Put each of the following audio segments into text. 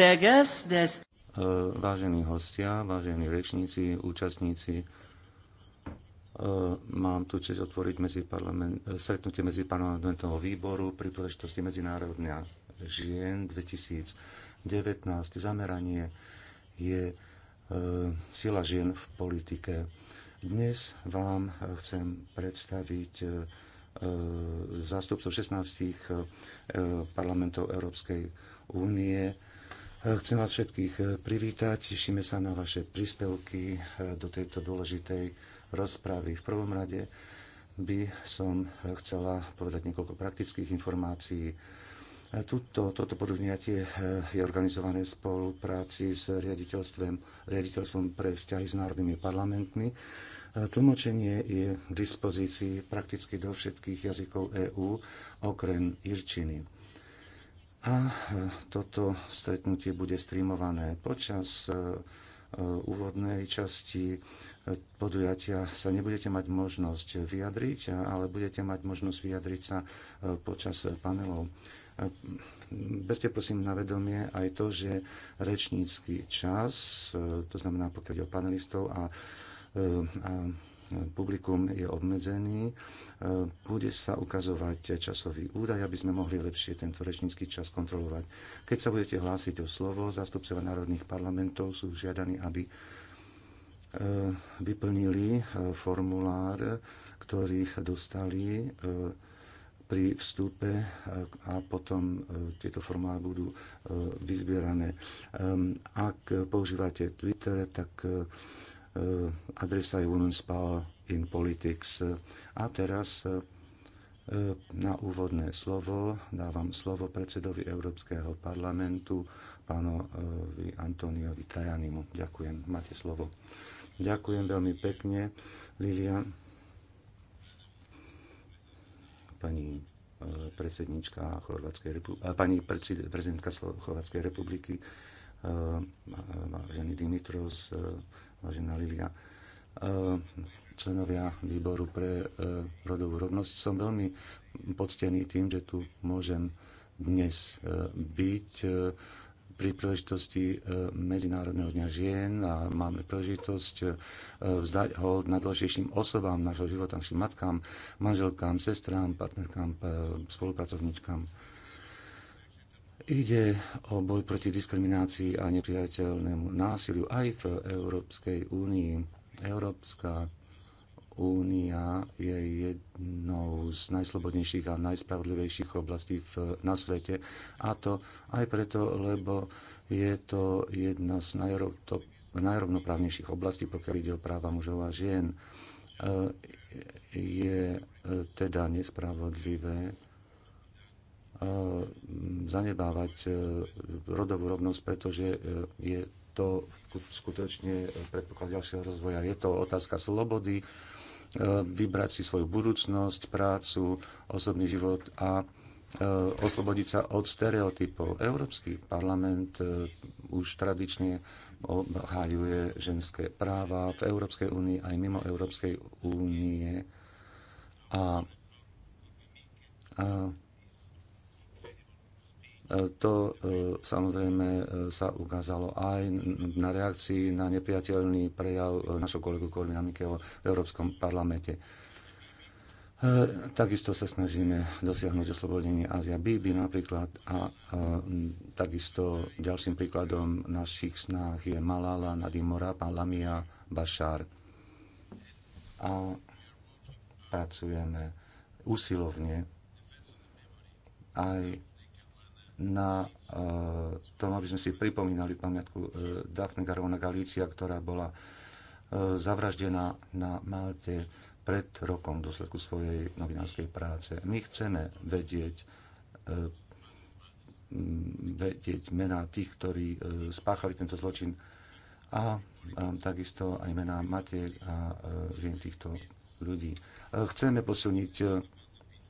Eh, vážení hostia, vážení rečníci, účastníci, eh, mám tu čest otvoriť medzi parlament, eh, stretnutie medzi parlamentného výboru pri príležitosti Medzinárodňa žien 2019. Zameranie je sila žien v politike. Dnes vám chcem predstaviť zástupcov 16 parlamentov Európskej únie, Chcem vás všetkých eh, privítať, tešíme sa na vaše príspevky eh, do tejto dôležitej rozpravy. V prvom rade by som eh, chcela povedať niekoľko praktických informácií. Tuto, toto podujatie je organizované v spolupráci s riaditeľstvom, riaditeľstvom pre vzťahy s národnými parlamentmi. Tlmočenie je k dispozícii prakticky do všetkých jazykov EÚ, okrem irčiny. A e, toto stretnutie bude streamované počas e, e, úvodnej časti podujatia sa nebudete mať možnosť vyjadriť, ale budete mať možnosť vyjadriť sa počas panelov. Berte prosím na vedomie aj to, že rečnícky čas, to znamená pokiaľ o panelistov a, a publikum je obmedzený. E, bude sa ukazovať časový údaj, aby sme mohli lepšie tento rečnícky čas kontrolovať. Keď sa budete hlásiť o slovo, zástupcovia národných parlamentov sú žiadaní, aby e, vyplnili e, formulár, ktorý dostali pri vstupe a potom tieto formály budú vyzbierané. Ak používate Twitter, tak Eh, adresa je Women's Power in Politics. A teraz eh, na úvodné slovo dávam slovo predsedovi Európskeho parlamentu, pánovi eh, Antoniovi Tajanimu. Ďakujem, máte slovo. Ďakujem veľmi pekne, Lilian. Pani predsednička Chorvátskej republiky, pani prezidentka Chorvátskej republiky, vážený Dimitros, vážená Lilia. Ehm, členovia výboru pre e, rodovú rovnosť. Som veľmi poctený tým, že tu môžem dnes e, byť e, pri príležitosti Medzinárodného dňa žien a máme príležitosť vzdať ho najdôležitejším osobám nášho života, našim matkám, manželkám, sestrám, partnerkám, spolupracovníčkám Ide o boj proti diskriminácii a nepriateľnému násiliu aj v Európskej únii. Európska únia je jednou z najslobodnejších a najspravodlivejších oblastí v, na svete. A to aj preto, lebo je to jedna z to, najrovnoprávnejších oblastí, pokiaľ ide o práva mužov a žien. E, je e, teda nespravodlivé, zanebávať e, rodovú rovnosť, pretože e, je to skutočne predpoklad ďalšieho rozvoja. Je to otázka slobody, e, vybrať si svoju budúcnosť, prácu, osobný život a oslobodiť sa od stereotypov. Európsky parlament už tradične obhájuje ženské práva v Európskej únii aj mimo Európskej únie a, a to e, samozrejme e, sa ukázalo aj na reakcii na nepriateľný prejav e, našho kolegu Korvina Mikeho v Európskom parlamente. Takisto sa snažíme dosiahnuť oslobodenie Ázia Bibi napríklad a, a takisto ďalším príkladom našich snách je Malala, Nadimora, Lamia, Bashar. A pracujeme usilovne aj na eh, tom, aby sme si pripomínali pamiatku eh, Daphne Garona Galícia, ktorá bola eh, zavraždená na Malte pred rokom v dôsledku svojej novinárskej práce. My chceme vedieť, vedieť mená tých, ktorí spáchali tento zločin a takisto aj mená matiek a žien týchto ľudí. Chceme posilniť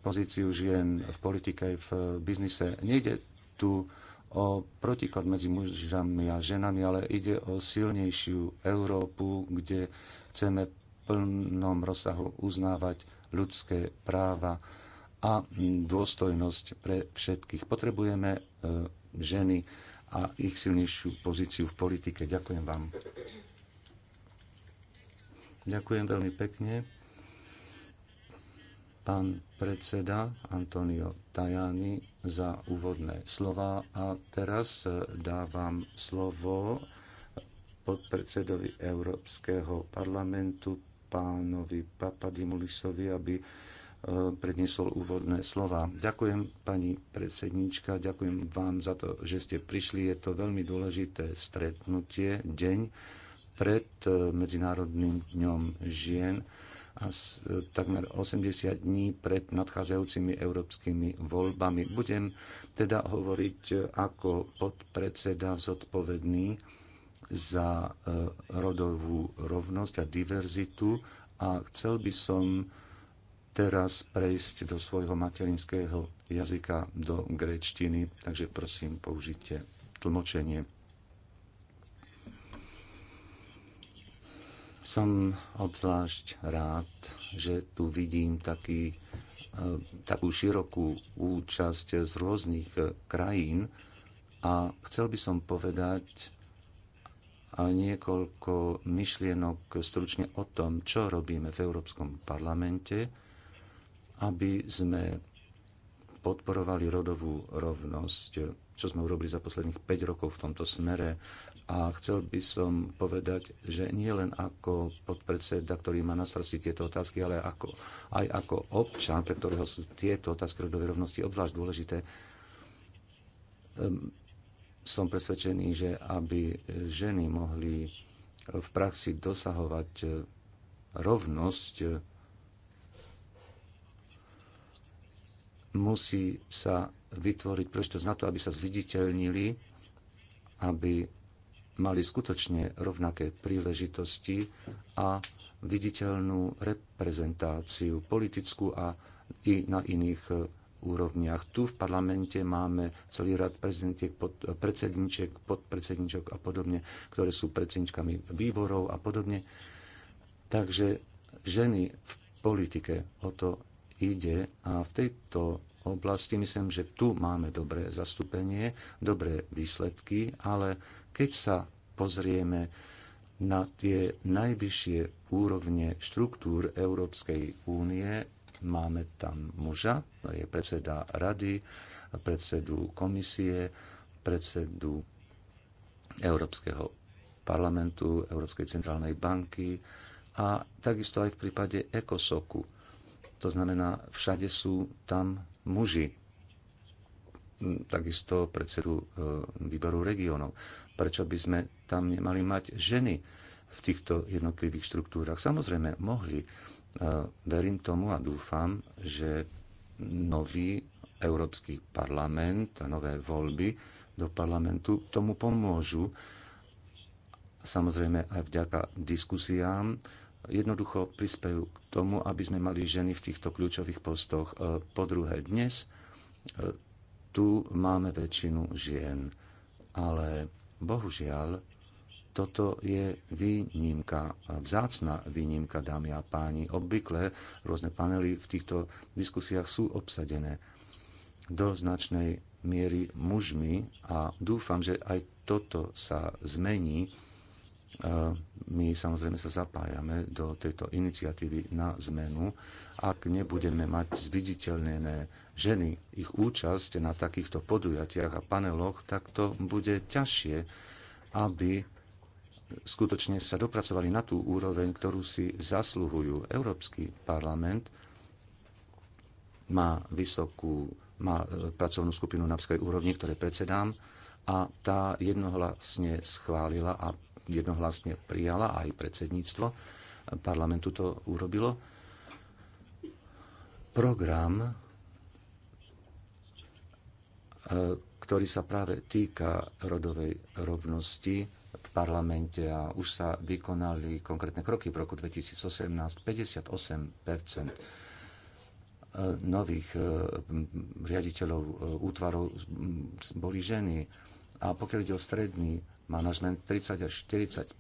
pozíciu žien v politike, v biznise. Nejde tu o protiklad medzi mužami a ženami, ale ide o silnejšiu Európu, kde chceme v plnom rozsahu uznávať ľudské práva a dôstojnosť pre všetkých. Potrebujeme e, ženy a ich silnejšiu pozíciu v politike. Ďakujem vám. Ďakujem veľmi pekne pán predseda Antonio Tajani za úvodné slova a teraz eh, dávam slovo podpredsedovi Európskeho parlamentu pánovi Papadimulisovi, aby eh, predniesol úvodné slova. Ďakujem, pani predsednička, ďakujem vám za to, že ste prišli. Je to veľmi dôležité stretnutie, deň pred eh, Medzinárodným dňom žien E, takmer 80 dní pred nadchádzajúcimi európskymi voľbami. Budem teda hovoriť e, ako podpredseda zodpovedný za e, rodovú rovnosť a diverzitu a chcel by som teraz prejsť do svojho materinského jazyka, do gréčtiny, takže prosím, použite tlmočenie. Som obzvlášť rád, že tu vidím taký, eh, takú širokú účasť z rôznych eh, krajín a chcel by som povedať eh, niekoľko myšlienok stručne o tom, čo robíme v Európskom parlamente, aby sme podporovali rodovú rovnosť čo sme urobili za posledných 5 rokov v tomto smere. A chcel by som povedať, že nie len ako podpredseda, ktorý má na starosti tieto otázky, ale ako, aj ako občan, pre ktorého sú tieto otázky rodovej rovnosti obzvlášť dôležité, ehm, som presvedčený, že aby ženy mohli v praxi dosahovať e, rovnosť, e, musí sa vytvoriť príležitosť na to, aby sa zviditeľnili, aby mali skutočne rovnaké príležitosti a viditeľnú reprezentáciu politickú a i na iných e, úrovniach. Tu v parlamente máme celý rad prezidentiek, pod, e, predsedničiek, podpredsedničok a podobne, ktoré sú predsedničkami výborov a podobne. Takže ženy v politike o to ide a v tejto oblasti. Myslím, že tu máme dobré zastúpenie, dobré výsledky, ale keď sa pozrieme na tie najvyššie úrovne štruktúr Európskej únie, máme tam muža, je predseda rady, predsedu komisie, predsedu Európskeho parlamentu, Európskej centrálnej banky a takisto aj v prípade ECOSOKu. To znamená, všade sú tam muži, takisto predsedu e, výboru regiónov. Prečo by sme tam nemali mať ženy v týchto jednotlivých štruktúrach? Samozrejme, mohli. E, verím tomu a dúfam, že nový Európsky parlament a nové voľby do parlamentu tomu pomôžu. Samozrejme aj vďaka diskusiám, jednoducho prispejú k tomu, aby sme mali ženy v týchto kľúčových postoch. E, po druhé, dnes e, tu máme väčšinu žien, ale bohužiaľ toto je výnimka, e, vzácna výnimka, dámy a páni. Obvykle rôzne panely v týchto diskusiách sú obsadené do značnej miery mužmi a dúfam, že aj toto sa zmení my samozrejme sa zapájame do tejto iniciatívy na zmenu, ak nebudeme mať zviditeľnené ženy, ich účasť na takýchto podujatiach a paneloch, tak to bude ťažšie, aby skutočne sa dopracovali na tú úroveň, ktorú si zasluhujú. Európsky parlament má vysokú má e, pracovnú skupinu na úrovni, ktoré predsedám, a tá jednohlasne schválila a jednohlasne prijala, aj predsedníctvo parlamentu to urobilo. Program, e, ktorý sa práve týka rodovej rovnosti v parlamente a už sa vykonali konkrétne kroky v roku 2018 58 e, nových e, riaditeľov útvarov boli ženy. A pokiaľ ide o stredný manažment 30 až 40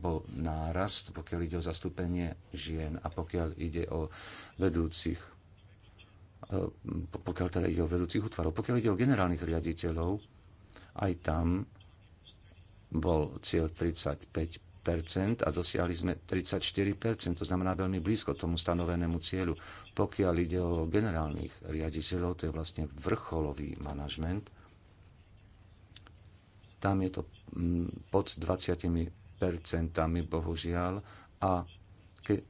bol nárast, pokiaľ ide o zastúpenie žien a pokiaľ ide o vedúcich eh, pokiaľ teda ide o vedúcich útvarov. Pokiaľ ide o generálnych riaditeľov, aj tam bol cieľ 35% a dosiahli sme 34%, to znamená veľmi blízko tomu stanovenému cieľu. Pokiaľ ide o generálnych riaditeľov, to je vlastne vrcholový manažment, tam je to mm, pod 20 percentami, bohužiaľ. A ke, e,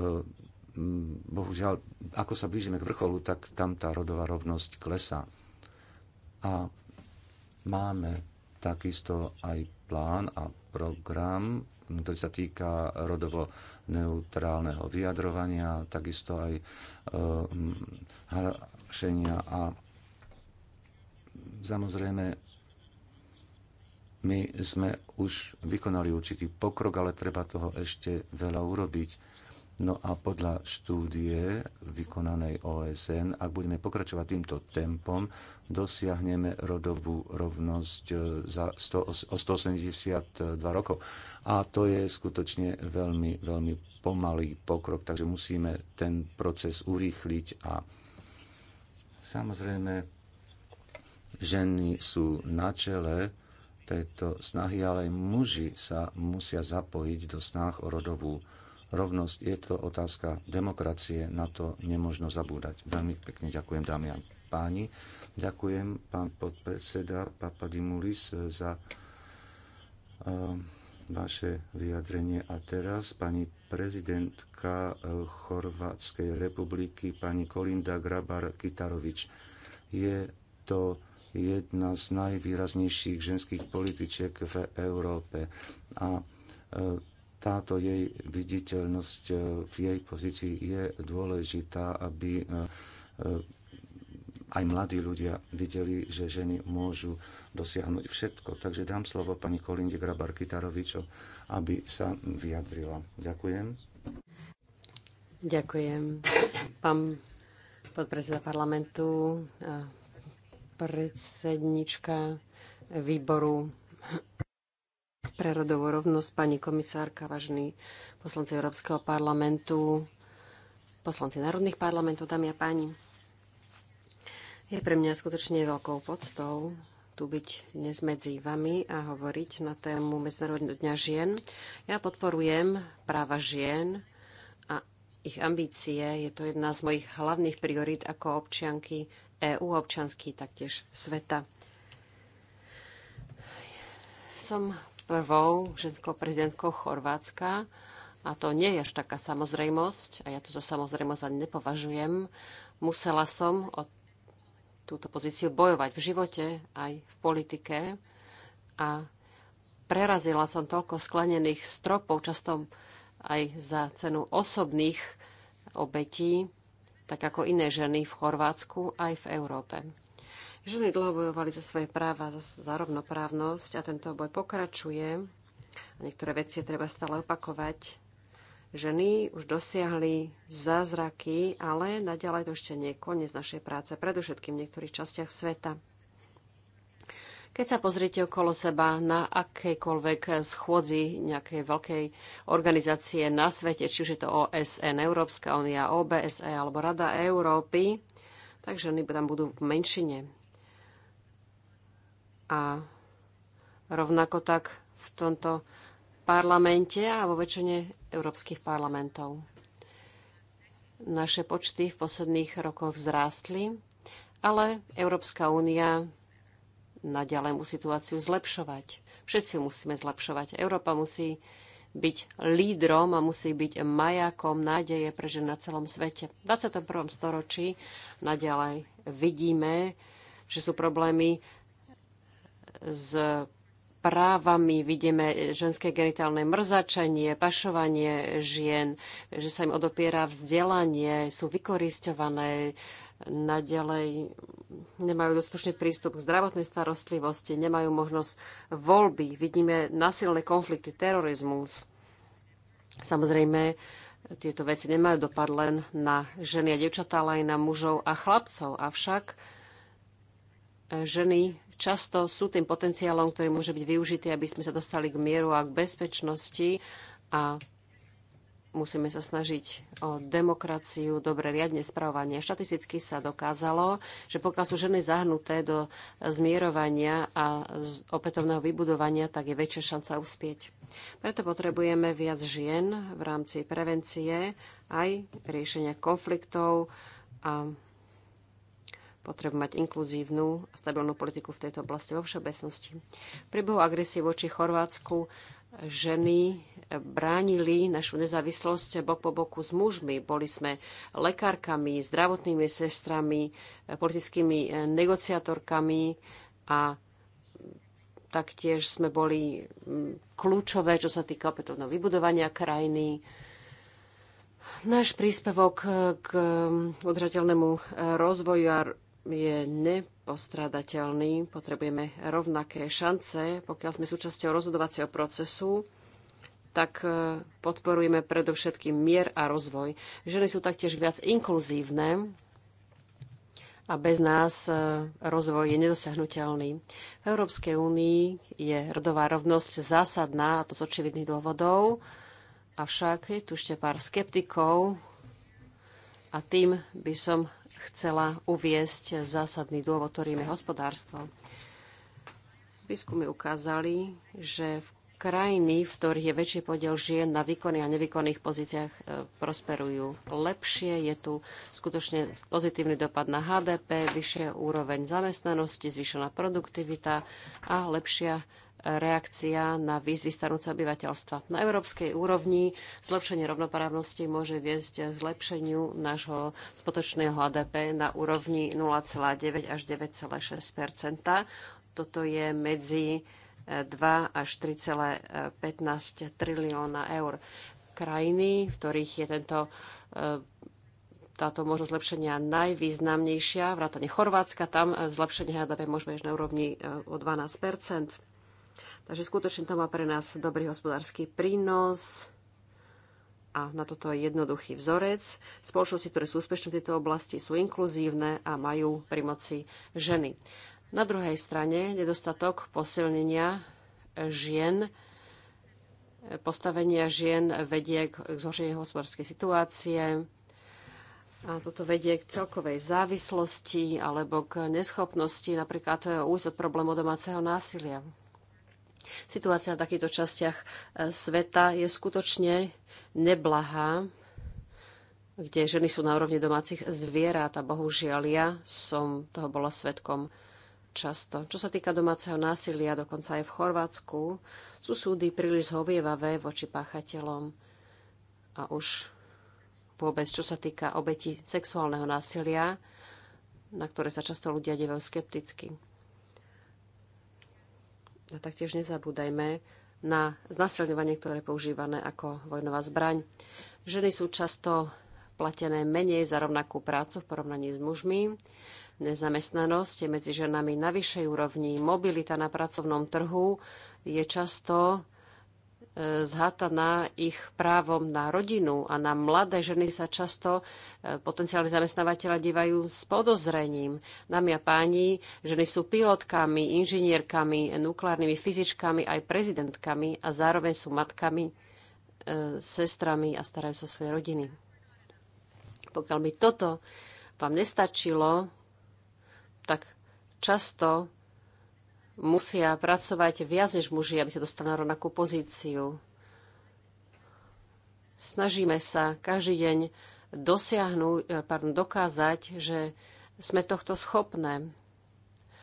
mm, bohužiaľ, ako sa blížime k vrcholu, tak tam tá rodová rovnosť klesá. A máme takisto aj plán a program, ktorý sa týka rodovo neutrálneho vyjadrovania, takisto aj e, mm, hrašenia a samozrejme my sme už vykonali určitý pokrok, ale treba toho ešte veľa urobiť. No a podľa štúdie vykonanej OSN, ak budeme pokračovať týmto tempom, dosiahneme rodovú rovnosť e, za 100, o 182 rokov. A to je skutočne veľmi, veľmi pomalý pokrok, takže musíme ten proces urýchliť a samozrejme ženy sú na čele tejto snahy, ale aj muži sa musia zapojiť do snah o rodovú rovnosť. Je to otázka demokracie, na to nemožno zabúdať. Veľmi pekne ďakujem, dámy a páni. Ďakujem, pán podpredseda Papadimulis, za ehm, vaše vyjadrenie. A teraz pani prezidentka eh, Chorvátskej republiky, pani Kolinda Grabar-Kitarovič. Je to jedna z najvýraznejších ženských političiek v Európe. A e, táto jej viditeľnosť e, v jej pozícii je dôležitá, aby e, aj mladí ľudia videli, že ženy môžu dosiahnuť všetko. Takže dám slovo pani Kolinde Grabar-Kitarovičo, aby sa vyjadrila. Ďakujem. Ďakujem. Pán podpredseda parlamentu, predsednička výboru pre rodovú rovnosť, pani komisárka, vážení poslanci Európskeho parlamentu, poslanci národných parlamentov, dámy a páni. Je pre mňa skutočne veľkou poctou tu byť dnes medzi vami a hovoriť na tému Medzinárodného dňa žien. Ja podporujem práva žien a ich ambície. Je to jedna z mojich hlavných priorít ako občianky EÚ občanský, taktiež sveta. Som prvou ženskou prezidentkou Chorvátska a to nie je až taká samozrejmosť a ja to za samozrejmosť ani nepovažujem. Musela som o túto pozíciu bojovať v živote aj v politike a prerazila som toľko sklenených stropov, často aj za cenu osobných obetí tak ako iné ženy v Chorvátsku aj v Európe. Ženy dlho bojovali za svoje práva, za, za rovnoprávnosť a tento boj pokračuje. A niektoré veci treba stále opakovať. Ženy už dosiahli zázraky, ale naďalej to ešte nie je koniec našej práce, predovšetkým v niektorých častiach sveta. Keď sa pozriete okolo seba na akejkoľvek schôdzi nejakej veľkej organizácie na svete, či už je to OSN, Európska únia, OBSE alebo Rada Európy, takže oni tam budú v menšine. A rovnako tak v tomto parlamente a vo väčšine európskych parlamentov. Naše počty v posledných rokoch vzrástli, ale Európska únia naďalej mu situáciu zlepšovať. Všetci musíme zlepšovať. Európa musí byť lídrom a musí byť majakom nádeje pre ženy na celom svete. V 21. storočí naďalej vidíme, že sú problémy s právami, vidíme ženské genitálne mrzačenie, pašovanie žien, že sa im odopiera vzdelanie, sú vykoristované, naďalej nemajú dostatočný prístup k zdravotnej starostlivosti, nemajú možnosť voľby. Vidíme násilné konflikty, terorizmus. Samozrejme, tieto veci nemajú dopad len na ženy a devčatá, ale aj na mužov a chlapcov. Avšak ženy často sú tým potenciálom, ktorý môže byť využitý, aby sme sa dostali k mieru a k bezpečnosti. A musíme sa snažiť o demokraciu, dobre riadne správanie. Štatisticky sa dokázalo, že pokiaľ sú ženy zahnuté do zmierovania a opätovného vybudovania, tak je väčšia šanca uspieť. Preto potrebujeme viac žien v rámci prevencie, aj riešenia konfliktov a potrebu mať inkluzívnu a stabilnú politiku v tejto oblasti vo všeobecnosti. Pri bohu agresie voči Chorvátsku ženy bránili našu nezávislosť bok po boku s mužmi. Boli sme lekárkami, zdravotnými sestrami, politickými eh, negociatorkami a taktiež sme boli mm, kľúčové, čo sa týka opätovného vybudovania krajiny. Náš príspevok eh, k mm, udržateľnému eh, rozvoju je nepostradateľný. Potrebujeme rovnaké šance, pokiaľ sme súčasťou rozhodovacieho procesu tak e, podporujeme predovšetkým mier a rozvoj. Ženy sú taktiež viac inkluzívne a bez nás e, rozvoj je nedosiahnutelný. V Európskej únii je rodová rovnosť zásadná, a to z očividných dôvodov, avšak je tu ešte pár skeptikov a tým by som chcela uviesť zásadný dôvod, ktorým je hospodárstvo. Výskumy ukázali, že v krajiny, v ktorých je väčší podiel žien na výkonných a nevýkonných pozíciách, e, prosperujú lepšie. Je tu skutočne pozitívny dopad na HDP, vyššia úroveň zamestnanosti, zvýšená produktivita a lepšia e, reakcia na výzvy starnúce obyvateľstva. Na európskej úrovni zlepšenie rovnoprávnosti môže viesť zlepšeniu nášho spotočného HDP na úrovni 0,9 až 9,6 Toto je medzi 2 až 3,15 e, trilióna eur. Krajiny, v ktorých je tento e, táto možnosť zlepšenia najvýznamnejšia, vrátane Chorvátska, tam e, zlepšenie HDP môžeme až na úrovni o 12 Takže skutočne to má pre nás dobrý hospodársky prínos a na toto je jednoduchý vzorec. Spoločnosti, ktoré sú úspešné v tejto oblasti, sú inkluzívne a majú pri moci ženy. Na druhej strane nedostatok posilnenia žien, postavenia žien vedie k zhoršeniu hospodárskej situácie. A toto vedie k celkovej závislosti alebo k neschopnosti napríklad újsť od problému domáceho násilia. Situácia na takýchto častiach e, sveta je skutočne neblahá, kde ženy sú na úrovni domácich zvierat a bohužiaľ ja som toho bola svetkom často. Čo sa týka domáceho násilia, dokonca aj v Chorvátsku, sú súdy príliš zhovievavé voči páchateľom a už vôbec, čo sa týka obeti sexuálneho násilia, na ktoré sa často ľudia dívajú skepticky. A taktiež nezabúdajme na znasilňovanie, ktoré je používané ako vojnová zbraň. Ženy sú často platené menej za rovnakú prácu v porovnaní s mužmi. Nezamestnanosť je medzi ženami na vyššej úrovni. Mobilita na pracovnom trhu je často e, zhátaná ich právom na rodinu a na mladé ženy sa často e, potenciálne zamestnávateľa dívajú s podozrením. Dámy a páni, ženy sú pilotkami, inžinierkami, nukleárnymi fyzičkami, aj prezidentkami a zároveň sú matkami, e, sestrami a starajú sa svoje rodiny. Pokiaľ by toto vám nestačilo, tak často musia pracovať viac než muži, aby sa dostali na rovnakú pozíciu. Snažíme sa každý deň dosiahnuť, eh, pardon, dokázať, že sme tohto schopné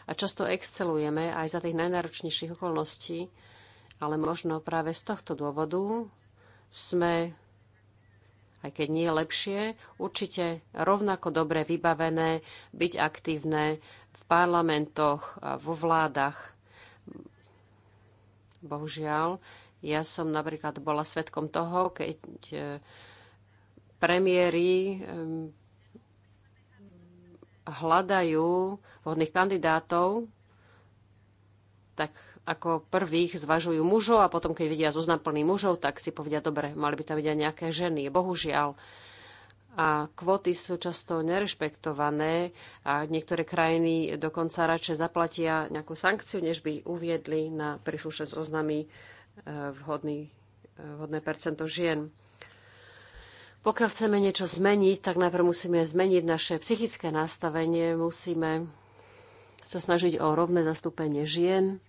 a často excelujeme aj za tých najnáročnejších okolností, ale možno práve z tohto dôvodu sme aj keď nie lepšie, určite rovnako dobre vybavené byť aktívne v parlamentoch, vo vládach. Bohužiaľ, ja som napríklad bola svetkom toho, keď e, premiéry hľadajú vhodných kandidátov tak ako prvých zvažujú mužov a potom, keď vidia zoznam plný mužov, tak si povedia, dobre, mali by tam byť nejaké ženy. Bohužiaľ. A kvóty sú často nerešpektované a niektoré krajiny dokonca radšej zaplatia nejakú sankciu, než by uviedli na príslušné zoznamy e, vhodný, e, vhodné percento žien. Pokiaľ chceme niečo zmeniť, tak najprv musíme zmeniť naše psychické nastavenie, musíme sa snažiť o rovné zastúpenie žien.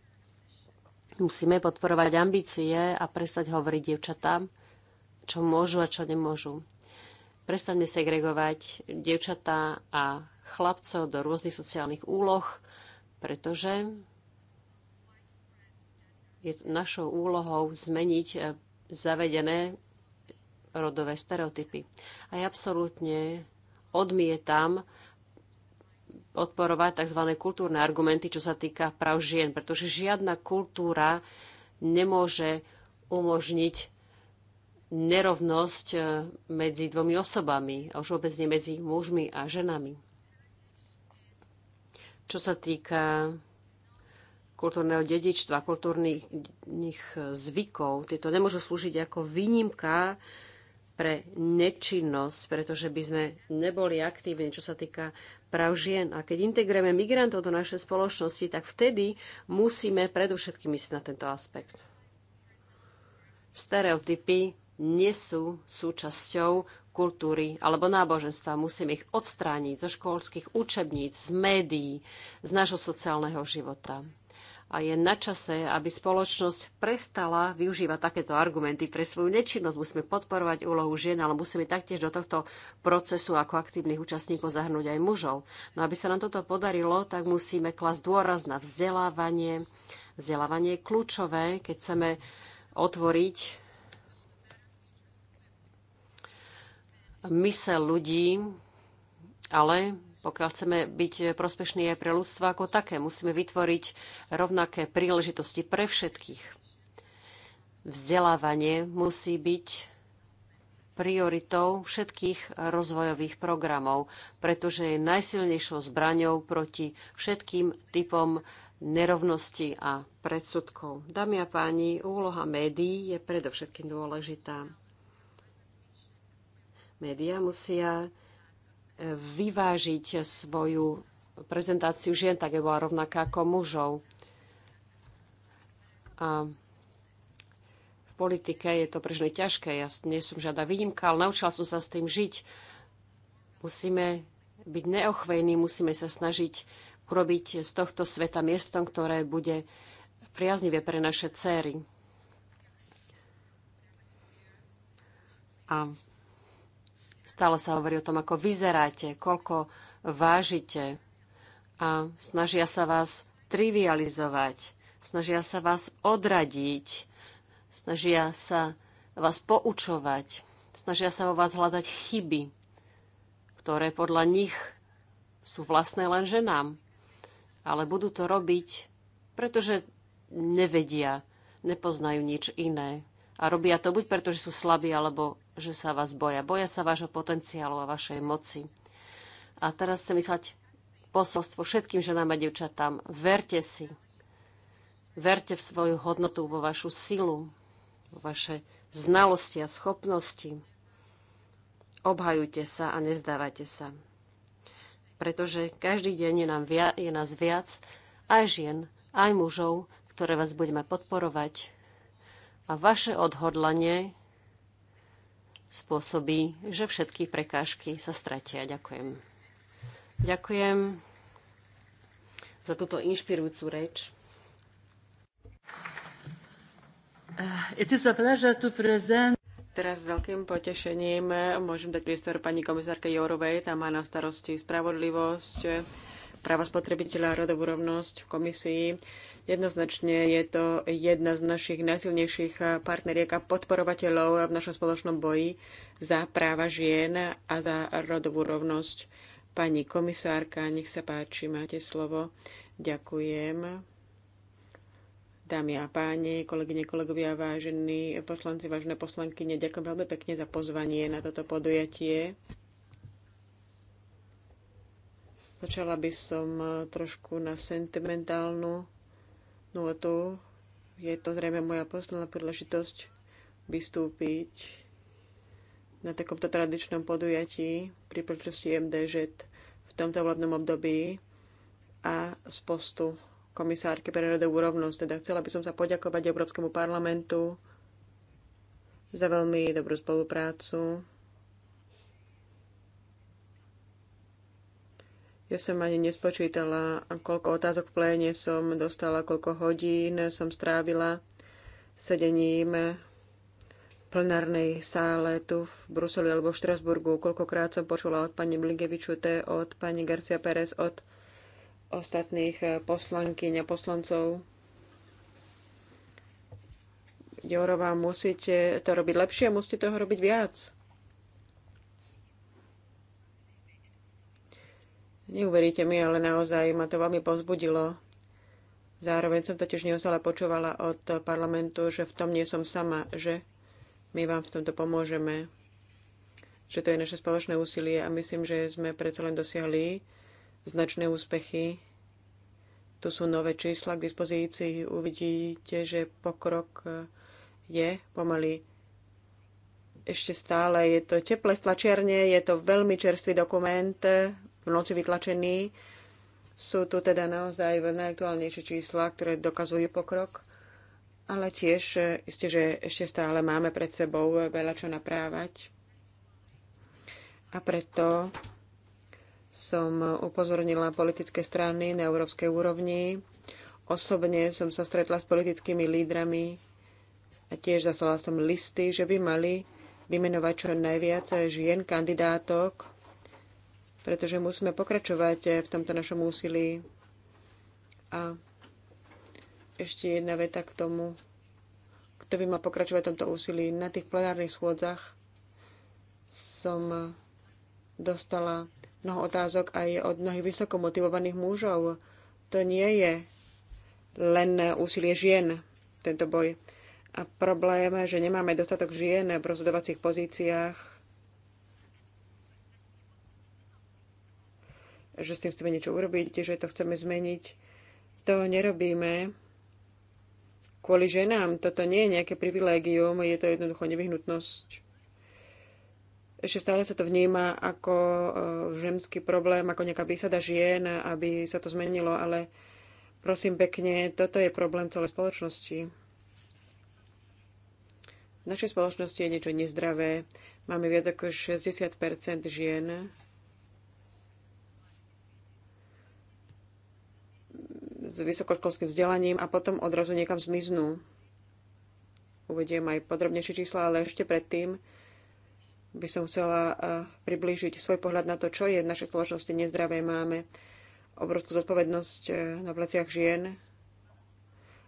Musíme podporovať ambície a prestať hovoriť dievčatám, čo môžu a čo nemôžu. Prestaňme segregovať dievčatá a chlapcov do rôznych sociálnych úloh, pretože je našou úlohou zmeniť eh, zavedené rodové stereotypy. A ja absolútne odmietam podporovať tzv. kultúrne argumenty, čo sa týka práv žien, pretože žiadna kultúra nemôže umožniť nerovnosť e, medzi dvomi osobami, a už vôbec nie medzi mužmi a ženami. Čo sa týka kultúrneho dedičstva, kultúrnych zvykov, tieto nemôžu slúžiť ako výnimka pre nečinnosť, pretože by sme neboli aktívni, čo sa týka práv žien. A keď integrujeme migrantov do našej spoločnosti, tak vtedy musíme predovšetkým ísť na tento aspekt. Stereotypy nie sú súčasťou kultúry alebo náboženstva. Musíme ich odstrániť zo školských učebníc, z médií, z nášho sociálneho života a je na čase, aby spoločnosť prestala využívať takéto argumenty pre svoju nečinnosť. Musíme podporovať úlohu žien, ale musíme taktiež do tohto procesu ako aktívnych účastníkov zahrnúť aj mužov. No aby sa nám toto podarilo, tak musíme klasť dôraz na vzdelávanie. Vzdelávanie je kľúčové, keď chceme otvoriť mysel ľudí, ale pokiaľ chceme byť prospešní aj pre ľudstvo ako také. Musíme vytvoriť rovnaké príležitosti pre všetkých. Vzdelávanie musí byť prioritou všetkých rozvojových programov, pretože je najsilnejšou zbraňou proti všetkým typom nerovnosti a predsudkov. Dámy a páni, úloha médií je predovšetkým dôležitá. Média musia vyvážiť svoju prezentáciu žien, tak je bola rovnaká ako mužov. A v politike je to prežne ťažké. Ja nie som žiada výnimka, ale naučila som sa s tým žiť. Musíme byť neochvejní, musíme sa snažiť urobiť z tohto sveta miestom, ktoré bude priaznivé pre naše céry. A Stále sa hovorí o tom, ako vyzeráte, koľko vážite a snažia sa vás trivializovať, snažia sa vás odradiť, snažia sa vás poučovať, snažia sa o vás hľadať chyby, ktoré podľa nich sú vlastné len ženám. Ale budú to robiť, pretože nevedia, nepoznajú nič iné. A robia to buď preto, že sú slabí alebo že sa vás boja. Boja sa vášho potenciálu a vašej moci. A teraz chcem vyslať posolstvo všetkým ženám a devčatám. Verte si. Verte v svoju hodnotu, vo vašu silu, vo vaše znalosti a schopnosti. Obhajujte sa a nezdávajte sa. Pretože každý deň je, nám via, je nás viac, aj žien, aj mužov, ktoré vás budeme podporovať. A vaše odhodlanie spôsobí, že všetky prekážky sa stratia. Ďakujem. Ďakujem za túto inšpirujúcu reč. Eh, it is a pleasure to present Teraz s veľkým potešením môžem dať priestor pani komisárke Jorovej, tá má na starosti spravodlivosť, práva spotrebiteľa a rodovú rovnosť v komisii. Jednoznačne je to jedna z našich najsilnejších partneriek a podporovateľov v našom spoločnom boji za práva žien a za rodovú rovnosť. Pani komisárka, nech sa páči, máte slovo. Ďakujem. Dámy a páni, kolegyne, kolegovia, vážení poslanci, vážené poslankyne, ďakujem veľmi pekne za pozvanie na toto podujatie. Začala by som trošku na sentimentálnu No a tu je to zrejme moja posledná príležitosť vystúpiť na takomto tradičnom podujatí pri príležitosti MDŽ v tomto volebnom období a z postu komisárky pre rodovú rovnosť. Teda chcela by som sa poďakovať Európskemu parlamentu za veľmi dobrú spoluprácu Ja som ani nespočítala, koľko otázok v pléne som dostala, koľko hodín som strávila sedením v plenárnej sále tu v Bruseli alebo v Štrasburgu. Koľkokrát som počula od pani Blinkevičute, od pani Garcia Pérez, od ostatných poslanky a poslancov. Jourová, musíte to robiť lepšie, musíte toho robiť viac. Neuveríte mi, ale naozaj ma to veľmi pozbudilo. Zároveň som totiž neustále počúvala od parlamentu, že v tom nie som sama, že my vám v tomto pomôžeme, že to je naše spoločné úsilie a myslím, že sme predsa len dosiahli značné úspechy. Tu sú nové čísla k dispozícii. Uvidíte, že pokrok je pomaly ešte stále. Je to teplé stlačiarne, je to veľmi čerstvý dokument, v noci vytlačení. Sú tu teda naozaj najaktuálnejšie čísla, ktoré dokazujú pokrok, ale tiež e, isté, že ešte stále máme pred sebou veľa čo naprávať. A preto som upozornila politické strany na európskej úrovni. Osobne som sa stretla s politickými lídrami a tiež zaslala som listy, že by mali vymenovať čo najviac žien kandidátok pretože musíme pokračovať eh, v tomto našom úsilí. A ešte jedna veta k tomu, kto by mal pokračovať v tomto úsilí. Na tých plenárnych schôdzach som dostala mnoho otázok aj od mnohých vysoko motivovaných mužov. To nie je len úsilie žien, tento boj. A problém, je, že nemáme dostatok žien v rozhodovacích pozíciách že s tým chceme niečo urobiť, že to chceme zmeniť. To nerobíme kvôli ženám. Toto nie je nejaké privilégium, je to jednoducho nevyhnutnosť. Ešte stále sa to vníma ako e, ženský problém, ako nejaká výsada žien, aby sa to zmenilo, ale prosím pekne, toto je problém celej spoločnosti. V našej spoločnosti je niečo nezdravé. Máme viac ako 60 žien, s vysokoškolským vzdelaním a potom odrazu niekam zmiznú. Uvediem aj podrobnejšie čísla, ale ešte predtým by som chcela eh, priblížiť svoj pohľad na to, čo je v našej spoločnosti nezdravé. Máme obrovskú zodpovednosť eh, na pleciach žien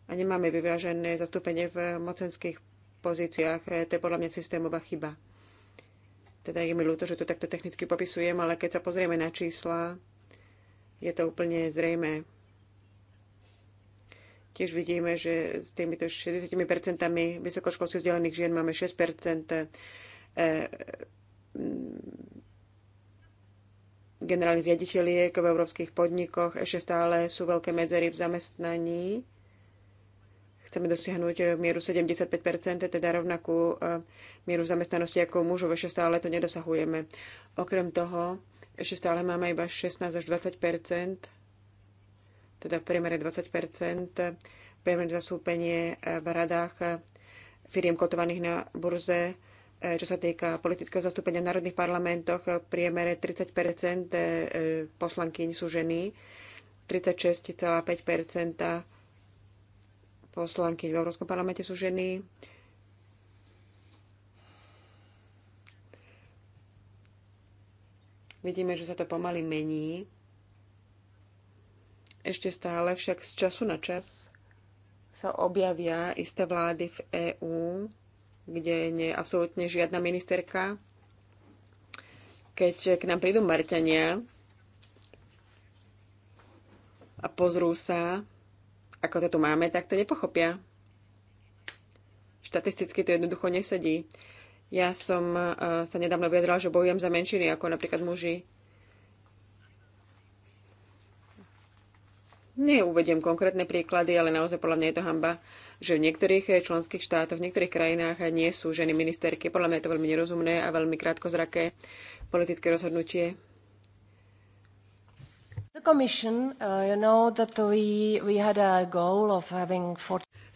a nemáme vyvážené zastúpenie v mocenských pozíciách. Eh, to je podľa mňa systémová chyba. Teda je mi ľúto, že to takto technicky popisujem, ale keď sa pozrieme na čísla, je to úplne zrejme. Tiež vidíme, že s týmito 60% vysokoškolských vzdelaných žien máme 6% eh, mm, generálnych riaditeľiek v európskych podnikoch. Ešte stále sú veľké medzery v zamestnaní. Chceme dosiahnuť eh, mieru 75%, teda rovnakú eh, mieru zamestnanosti ako mužov. Ešte stále to nedosahujeme. Okrem toho, ešte stále máme iba 16 až 20 teda v priemere 20 priemerné zastúpenie e, v radách e, firiem kotovaných na burze, e, čo sa týka politického zastúpenia v národných parlamentoch, v priemere 30 poslankyň sú ženy, 36,5 poslankyň v Európskom parlamente sú ženy, Vidíme, že sa to pomaly mení. Ešte stále však z času na čas sa objavia isté vlády v EÚ, kde nie je absolútne žiadna ministerka. Keď k nám prídu Marťania a pozrú sa, ako to tu máme, tak to nepochopia. Štatisticky to jednoducho nesedí. Ja som eh, sa nedávno vyjadrala, že bojujem za menšiny, ako napríklad muži Neuvediem konkrétne príklady, ale naozaj podľa mňa je to hamba, že v niektorých eh, členských štátoch, v niektorých krajinách eh, nie sú ženy ministerky. Podľa mňa je to veľmi nerozumné a veľmi krátkozraké politické rozhodnutie. Eh,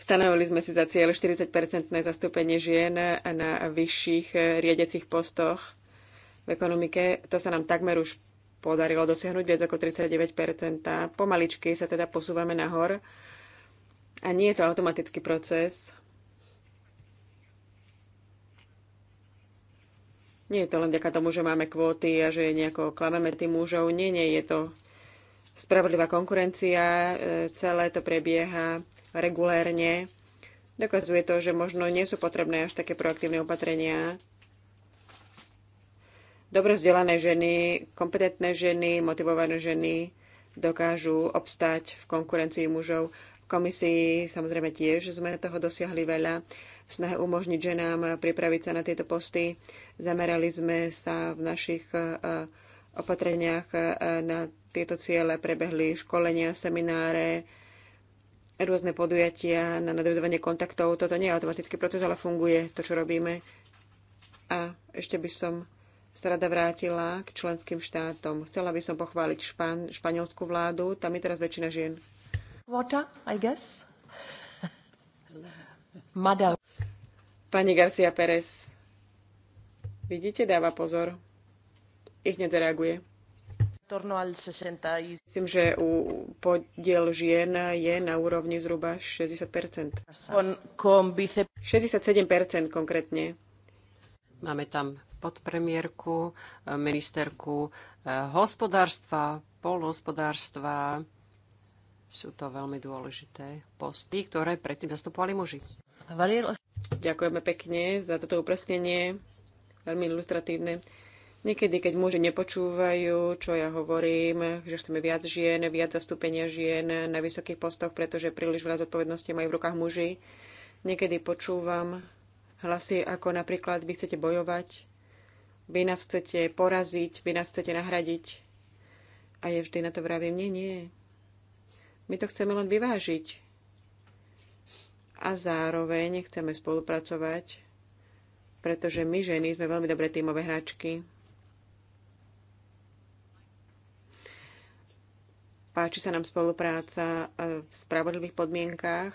Stanovili sme si za cieľ 40-percentné zastúpenie žien na vyšších riadiacich postoch v ekonomike. To sa nám takmer už podarilo dosiahnuť viac ako 39 Pomaličky sa teda posúvame nahor. A nie je to automatický proces. Nie je to len vďaka tomu, že máme kvóty a že nejako klameme tým mužov. Nie, nie, je to spravodlivá konkurencia. Celé to prebieha regulérne. Dokazuje to, že možno nie sú potrebné až také proaktívne opatrenia dobre vzdelané ženy, kompetentné ženy, motivované ženy dokážu obstať v konkurencii mužov. V komisii samozrejme tiež sme toho dosiahli veľa. V snahe umožniť ženám pripraviť sa na tieto posty. Zamerali sme sa v našich e, opatreniach e, na tieto ciele. Prebehli školenia, semináre, rôzne podujatia na nadvezovanie kontaktov. Toto nie je automatický proces, ale funguje to, čo robíme. A ešte by som sa rada vrátila k členským štátom. Chcela by som pochváliť Špan- španielskú vládu, tam je teraz väčšina žien. Water, I guess. Madam. Pani Garcia Pérez, vidíte, dáva pozor. Ich hneď zareaguje. Myslím, že u podiel žien je na úrovni zhruba 60%. 67% konkrétne. Máme tam podpremiérku, eh, ministerku eh, hospodárstva, polnohospodárstva. Sú to veľmi dôležité posty, ktoré predtým zastupovali muži. Ďakujeme pekne za toto upresnenie, veľmi ilustratívne. Niekedy, keď muži nepočúvajú, čo ja hovorím, že chceme viac žien, viac zastúpenia žien na vysokých postoch, pretože príliš veľa zodpovedností majú v rukách muži. Niekedy počúvam hlasy ako napríklad vy chcete bojovať vy nás chcete poraziť, vy nás chcete nahradiť. A je vždy na to vravím, nie, nie. My to chceme len vyvážiť. A zároveň chceme spolupracovať, pretože my ženy sme veľmi dobré tímové hráčky. Páči sa nám spolupráca e, v spravodlivých podmienkách.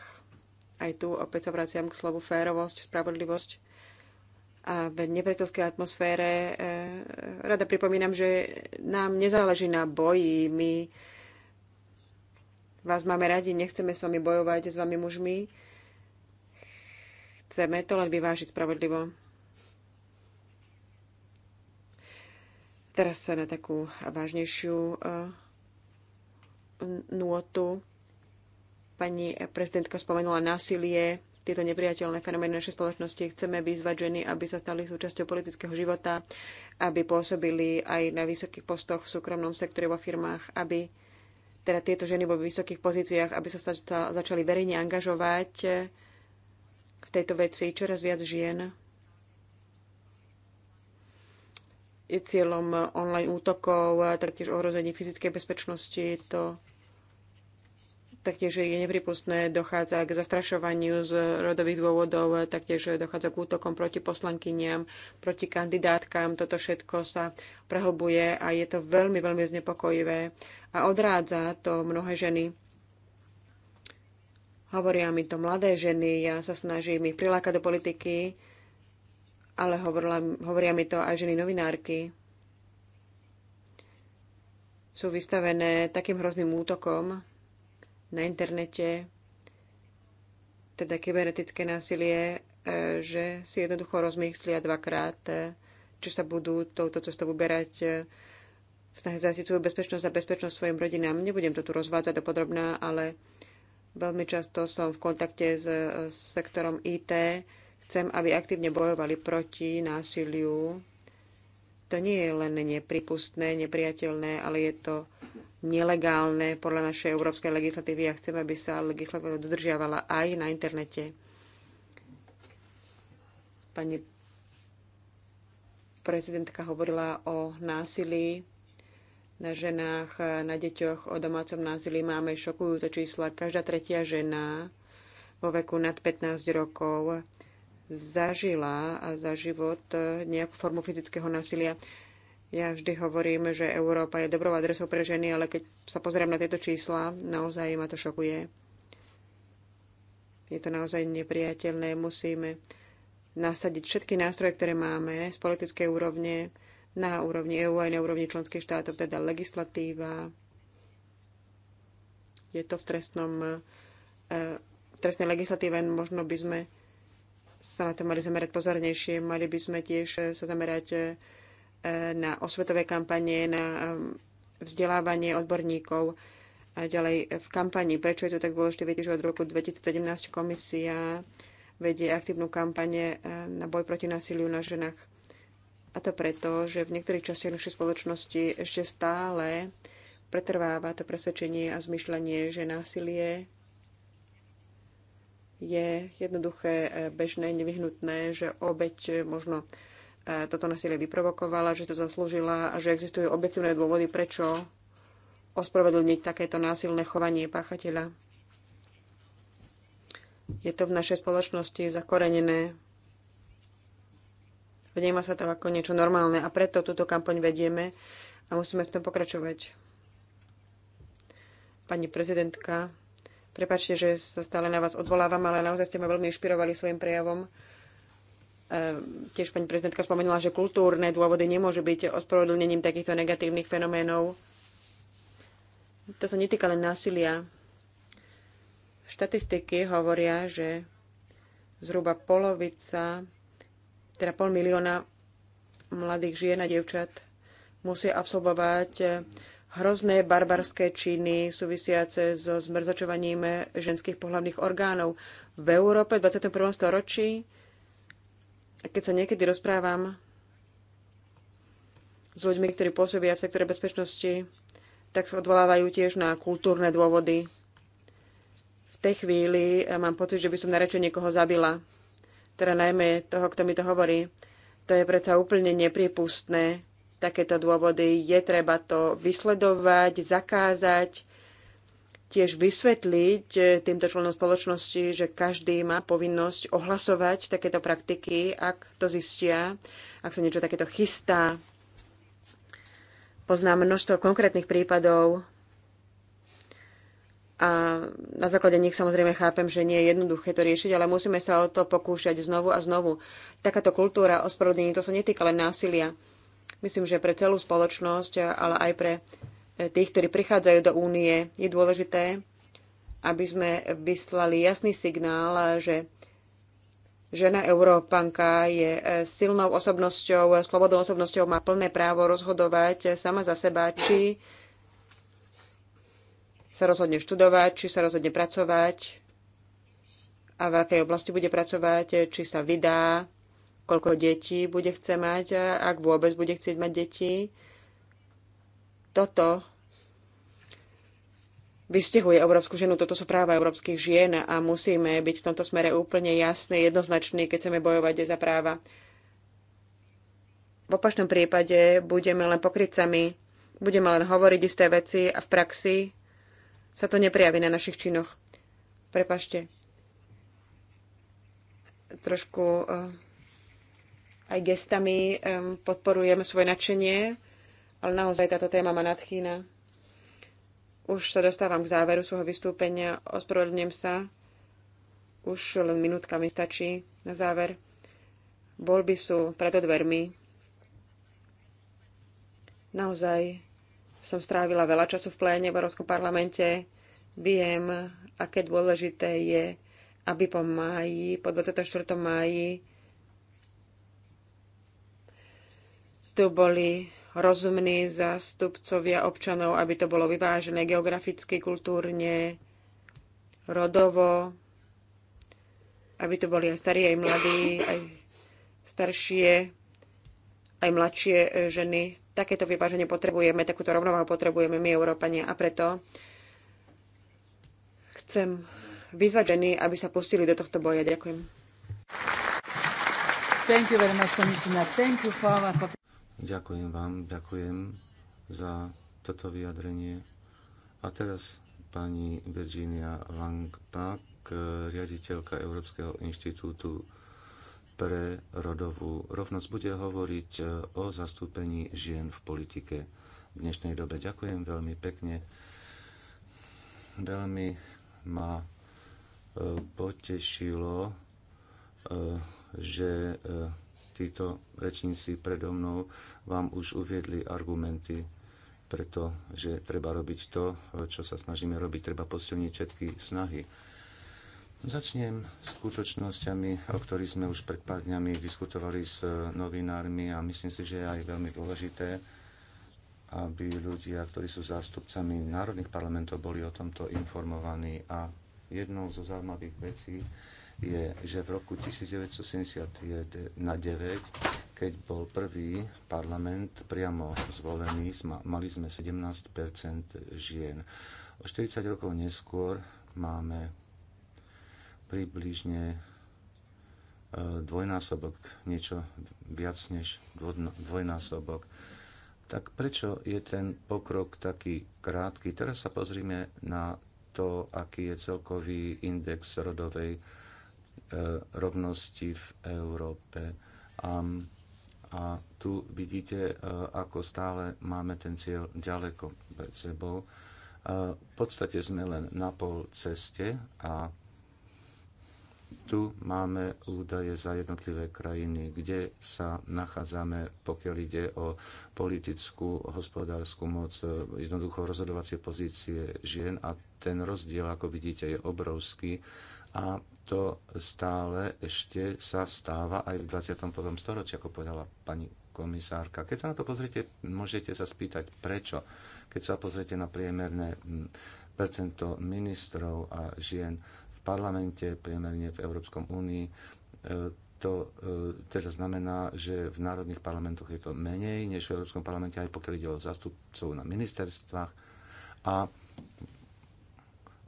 Aj tu opäť sa vraciam k slovu férovosť, spravodlivosť a v nepriateľskej atmosfére. E, rada pripomínam, že nám nezáleží na boji. My vás máme radi, nechceme s vami bojovať, s vami mužmi. Chceme to len vyvážiť spravodlivo. Teraz sa na takú vážnejšiu e, nôtu pani prezidentka spomenula násilie tieto nepriateľné fenomény našej spoločnosti. Chceme vyzvať ženy, aby sa stali súčasťou politického života, aby pôsobili aj na vysokých postoch v súkromnom sektore vo firmách, aby teda tieto ženy vo vysokých pozíciách, aby sa začali verejne angažovať v tejto veci čoraz viac žien je cieľom online útokov, taktiež ohrozenie fyzickej bezpečnosti. To Taktiež je nepripustné, dochádza k zastrašovaniu z rodových dôvodov, taktiež dochádza k útokom proti poslankyniam, proti kandidátkam. Toto všetko sa prehlbuje a je to veľmi, veľmi znepokojivé a odrádza to mnohé ženy. Hovoria mi to mladé ženy, ja sa snažím ich prilákať do politiky, ale hovorila, hovoria mi to aj ženy novinárky. Sú vystavené takým hrozným útokom, na internete, teda kybernetické násilie, e, že si jednoducho rozmyslia dvakrát, e, či sa budú touto cestou uberať e, v snahe zajistiť svoju bezpečnosť a bezpečnosť svojim rodinám. Nebudem to tu rozvádzať do podrobná, ale veľmi často som v kontakte s, s sektorom IT. Chcem, aby aktívne bojovali proti násiliu to nie je len nepripustné, nepriateľné, ale je to nelegálne podľa našej európskej legislatívy a chceme, aby sa legislatíva dodržiavala aj na internete. Pani prezidentka hovorila o násilí na ženách, na deťoch, o domácom násilí. Máme šokujúce čísla. Každá tretia žena vo veku nad 15 rokov zažila za život e, nejakú formu fyzického násilia. Ja vždy hovorím, že Európa je dobrou adresou pre ženy, ale keď sa pozriem na tieto čísla, naozaj ma to šokuje. Je to naozaj nepriateľné. Musíme nasadiť všetky nástroje, ktoré máme z politickej úrovne, na úrovni EÚ aj na úrovni členských štátov, teda legislatíva. Je to v trestnom e, v trestnej legislatíve, možno by sme sa na to mali zamerať pozornejšie. Mali by sme tiež eh, sa zamerať eh, na osvetové kampanie, na eh, vzdelávanie odborníkov a ďalej v kampanii. Prečo je to tak dôležité? Viete, že od roku 2017 komisia vedie aktívnu kampane na boj proti násiliu na ženách. A to preto, že v niektorých častiach našej spoločnosti ešte stále pretrváva to presvedčenie a zmyšľanie, že násilie je jednoduché, e, bežné, nevyhnutné, že obeď e, možno e, toto nasilie vyprovokovala, že to zaslúžila a že existujú objektívne dôvody, prečo ospravedlniť takéto násilné chovanie páchateľa. Je to v našej spoločnosti zakorenené. Vníma sa to ako niečo normálne a preto túto kampaň vedieme a musíme v tom pokračovať. Pani prezidentka Prepačte, že sa stále na vás odvolávam, ale naozaj ste ma veľmi inšpirovali svojim prejavom. Ehm, tiež pani prezidentka spomenula, že kultúrne dôvody nemôžu byť ospravedlnením takýchto negatívnych fenoménov. To sa netýka len násilia. Štatistiky hovoria, že zhruba polovica, teda pol milióna mladých žien a devčat, musia absolvovať hrozné barbarské činy súvisiace so zmrzačovaním ženských pohľavných orgánov. V Európe v 21. storočí, keď sa niekedy rozprávam s ľuďmi, ktorí pôsobia v sektore bezpečnosti, tak sa odvolávajú tiež na kultúrne dôvody. V tej chvíli mám pocit, že by som na reči niekoho zabila. Teda najmä toho, kto mi to hovorí. To je predsa úplne nepripustné, takéto dôvody. Je treba to vysledovať, zakázať, tiež vysvetliť e, týmto členom spoločnosti, že každý má povinnosť ohlasovať takéto praktiky, ak to zistia, ak sa niečo takéto chystá. Poznám množstvo konkrétnych prípadov a na základe nich samozrejme chápem, že nie je jednoduché to riešiť, ale musíme sa o to pokúšať znovu a znovu. Takáto kultúra ospravedlnenia, to sa netýka len násilia. Myslím, že pre celú spoločnosť, ale aj pre eh, tých, ktorí prichádzajú do únie, je dôležité, aby sme vyslali jasný signál, že žena Európanka je eh, silnou osobnosťou, slobodnou osobnosťou, má plné právo rozhodovať eh, sama za seba, či sa rozhodne študovať, či sa rozhodne pracovať a v akej oblasti bude pracovať, či sa vydá, koľko detí bude chce mať, ak vôbec bude chcieť mať deti. Toto vystihuje európsku ženu, toto sú práva európskych žien a musíme byť v tomto smere úplne jasní, jednoznační, keď chceme bojovať za práva. V opačnom prípade budeme len pokrycami, budeme len hovoriť isté veci a v praxi sa to neprijaví na našich činoch. Prepašte. Trošku eh, aj gestami um, podporujem svoje nadšenie, ale naozaj táto téma ma nadchýna. Už sa dostávam k záveru svojho vystúpenia, ospravedlňujem sa. Už len minútka mi stačí na záver. by sú pred dvermi. Naozaj som strávila veľa času v pléne v Európskom parlamente. Viem, aké dôležité je, aby po máji, po 24. máji tu boli rozumní zástupcovia občanov, aby to bolo vyvážené geograficky, kultúrne, rodovo, aby tu boli aj starí, aj mladí, aj staršie, aj mladšie e, ženy. Takéto vyváženie potrebujeme, takúto rovnováhu potrebujeme my, Európania. A preto chcem vyzvať ženy, aby sa pustili do tohto boja. Ďakujem. Thank you very much, Commissioner. Thank you for our Ďakujem vám, ďakujem za toto vyjadrenie. A teraz pani Virginia Langpak, riaditeľka Európskeho inštitútu pre rodovú rovnosť, bude hovoriť e, o zastúpení žien v politike v dnešnej dobe. Ďakujem veľmi pekne. Veľmi ma e, potešilo, e, že títo rečníci predo mnou vám už uviedli argumenty, pretože treba robiť to, čo sa snažíme robiť, treba posilniť všetky snahy. Začnem s skutočnosťami, o ktorých sme už pred pár dňami diskutovali s novinármi a myslím si, že je aj veľmi dôležité, aby ľudia, ktorí sú zástupcami národných parlamentov, boli o tomto informovaní. A jednou zo zaujímavých vecí, je, že v roku 1979, keď bol prvý parlament priamo zvolený, mali sme 17 žien. O 40 rokov neskôr máme približne e, dvojnásobok, niečo viac než dvojnásobok. Tak prečo je ten pokrok taký krátky? Teraz sa pozrime na to, aký je celkový index rodovej E, rovnosti v Európe. A, a tu vidíte, e, ako stále máme ten cieľ ďaleko pred sebou. E, v podstate sme len na pol ceste a tu máme údaje za jednotlivé krajiny, kde sa nachádzame, pokiaľ ide o politickú, hospodárskú moc, jednoducho rozhodovacie pozície žien a ten rozdiel, ako vidíte, je obrovský a to stále ešte sa stáva aj v 21. storočí, ako povedala pani komisárka. Keď sa na to pozriete, môžete sa spýtať, prečo. Keď sa pozriete na priemerné percento ministrov a žien v parlamente, priemerne v Európskom únii, e, to e, teda znamená, že v národných parlamentoch je to menej než v Európskom parlamente, aj pokiaľ ide o zastupcov na ministerstvách. A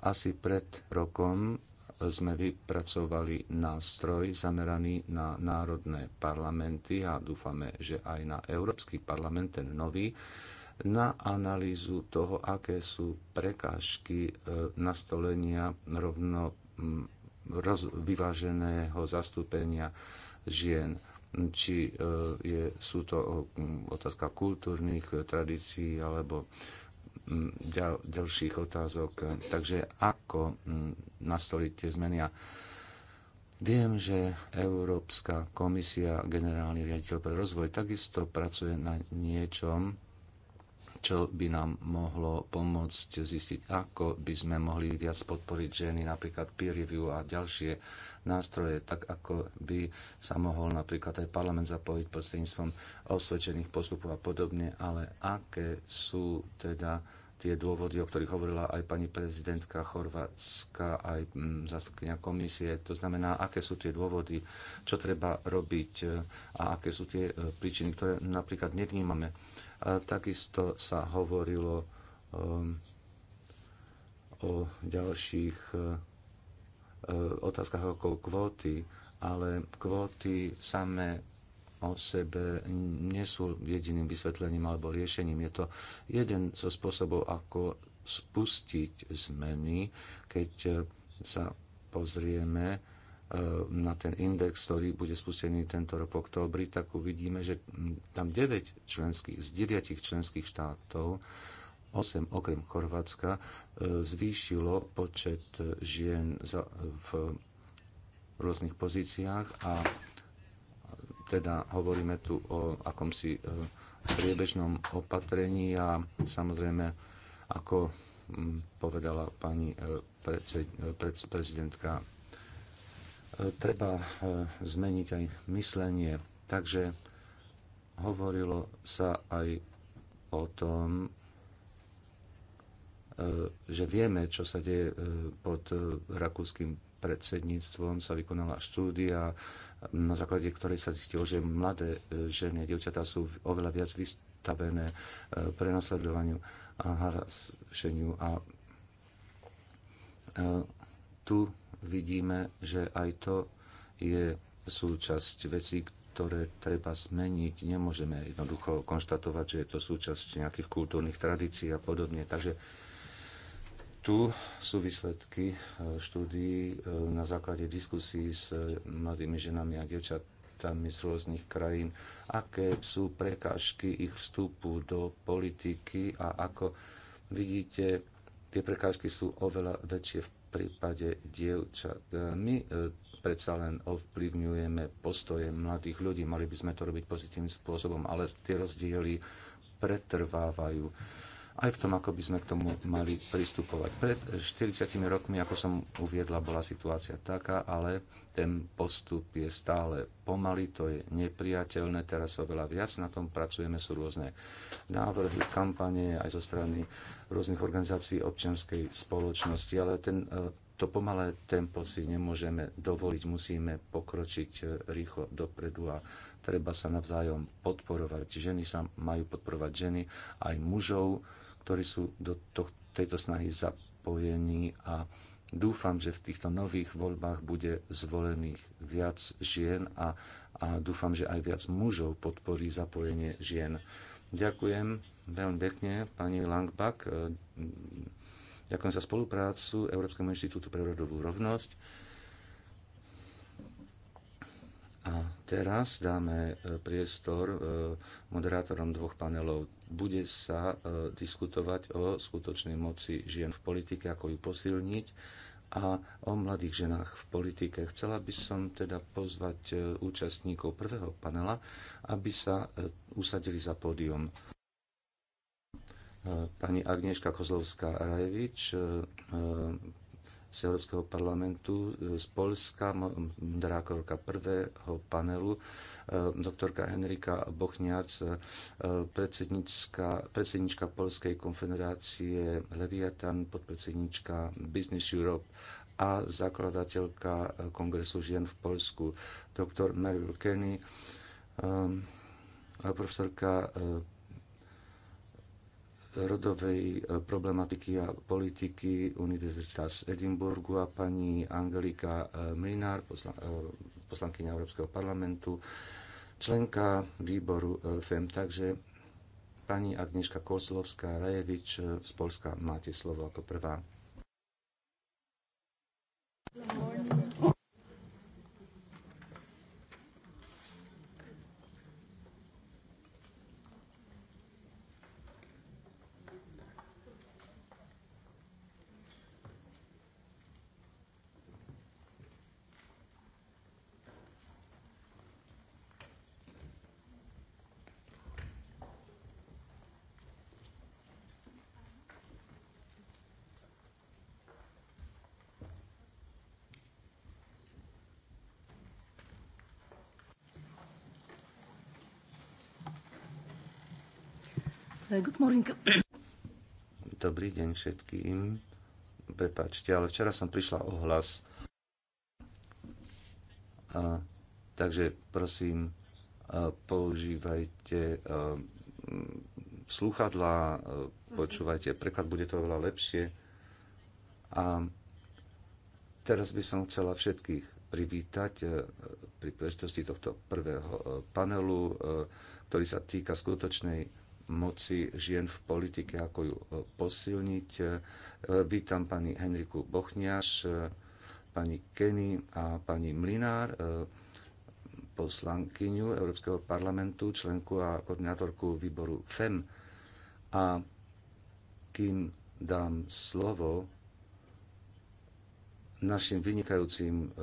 asi pred rokom sme vypracovali nástroj zameraný na národné parlamenty a dúfame, že aj na Európsky parlament, ten nový, na analýzu toho, aké sú prekážky e, nastolenia rovno roz, vyváženého zastúpenia žien či e, je, sú to otázka kultúrnych tradícií alebo ďal, ďalších otázok. Takže ako nastoliť tie zmeny? viem, že Európska komisia, generálny riaditeľ pre rozvoj, takisto pracuje na niečom, čo by nám mohlo pomôcť zistiť, ako by sme mohli viac podporiť ženy, napríklad peer review a ďalšie nástroje, tak ako by sa mohol napríklad aj parlament zapojiť prostredníctvom osvedčených postupov a podobne, ale aké sú teda tie dôvody, o ktorých hovorila aj pani prezidentka Chorvátska, aj mm, zastupkynia komisie. To znamená, aké sú tie dôvody, čo treba robiť e, a aké sú tie e, príčiny, ktoré napríklad nevnímame. A takisto sa hovorilo um, o ďalších e, e, otázkach okolo kvóty, ale kvóty samé o sebe nie sú jediným vysvetlením alebo riešením. Je to jeden zo spôsobov, ako spustiť zmeny, keď e, sa pozrieme E, na ten index, ktorý bude spustený tento rok v októbri, tak uvidíme, že tam 9 členských, z 9 členských štátov, 8 okrem Chorvátska, e, zvýšilo počet žien v rôznych pozíciách a teda hovoríme tu o akomsi e, priebežnom opatrení a samozrejme, ako mm, povedala pani prezidentka treba e, zmeniť aj myslenie. Takže hovorilo sa aj o tom, e, že vieme, čo sa deje e, pod rakúskym predsedníctvom. Sa vykonala štúdia, na základe ktorej sa zistilo, že mladé ženy a dievčatá sú oveľa viac vystavené prenasledovaniu a harašeniu. A tu vidíme, že aj to je súčasť vecí, ktoré treba zmeniť. Nemôžeme jednoducho konštatovať, že je to súčasť nejakých kultúrnych tradícií a podobne. Takže tu sú výsledky e, štúdií e, na základe diskusí s mladými ženami a dievčatami z rôznych krajín, aké sú prekážky ich vstupu do politiky a ako vidíte, tie prekážky sú oveľa väčšie v prípade dievčat. E, my e, predsa len ovplyvňujeme postoje mladých ľudí, mali by sme to robiť pozitívnym spôsobom, ale tie rozdiely pretrvávajú aj v tom, ako by sme k tomu mali pristupovať. Pred 40 rokmi, ako som uviedla, bola situácia taká, ale ten postup je stále pomalý, to je nepriateľné, teraz oveľa viac na tom pracujeme, sú rôzne návrhy, kampanie aj zo strany rôznych organizácií občianskej spoločnosti, ale ten, e, to pomalé tempo si nemôžeme dovoliť, musíme pokročiť e, rýchlo dopredu a treba sa navzájom podporovať. Ženy sa majú podporovať ženy, aj mužov, ktorí sú do to, tejto snahy zapojení a dúfam, že v týchto nových voľbách bude zvolených viac žien a, a dúfam, že aj viac mužov podporí zapojenie žien. Ďakujem. Veľmi pekne, pani Langbach. E, ďakujem za spoluprácu Európskemu inštitútu pre rodovú rovnosť. A teraz dáme e, priestor e, moderátorom dvoch panelov. Bude sa diskutovať o skutočnej moci žien v politike, ako ju posilniť a o mladých ženách v politike. Chcela by som teda pozvať účastníkov prvého panela, aby sa usadili za pódium pani Agnieszka Kozlovská-Rajevič e, e, z Európskeho parlamentu e, z Polska, moderátorka prvého panelu, doktorka Henrika Bochniac, predsednička Polskej konfederácie Leviatan, podpredsednička Business Europe a zakladateľka Kongresu žien v Polsku, doktor Meryl Kenny, profesorka rodovej e, problematiky a politiky Univerzita z Edimburgu a pani Angelika e, Mlinár, e, poslankyňa Európskeho parlamentu, členka výboru FEM. Takže pani Agniška Kozlovská-Rajevič z Polska máte slovo ako prvá. Eh, good morning. Dobrý deň všetkým. Prepačte, ale včera som prišla o hlas. A, takže prosím, používajte mm, a počúvajte, preklad bude to oveľa lepšie. A teraz by som chcela všetkých privítať e, pri príležitosti tohto prvého e, panelu, e, ktorý sa týka skutočnej moci žien v politike, ako ju e, posilniť. E, vítam pani Henriku Bochniaš, e, pani Kenny a pani Mlinár, poslankyňu Európskeho parlamentu, členku a koordinátorku výboru FEM. A kým dám slovo našim vynikajúcim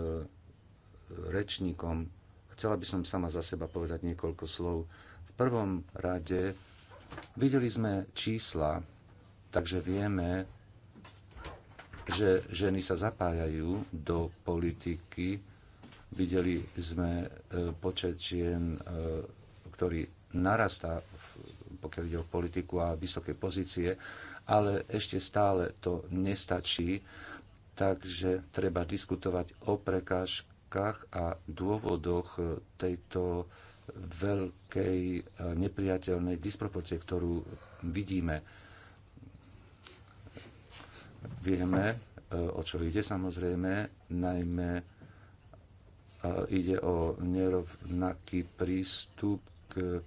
rečníkom, chcela by som sama za seba povedať niekoľko slov. V prvom rade Videli sme čísla, takže vieme, že ženy sa zapájajú do politiky. Videli sme e, počet žien, e, ktorý narastá, pokiaľ ide o politiku a vysoké pozície, ale ešte stále to nestačí, takže treba diskutovať o prekážkach a dôvodoch e, tejto veľkej e, nepriateľnej disproporcie, ktorú vidíme. Vieme, e, o čo ide samozrejme, najmä e, ide o nerovnaký prístup k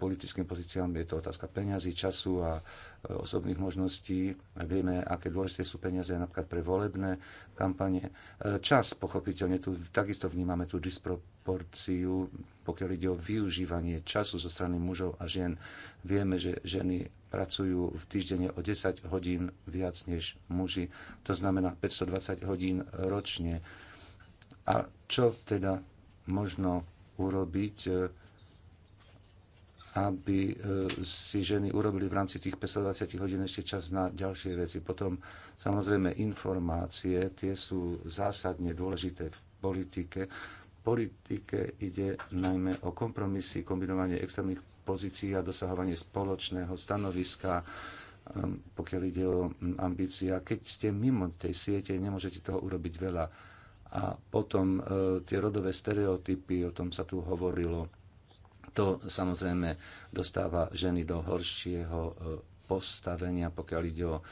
politickým pozíciám. Je to otázka peňazí, času a osobných možností. Vieme, aké dôležité sú peniaze napríklad pre volebné kampane. Čas, pochopiteľne, tu takisto vnímame tú disproporciu disproporciu, pokiaľ ide o využívanie času zo strany mužov a žien. Vieme, že ženy pracujú v týždene o 10 hodín viac než muži, to znamená 520 hodín ročne. A čo teda možno urobiť, e, aby e, si ženy urobili v rámci tých 520 hodín ešte čas na ďalšie veci. Potom samozrejme informácie, tie sú zásadne dôležité v politike politike ide najmä o kompromisy, kombinovanie extrémnych pozícií a dosahovanie spoločného stanoviska, um, pokiaľ ide o um, a Keď ste mimo tej siete, nemôžete toho urobiť veľa. A potom uh, tie rodové stereotypy, o tom sa tu hovorilo, to samozrejme dostáva ženy do horšieho uh, postavenia, pokiaľ ide o uh,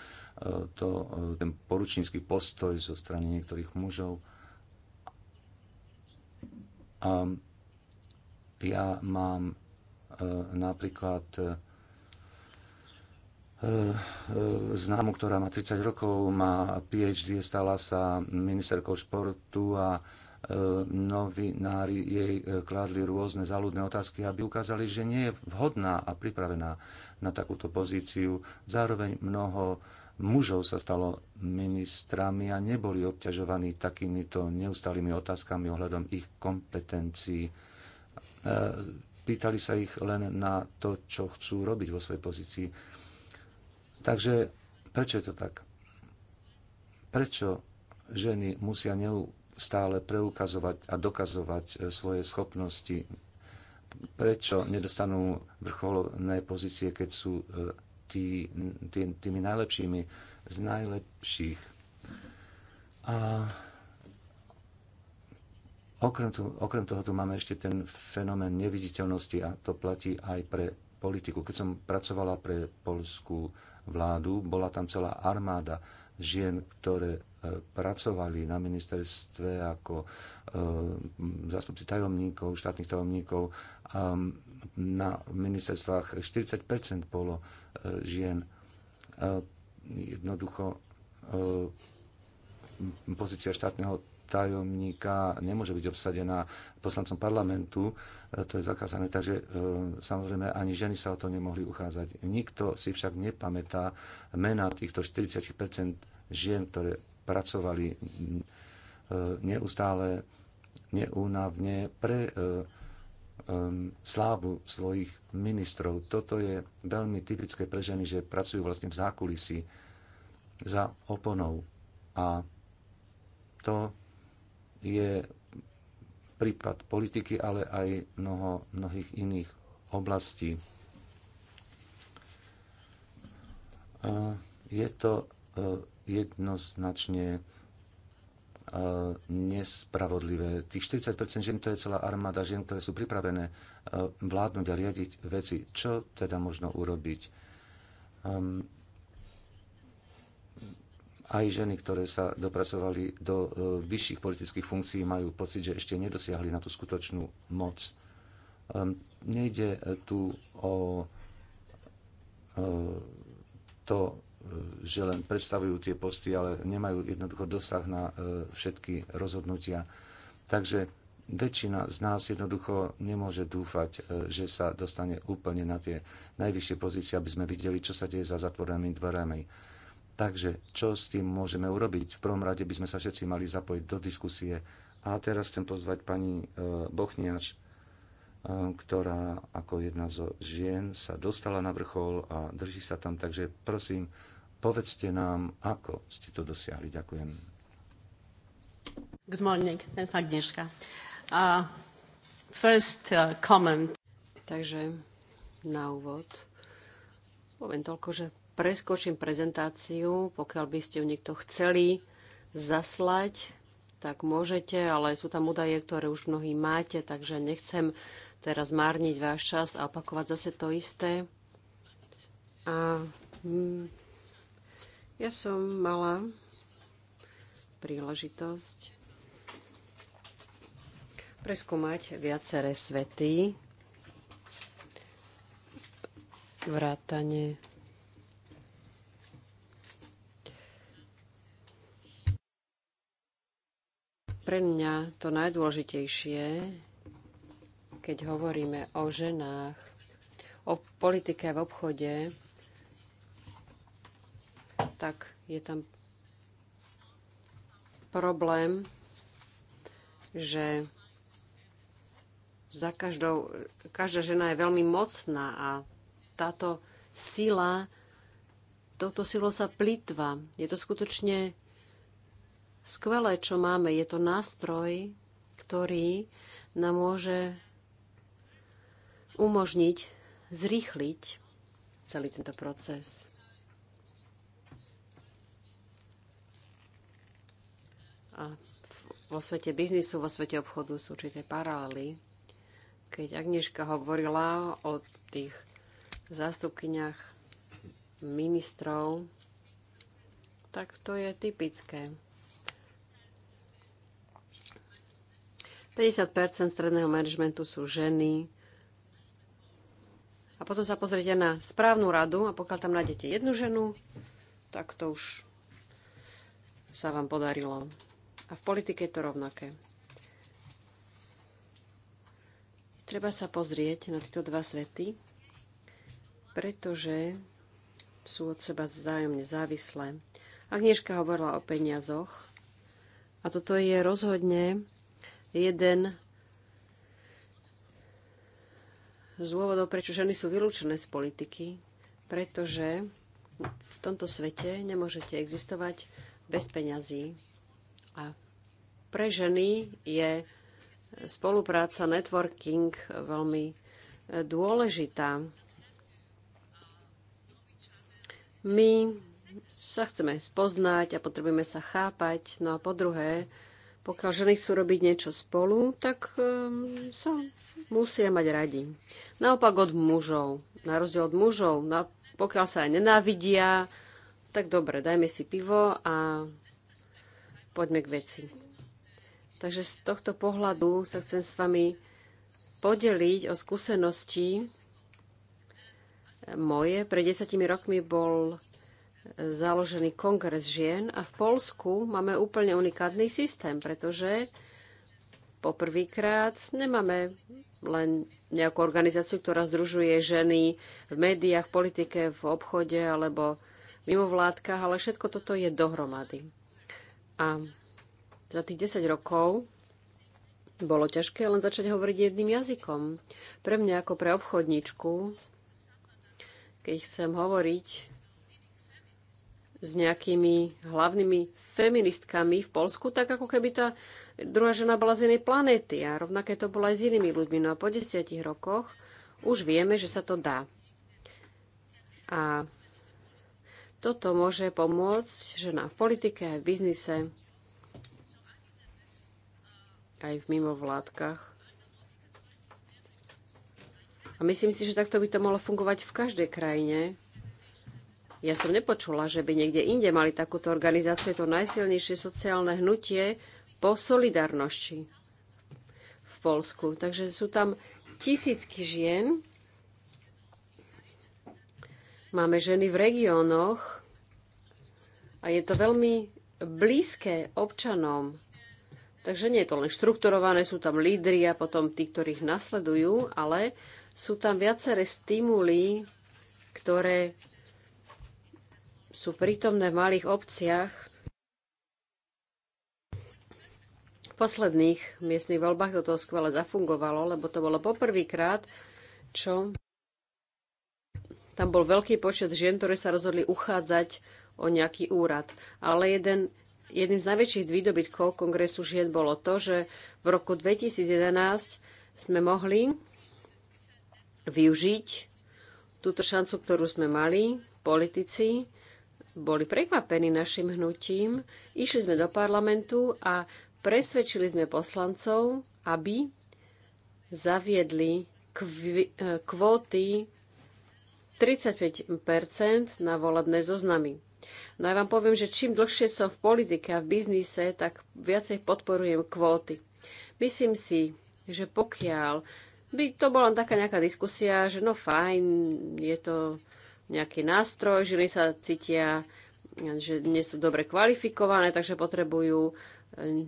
to, ten poručnícky postoj zo strany niektorých mužov a ja mám e, napríklad e, e, známu, ktorá má 30 rokov, má PhD, stala sa ministerkou športu a novinári jej kladli rôzne záľudné otázky, aby ukázali, že nie je vhodná a pripravená na takúto pozíciu. Zároveň mnoho mužov sa stalo ministrami a neboli obťažovaní takýmito neustálými otázkami ohľadom ich kompetencií. E, pýtali sa ich len na to, čo chcú robiť vo svojej pozícii. Takže prečo je to tak? Prečo ženy musia neustále preukazovať a dokazovať e, svoje schopnosti? Prečo nedostanú vrcholné pozície, keď sú e, tý, tý, tými najlepšími z najlepších. A okrem, tu, okrem toho tu máme ešte ten fenomén neviditeľnosti a to platí aj pre politiku. Keď som pracovala pre polskú vládu, bola tam celá armáda žien, ktoré e, pracovali na ministerstve ako e, zástupci tajomníkov, štátnych tajomníkov. A na ministerstvách 40 bolo žien. Jednoducho e, pozícia štátneho tajomníka nemôže byť obsadená poslancom parlamentu, e, to je zakázané, takže e, samozrejme ani ženy sa o to nemohli uchádzať. Nikto si však nepamätá mena týchto 40 žien, ktoré pracovali neustále, neúnavne pre um, slávu svojich ministrov. Toto je veľmi typické pre ženy, že pracujú vlastne v zákulisí za oponou. A to je prípad politiky, ale aj mnoho, mnohých iných oblastí. A ehm, je to ehm, jednoznačne E, nespravodlivé. Tých 40 žien to je celá armáda žien, ktoré sú pripravené e, vládnuť a riadiť veci. Čo teda možno urobiť? Um, aj ženy, ktoré sa dopracovali do e, vyšších politických funkcií, majú pocit, že ešte nedosiahli na tú skutočnú moc. Um, nejde tu o to, E, že len predstavujú tie posty, ale nemajú jednoducho dosah na e, všetky rozhodnutia. Takže väčšina z nás jednoducho nemôže dúfať, e, že sa dostane úplne na tie najvyššie pozície, aby sme videli, čo sa deje za zatvorenými dverami. Takže čo s tým môžeme urobiť? V prvom rade by sme sa všetci mali zapojiť do diskusie. A teraz chcem pozvať pani Bochniač, ktorá ako jedna zo žien sa dostala na vrchol a drží sa tam. Takže prosím, povedzte nám, ako ste to dosiahli. Ďakujem. Good morning, Agnieszka. Uh, first uh, comment. Takže na úvod poviem toľko, že preskočím prezentáciu. Pokiaľ by ste ju niekto chceli zaslať, tak môžete, ale sú tam údaje, ktoré už mnohí máte, takže nechcem uh, teraz márniť váš čas a opakovať zase to isté. A hm, ja som mala príležitosť preskúmať viaceré svety, vrátane Pre mňa to najdôležitejšie keď hovoríme o ženách, o politike v obchode, tak je tam problém, že za každou, každá žena je veľmi mocná a táto sila, toto silo sa plitva. Je to skutočne skvelé, čo máme. Je to nástroj, ktorý nám môže umožniť zrýchliť celý tento proces. A vo svete biznisu, vo svete obchodu sú určité paralely. Keď Agnieszka hovorila o tých zástupkyniach ministrov, tak to je typické. 50 stredného manažmentu sú ženy, a potom sa pozrite na správnu radu a pokiaľ tam nájdete jednu ženu, tak to už sa vám podarilo. A v politike je to rovnaké. Treba sa pozrieť na tieto dva svety, pretože sú od seba vzájomne závislé. Agnieszka hovorila o peniazoch a toto je rozhodne jeden z dôvodov, prečo ženy sú vylúčené z politiky, pretože v tomto svete nemôžete existovať bez peňazí. A pre ženy je spolupráca, networking veľmi e, dôležitá. My sa chceme spoznať a potrebujeme sa chápať. No a po druhé, pokiaľ ženy chcú robiť niečo spolu, tak um, sa musia mať radi. Naopak od mužov, na rozdiel od mužov, na, pokiaľ sa aj nenávidia, tak dobre, dajme si pivo a poďme k veci. Takže z tohto pohľadu sa chcem s vami podeliť o skúsenosti moje. Pred desatimi rokmi bol založený kongres žien a v Polsku máme úplne unikátny systém, pretože poprvýkrát nemáme len nejakú organizáciu, ktorá združuje ženy v médiách, v politike, v obchode alebo mimo vládkach, ale všetko toto je dohromady. A za tých 10 rokov bolo ťažké len začať hovoriť jedným jazykom. Pre mňa ako pre obchodničku, keď chcem hovoriť s nejakými hlavnými feministkami v Polsku, tak ako keby tá druhá žena bola z inej planéty. A rovnaké to bolo aj s inými ľuďmi. No a po desiatich rokoch už vieme, že sa to dá. A toto môže pomôcť ženám v politike, aj v biznise, aj v mimovládkach. A myslím si, že takto by to mohlo fungovať v každej krajine, ja som nepočula, že by niekde inde mali takúto organizáciu. Je to najsilnejšie sociálne hnutie po solidarnosti v Polsku. Takže sú tam tisícky žien. Máme ženy v regiónoch a je to veľmi blízke občanom. Takže nie je to len štrukturované, sú tam lídry a potom tí, ich nasledujú, ale sú tam viaceré stimuly, ktoré sú prítomné v malých obciach. V posledných miestnych voľbách toto skvele zafungovalo, lebo to bolo poprvýkrát, čo tam bol veľký počet žien, ktoré sa rozhodli uchádzať o nejaký úrad. Ale jeden, jedným z najväčších výdobytkov Kongresu žien bolo to, že v roku 2011 sme mohli využiť túto šancu, ktorú sme mali, politici, boli prekvapení našim hnutím. Išli sme do parlamentu a presvedčili sme poslancov, aby zaviedli e, kvóty 35 na volebné zoznamy. No ja vám poviem, že čím dlhšie som v politike a v biznise, tak viacej podporujem kvóty. Myslím si, že pokiaľ by to bola taká nejaká diskusia, že no fajn, je to nejaký nástroj, ženy sa cítia, že nie sú dobre kvalifikované, takže potrebujú e,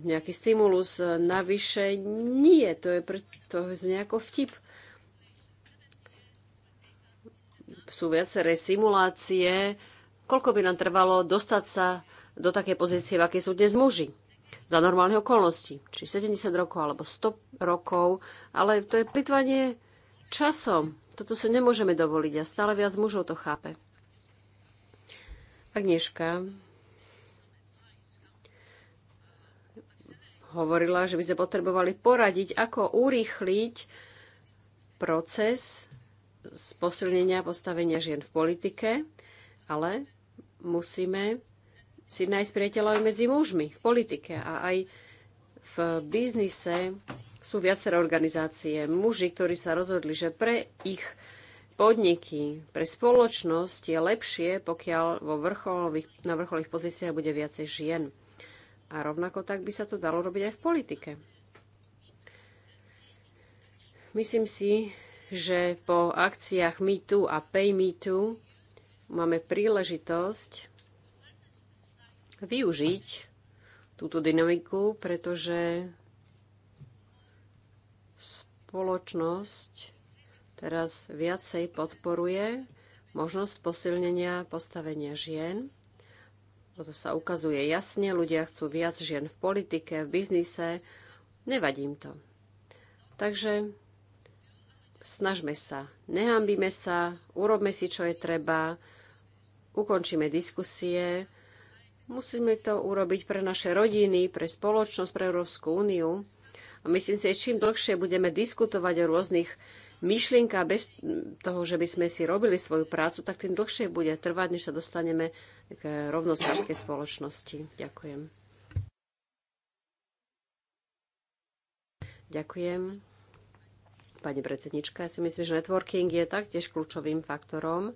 nejaký stimulus. E, navyše nie, to je, pre, to je nejako vtip. Sú viaceré simulácie, koľko by nám trvalo dostať sa do takej pozície, v akej sú dnes muži. Za normálne okolnosti, Či 70 rokov alebo 100 rokov. Ale to je plitvanie časom. Toto si nemôžeme dovoliť a stále viac mužov to chápe. Agnieszka hovorila, že by sme potrebovali poradiť, ako urýchliť proces z posilnenia postavenia žien v politike, ale musíme si nájsť priateľov medzi mužmi v politike a aj v biznise sú viaceré organizácie, muži, ktorí sa rozhodli, že pre ich podniky, pre spoločnosť je lepšie, pokiaľ vo vrcholových, na vrcholových pozíciách bude viacej žien. A rovnako tak by sa to dalo robiť aj v politike. Myslím si, že po akciách Me Too a Pay Me Too máme príležitosť využiť túto dynamiku, pretože spoločnosť teraz viacej podporuje možnosť posilnenia postavenia žien. Toto sa ukazuje jasne, ľudia chcú viac žien v politike, v biznise, nevadím to. Takže snažme sa, nehambíme sa, urobme si, čo je treba, ukončíme diskusie, musíme to urobiť pre naše rodiny, pre spoločnosť, pre Európsku úniu. A myslím si, že čím dlhšie budeme diskutovať o rôznych myšlienkach bez toho, že by sme si robili svoju prácu, tak tým dlhšie bude trvať, než sa dostaneme k rovnostárskej spoločnosti. Ďakujem. Ďakujem. Pani predsednička, ja si myslím, že networking je taktiež kľúčovým faktorom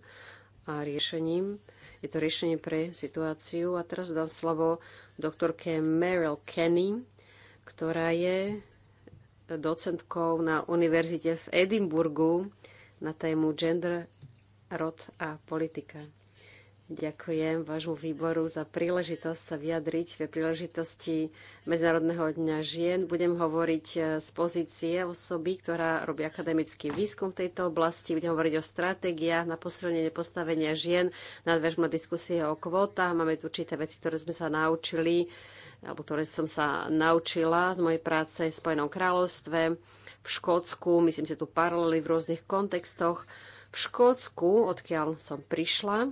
a riešením. Je to riešenie pre situáciu. A teraz dám slovo doktorke Meryl Kenny, ktorá je docentkou na univerzite v Edimburgu na tému gender, rod a politika. Ďakujem vášmu výboru za príležitosť sa vyjadriť ve príležitosti Medzinárodného dňa žien. Budem hovoriť e, z pozície osoby, ktorá robí akademický výskum v tejto oblasti. Budem hovoriť o stratégiách na posilnenie postavenia žien. Nadvežme diskusie o kvótach. Máme tu určité veci, ktoré sme sa naučili alebo ktoré som sa naučila z mojej práce v Spojenom kráľovstve, v Škótsku, myslím si tu paralely v rôznych kontextoch. V Škótsku, odkiaľ som prišla,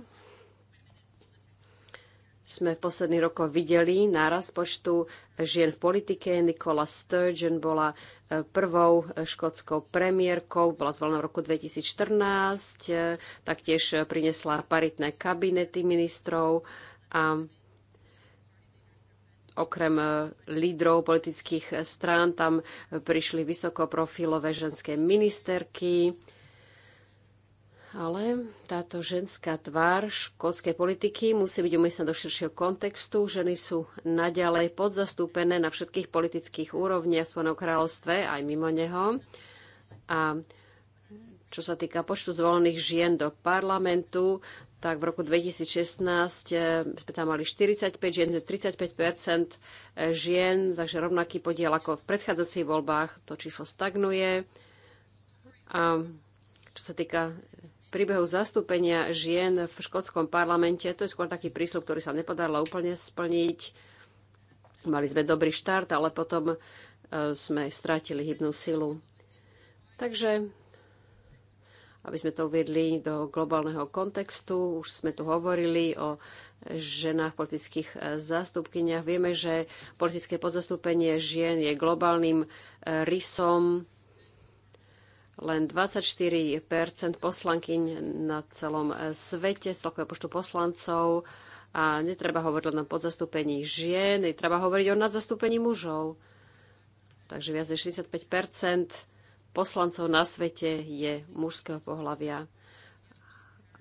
sme v posledných rokoch videli náraz počtu žien v politike. Nicola Sturgeon bola e, prvou e, škótskou premiérkou, bola zvolená v roku 2014, e, taktiež priniesla paritné kabinety ministrov a okrem e, lídrov politických e, strán tam e, prišli vysokoprofilové ženské ministerky. Ale táto ženská tvár škótskej politiky musí byť umiestnená do širšieho kontextu. Ženy sú naďalej podzastúpené na všetkých politických úrovniach v Spojenom kráľovstve, aj mimo neho. A čo sa týka počtu zvolených žien do parlamentu, tak v roku 2016 eh, sme tam mali 45 žien, 35 eh, žien, takže rovnaký podiel ako v predchádzajúcich voľbách, to číslo stagnuje. A čo sa týka príbehu zastúpenia žien v škótskom parlamente, to je skôr taký prísľub, ktorý sa nepodarilo úplne splniť. Mali sme dobrý štart, ale potom eh, sme stratili hybnú silu. Takže aby sme to uviedli do globálneho kontextu. Už sme tu hovorili o ženách, politických e, zástupkyniach. Vieme, že politické podzastúpenie žien je globálnym e, rysom. Len 24 poslankyň na celom e, svete, celkové počtu poslancov. A netreba hovoriť len o podzastúpení žien, treba hovoriť o nadzastúpení mužov. Takže viac než 65 poslancov na svete je mužského pohľavia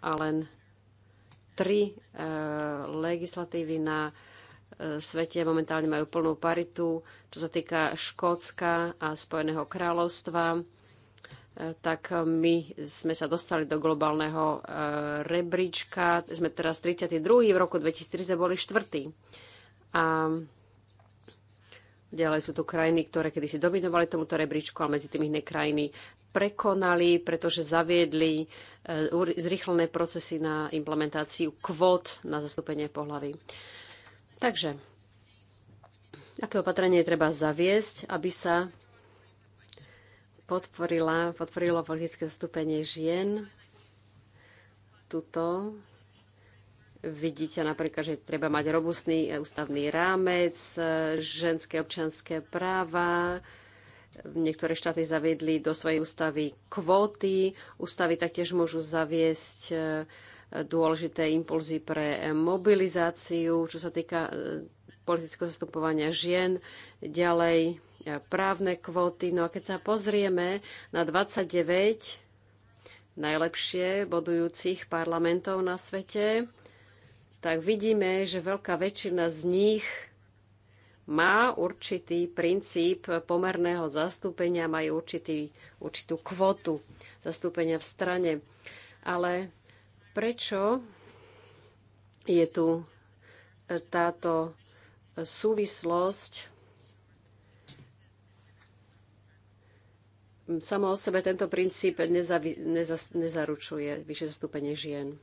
a len tri e, legislatívy na e, svete momentálne majú plnú paritu, čo sa týka Škótska a Spojeného kráľovstva, e, tak my sme sa dostali do globálneho e, rebríčka. Sme teraz 32. v roku 2030 boli štvrtý. A Ďalej sú tu krajiny, ktoré kedysi dominovali tomuto rebríčku ale medzi tým iné krajiny prekonali, pretože zaviedli e, zrychlené procesy na implementáciu kvót na zastúpenie pohlavy. Takže, aké opatrenie treba zaviesť, aby sa podporila, podporilo politické zastúpenie žien? Tuto Vidíte napríklad, že treba mať robustný e, ústavný rámec, e, ženské občanské práva. Niektoré štáty zaviedli do svojej ústavy kvóty. Ústavy taktiež môžu zaviesť e, dôležité impulzy pre mobilizáciu, čo sa týka politického zastupovania žien, ďalej právne kvóty. No a keď sa pozrieme na 29 najlepšie bodujúcich parlamentov na svete, tak vidíme, že veľká väčšina z nich má určitý princíp pomerného zastúpenia, majú určitý, určitú kvotu zastúpenia v strane. Ale prečo je tu táto súvislosť samo o sebe tento princíp neza, neza, nezaručuje vyššie zastúpenie žien.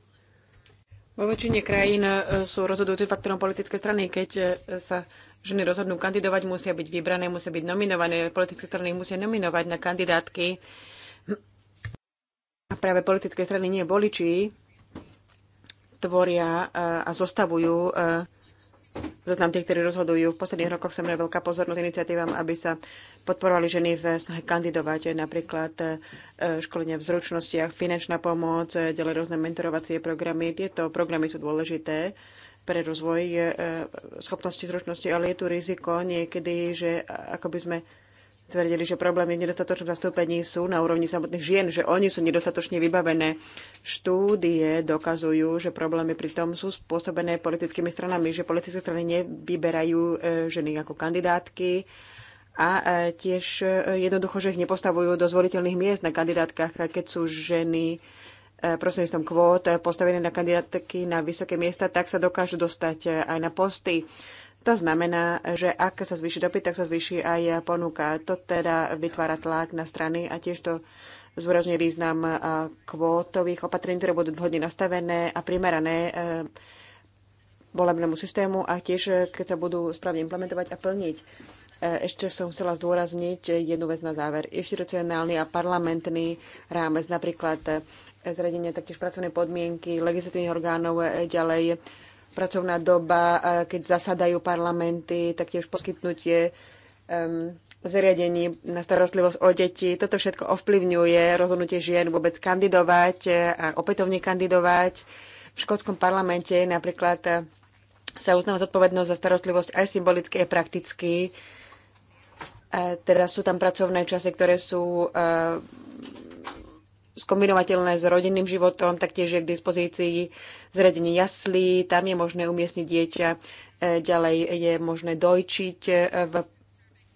Vo väčšine krajín e, sú rozhodujúci faktorom politické strany. Keď e, sa ženy rozhodnú kandidovať, musia byť vybrané, musia byť nominované. Politické strany musia nominovať na kandidátky. A práve politické strany nie voliči tvoria e, a zostavujú zoznam tých, ktorí rozhodujú. V posledných rokoch sa veľká pozornosť iniciatívam, aby sa podporovali ženy v snahe kandidovať, napríklad e, školenia v zručnostiach, finančná pomoc, e, ďalej rôzne mentorovacie programy. Tieto programy sú dôležité pre rozvoj e, schopnosti zručnosti, ale je tu riziko niekedy, že ako by sme tvrdili, že problémy v nedostatočnom zastúpení sú na úrovni samotných žien, že oni sú nedostatočne vybavené. Štúdie dokazujú, že problémy pritom sú spôsobené politickými stranami, že politické strany nevyberajú ženy ako kandidátky, a e, tiež e, jednoducho, že ich nepostavujú do zvoliteľných miest na kandidátkach, keď sú ženy e, prostredníctvom kvót postavené na kandidátky na vysoké miesta, tak sa dokážu dostať aj na posty. To znamená, že ak sa zvýši dopyt, tak sa zvýši aj ponuka. To teda vytvára tlak na strany a tiež to zúrazňuje význam kvótových opatrení, ktoré budú vhodne nastavené a primerané volebnému systému a tiež keď sa budú správne implementovať a plniť. Eh, ešte som chcela zdôrazniť jednu vec na záver. Inštitucionálny a parlamentný rámec, napríklad eh, zradenie taktiež pracovné podmienky legislatívnych orgánov eh, ďalej, pracovná doba, keď zasadajú parlamenty, taktiež poskytnutie um, zariadení na starostlivosť o deti. Toto všetko ovplyvňuje rozhodnutie žien vôbec kandidovať a opätovne kandidovať. V škótskom parlamente napríklad sa uznáva zodpovednosť za starostlivosť aj symbolicky, aj prakticky teda sú tam pracovné časy, ktoré sú e, skombinovateľné s rodinným životom, taktiež je k dispozícii zredenie jaslí, tam je možné umiestniť dieťa, e, ďalej je možné dojčiť e, v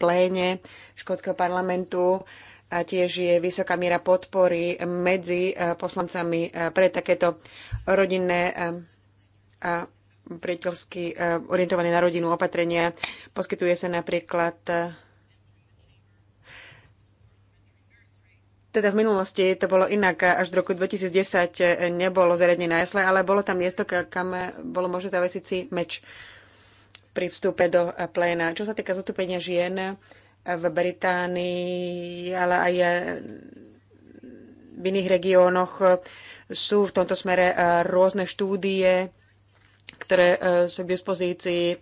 pléne škótskeho parlamentu a tiež je vysoká miera podpory medzi poslancami pre takéto rodinné a priateľsky orientované na rodinu opatrenia. Poskytuje sa napríklad Teda v minulosti to bolo inak. Až do roku 2010 nebolo zariadenie na jesle, ale bolo tam miesto, kam eh, bolo možné zavesiť si meč pri vstupe do eh, pléna. Čo sa týka zastúpenia žien eh, v Británii, ale aj v iných regiónoch, sú v tomto smere rôzne štúdie, ktoré sú k dispozícii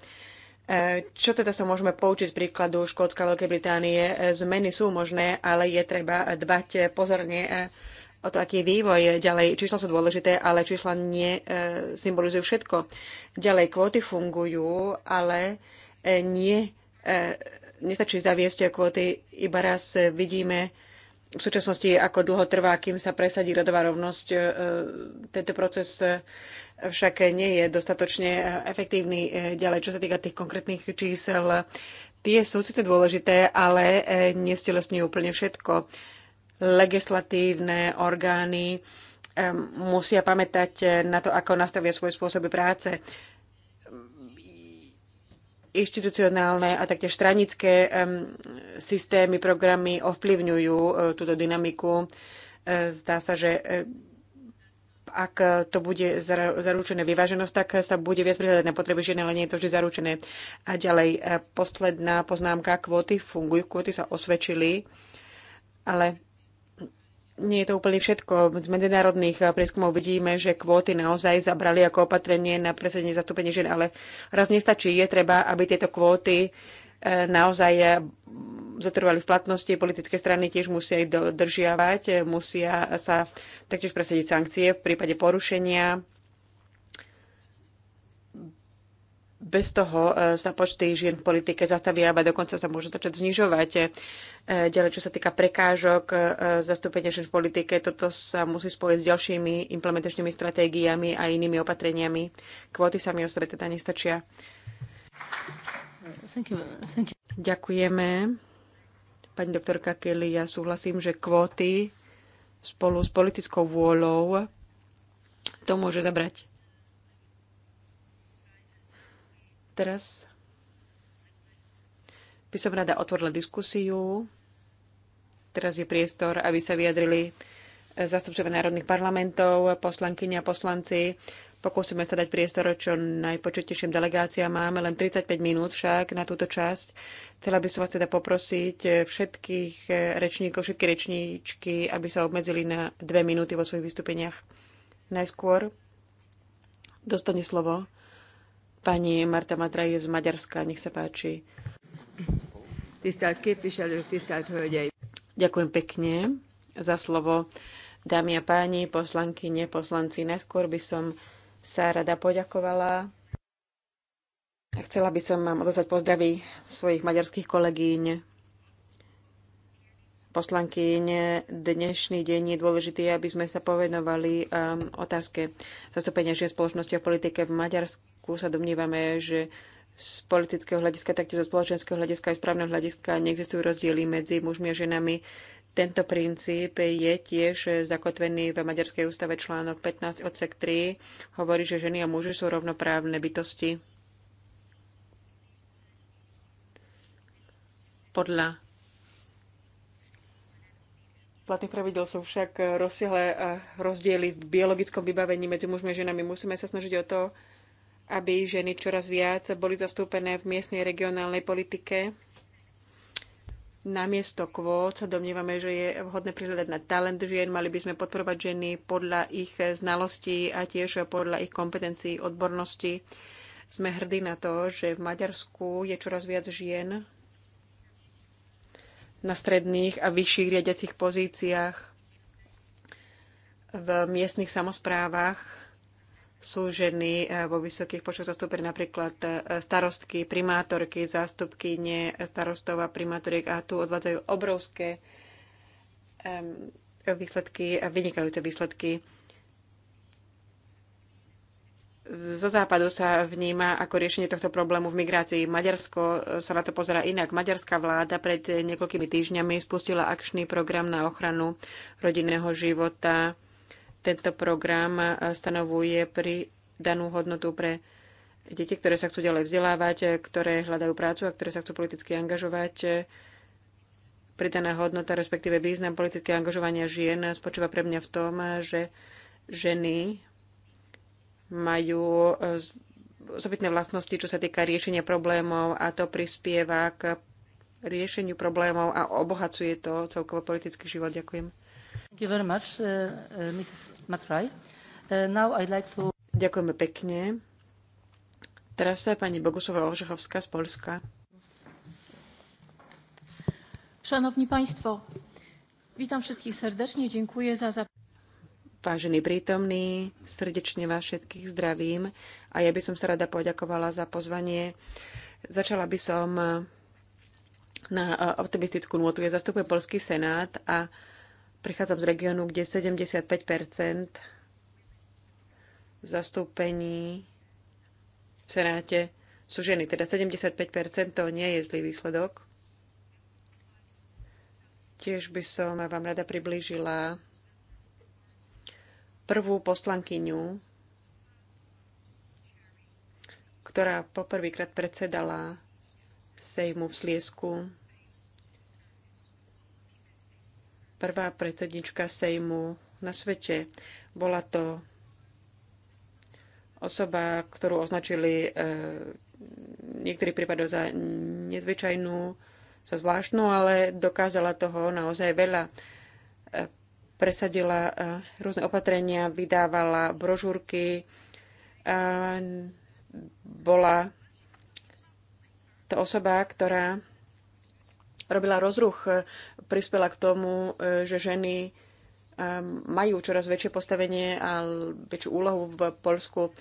E, čo teda sa môžeme poučiť z príkladu Škótska Veľkej Británie? E, zmeny sú možné, ale je treba dbať pozorne e, o to, aký vývoj ďalej. Čísla sú dôležité, ale čísla nie symbolizujú všetko. Ďalej kvóty fungujú, ale nie, nestačí zaviesť kvóty. Iba raz vidíme v súčasnosti, ako dlho trvá, kým sa presadí rodová rovnosť. tento proces však nie je dostatočne efektívny e, ďalej, čo sa týka tých konkrétnych čísel. Tie sú síce dôležité, ale e, nestelesňujú úplne všetko. Legislatívne orgány e, musia pamätať na to, ako nastavia svoje spôsoby práce. Inštitucionálne a taktiež stranické systémy, programy ovplyvňujú túto dynamiku. Zdá sa, že ak to bude zaručené vyváženosť, tak sa bude viac prihľadať na potreby žien, ale nie je to vždy zaručené. A ďalej, e, posledná poznámka, kvóty fungujú, kvóty sa osvedčili, ale nie je to úplne všetko. Z medzinárodných e, prieskumov vidíme, že kvóty naozaj zabrali ako opatrenie na presadenie zastúpenie žien, ale raz nestačí. Je treba, aby tieto kvóty naozaj eh, zotrvali v platnosti, politické strany tiež musia ich dodržiavať, eh, musia sa taktiež presediť sankcie v prípade porušenia. Bez toho eh, sa počty žien v politike zastavia, a dokonca sa môžu začať znižovať. Ďalej, čo sa týka prekážok zastúpenia žien v politike, toto sa musí spojiť s ďalšími implementačnými stratégiami a inými opatreniami. Kvóty sami o sebe teda nestačia. Ďakujeme. Pani doktorka Kelly, ja súhlasím, že kvóty spolu s politickou vôľou to môže zabrať. Teraz by som rada otvorila diskusiu. Teraz je priestor, aby sa vyjadrili zastupcovia národných parlamentov, poslankyni a poslanci. Pokúsime sa dať priestor čo najpočutnejším delegáciám. Máme len 35 minút však na túto časť. Chcela by som vás teda poprosiť všetkých rečníkov, všetky rečníčky, aby sa obmedzili na dve minúty vo svojich vystúpeniach. Najskôr dostane slovo pani Marta Matraje z Maďarska. Nech sa páči. Ďakujem pekne za slovo. Dámy a páni, poslanky, neposlanci, najskôr by som sa rada poďakovala. Chcela by som vám odozvať pozdravy svojich maďarských kolegyň, poslankyň. Dnešný deň je dôležitý, aby sme sa povenovali um, otázke zastúpenia žien spoločnosti a politike v Maďarsku. Sa domnívame, že z politického hľadiska, taktiež zo spoločenského hľadiska aj správneho hľadiska neexistujú rozdiely medzi mužmi a ženami tento princíp je tiež zakotvený v Maďarskej ústave článok 15 odsek 3. Hovorí, že ženy a muži sú rovnoprávne bytosti. Podľa platných pravidel sú však rozsiahle rozdiely v biologickom vybavení medzi mužmi a ženami. Musíme sa snažiť o to, aby ženy čoraz viac boli zastúpené v miestnej regionálnej politike namiesto kvót sa domnievame, že je vhodné prihľadať na talent žien. Mali by sme podporovať ženy podľa ich znalostí a tiež podľa ich kompetencií, odbornosti. Sme hrdí na to, že v Maďarsku je čoraz viac žien na stredných a vyšších riadiacich pozíciách v miestnych samozprávach sú ženy eh, vo vysokých počtoch zastúpené napríklad eh, starostky, primátorky, zástupky nie starostov a primátoriek a tu odvádzajú obrovské výsledky, vynikajúce výsledky. Zo západu sa vníma ako riešenie tohto problému v migrácii. Maďarsko eh, sa na to pozera inak. Maďarská vláda pred niekoľkými týždňami spustila akčný program na ochranu rodinného života tento program eh, stanovuje pridanú hodnotu pre deti, ktoré sa chcú ďalej vzdelávať, eh, ktoré hľadajú prácu a ktoré sa chcú politicky angažovať. Eh, pridaná hodnota, respektíve význam politické angažovania žien spočíva pre mňa v tom, že ženy majú osobitné vlastnosti, čo sa týka riešenia problémov a to prispieva k riešeniu problémov a obohacuje to celkovo politický život. Ďakujem. Uh, uh, uh, Ďakujeme pekne. Teraz sa pani Bogusová z Polska. Szanowni Państwo, witam wszystkich serdecznie, dziękuję za zaproszenie. Vážení prítomní, srdečne vás všetkých zdravím a ja by som sa rada poďakovala za pozvanie. Začala by som na e, optimistickú nôtu. Ja zastupujem Polský senát a Prichádzam z regiónu, kde 75 zastúpení v Senáte sú ženy. Teda 75 to nie je zlý výsledok. Tiež by som vám rada priblížila prvú poslankyňu, ktorá poprvýkrát predsedala Sejmu v Sliesku prvá predsednička Sejmu na svete. Bola to osoba, ktorú označili e, niektorí prípadov za nezvyčajnú, za zvláštnu, ale dokázala toho naozaj veľa. E, presadila e, rôzne opatrenia, vydávala brožúrky, e, bola to osoba, ktorá robila rozruch prispela k tomu, e, že ženy e, majú čoraz väčšie postavenie a väčšiu úlohu v Polsku.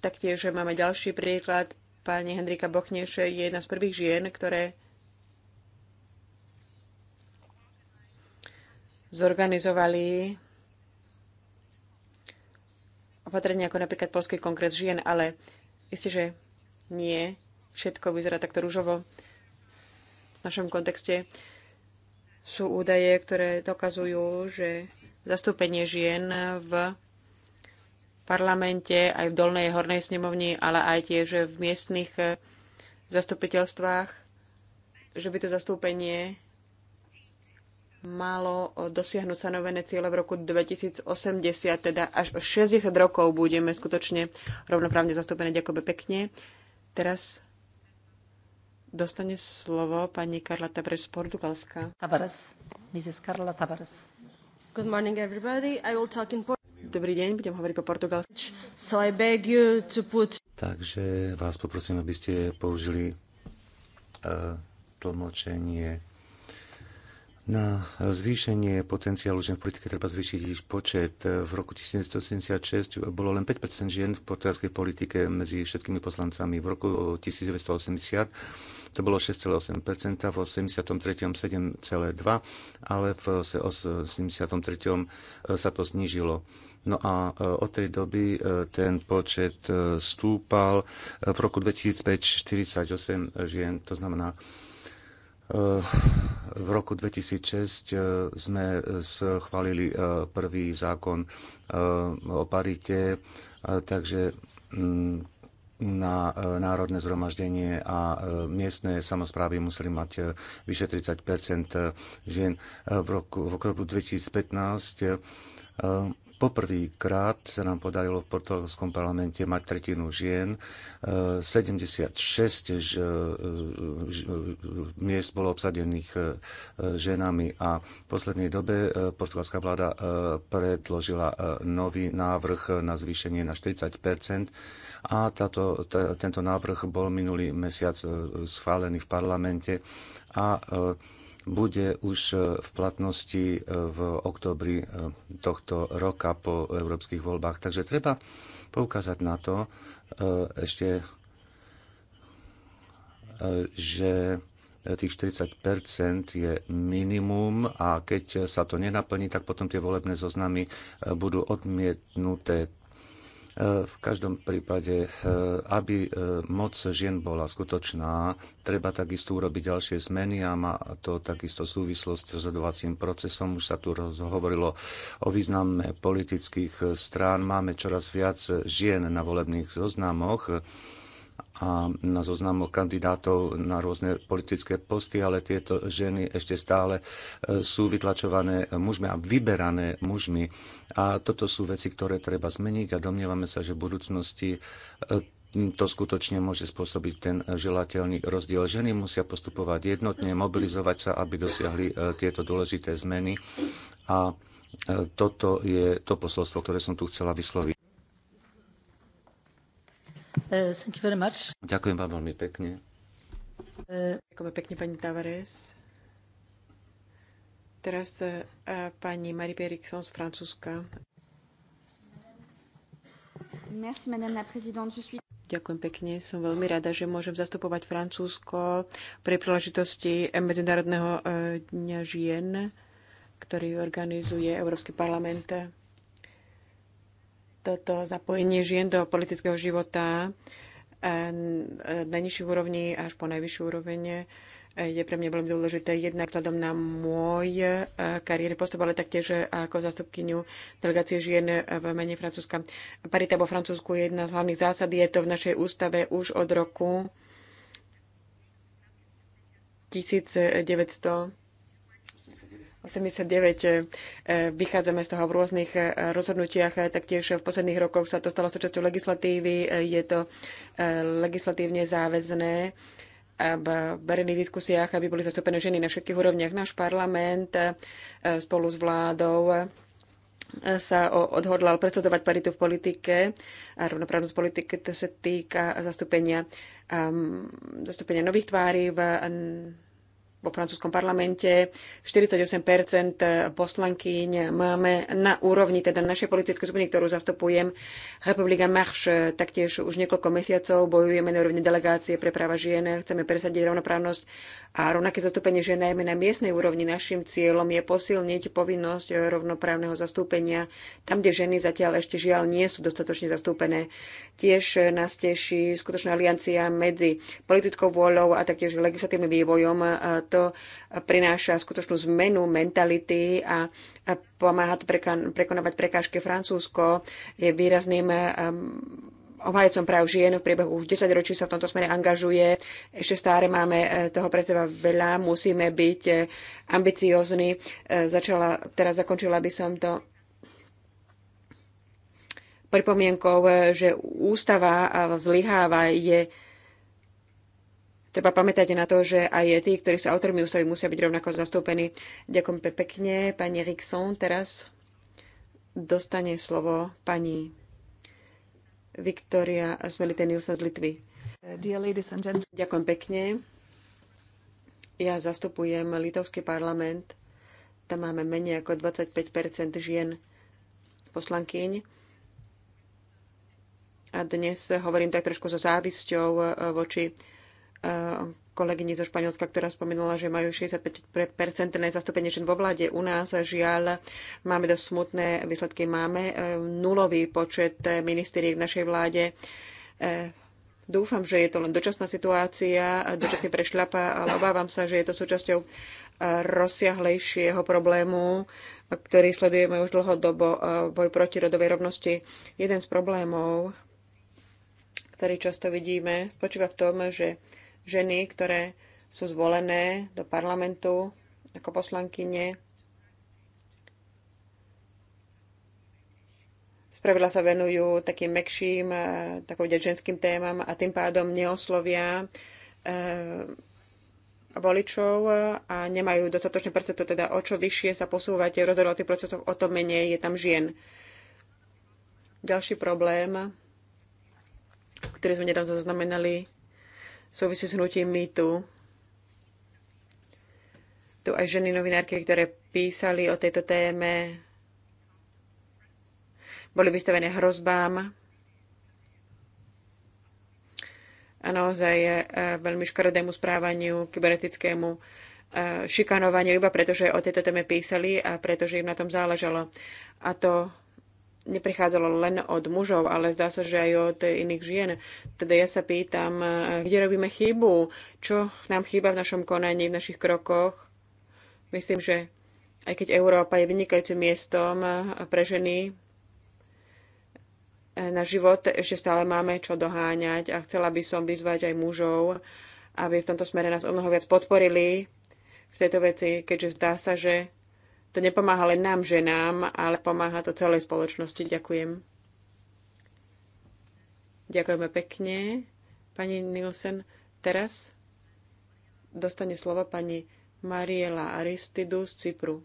Taktiež máme ďalší príklad. Pani Hendrika Bochneš je jedna z prvých žien, ktoré zorganizovali opatrenia ako napríklad Polský kongres žien, ale isté, že nie všetko vyzerá takto rúžovo v našom kontexte sú údaje, ktoré dokazujú, že zastúpenie žien v parlamente, aj v dolnej hornej snemovni, ale aj tiež v miestnych eh, zastupiteľstvách, že by to zastúpenie malo eh, dosiahnuť stanovené ciele v roku 2080, teda až o 60 rokov budeme skutočne rovnoprávne zastúpené. Ďakujem pekne. Teraz dostane slovo pani Karla Tavares z Portugalska. Tavares. Mrs. Karla Tavares. Good morning everybody. I will talk in Dobrý deň, budem hovoriť po portugalsky. So I beg you to put... Takže vás poprosím, aby ste použili uh, tlmočenie na zvýšenie potenciálu žien v politike treba zvýšiť ich počet. V roku 1976 bolo len 5 žien v portugalskej politike medzi všetkými poslancami. V roku 1980 to bolo 6,8%, v 83. 7,2%, ale v 83. E, sa to znížilo. No a e, od tej doby e, ten počet stúpal. V roku 2005 48 žien, to znamená v roku 2006 sme schválili prvý zákon o parite, takže mm, na e, národné zhromaždenie a e, miestne samozprávy museli mať e, vyše 30 žien. V roku, v roku 2015 poprvýkrát sa nám podarilo v portugalskom parlamente mať tretinu žien. 76 miest bolo obsadených ženami a v poslednej dobe portugalská vláda predložila nový návrh na zvýšenie na 40 a táto, t- tento návrh bol minulý mesiac e, schválený v parlamente a e, bude už e, v platnosti v oktobri tohto roka po európskych voľbách. Takže treba poukázať na to ešte, že tých 40 je minimum a keď sa to nenaplní, tak potom tie volebné zoznamy budú odmietnuté v každom prípade, eh, aby eh, moc žien bola skutočná, treba takisto urobiť ďalšie zmeny a má to takisto súvislosť s rozhodovacím procesom. Už sa tu hovorilo o význame politických strán. Máme čoraz viac žien na volebných zoznamoch a na zoznamu kandidátov na rôzne politické posty, ale tieto ženy ešte stále e, sú vytlačované mužmi a vyberané mužmi. A toto sú veci, ktoré treba zmeniť a domnievame sa, že v budúcnosti e, to skutočne môže spôsobiť ten želateľný rozdiel. Ženy musia postupovať jednotne, mobilizovať sa, aby dosiahli e, tieto dôležité zmeny. A toto je to posolstvo, ktoré som tu chcela vysloviť. Uh, Ďakujem vám veľmi pekne. Uh, Ďakujem pekne, pani Tavares. Teraz uh, pani Marie Perikson z Francúzska. Merci, madame la présidente. Je suis... Ďakujem pekne. Som veľmi rada, že môžem zastupovať Francúzsko pri príležitosti Medzinárodného dňa žien, ktorý organizuje Európsky parlament toto zapojenie žien do politického života eh, na nižších úrovni až po najvyššiu úroveň eh, je pre mňa veľmi dôležité jednak vzhľadom na môj eh, kariérny postup, ale taktiež ako zastupkyňu delegácie žien v mene Francúzska. Parita vo Francúzsku je jedna z hlavných zásad, je to v našej ústave už od roku 1900. 89 eh, vychádzame z toho v rôznych eh, rozhodnutiach, eh, taktiež v posledných rokoch sa to stalo súčasťou legislatívy, je to legislatívne záväzné v verejných diskusiách, aby boli zastúpené ženy na všetkých úrovniach. Náš parlament spolu s vládou sa odhodlal predsedovať paritu v politike a rovnoprávnosť politiky, to sa týka zastúpenia, um, zastúpenia nových tvári v vo francúzskom parlamente 48% poslankyň máme na úrovni teda našej politickej skupiny, ktorú zastupujem. Republika Marš taktiež už niekoľko mesiacov bojujeme na úrovni delegácie pre práva žien. Chceme presadiť rovnoprávnosť a rovnaké zastúpenie žien najmä na miestnej úrovni. Našim cieľom je posilniť povinnosť rovnoprávneho zastúpenia tam, kde ženy zatiaľ ešte žiaľ nie sú dostatočne zastúpené. Tiež nás teší skutočná aliancia medzi politickou vôľou a taktiež legislatívnym vývojom. To to prináša skutočnú zmenu mentality a pomáha to prekonávať prekážke. Francúzsko je výrazným um, obhajcom práv žien v priebehu už 10 ročí sa v tomto smere angažuje. Ešte stále máme e, toho pre seba veľa, musíme byť e, ambiciózni. E, začala, teraz zakončila by som to pripomienkou, že ústava zlyháva, je Treba pamätať na to, že aj tí, ktorí sú autormi ústavy, musia byť rovnako zastúpení. Ďakujem pekne. Pani Rikson, teraz dostane slovo pani Viktoria Smeliteniusa z Litvy. Ďakujem pekne. Ja zastupujem Litovský parlament. Tam máme menej ako 25 žien poslankyň. A dnes hovorím tak trošku so závisťou eh, voči kolegyni zo Španielska, ktorá spomenula, že majú 65-percentné zastúpenie žen vo vláde. U nás žiaľ máme dosť smutné výsledky. Máme e, nulový počet ministeriek v našej vláde. E, dúfam, že je to len dočasná situácia, dočasne prešľapa, ale obávam sa, že je to súčasťou e, rozsiahlejšieho problému, ktorý sledujeme už dlhodobo, boj proti rodovej rovnosti. Jeden z problémov, ktorý často vidíme, spočíva v tom, že ženy, ktoré sú zvolené do parlamentu ako poslankyne. Spravidla sa venujú takým mekším, eh, takým ženským témam a tým pádom neoslovia eh, voličov eh, a nemajú dostatočné percento, teda o čo vyššie sa posúvate v rozhodovacích procesoch, o to menej je tam žien. Ďalší problém, ktorý sme nedávno zaznamenali, súvisí s hnutím mýtu. Tu aj ženy novinárky, ktoré písali o tejto téme, boli vystavené hrozbám. A naozaj e, veľmi škaredému správaniu, kybernetickému e, šikanovaniu, iba pretože o tejto téme písali a pretože im na tom záležalo. A to neprichádzalo len od mužov, ale zdá sa, že aj od iných žien. Teda ja sa pýtam, kde robíme chybu? Čo nám chýba v našom konaní, v našich krokoch? Myslím, že aj keď Európa je vynikajúcim miestom pre ženy na život, ešte stále máme čo doháňať a chcela by som vyzvať aj mužov, aby v tomto smere nás o mnoho viac podporili v tejto veci, keďže zdá sa, že to nepomáha len nám, ženám, ale pomáha to celej spoločnosti. Ďakujem. Ďakujeme pekne. Pani Nielsen, teraz dostane slovo pani Mariela Aristidu z Cypru.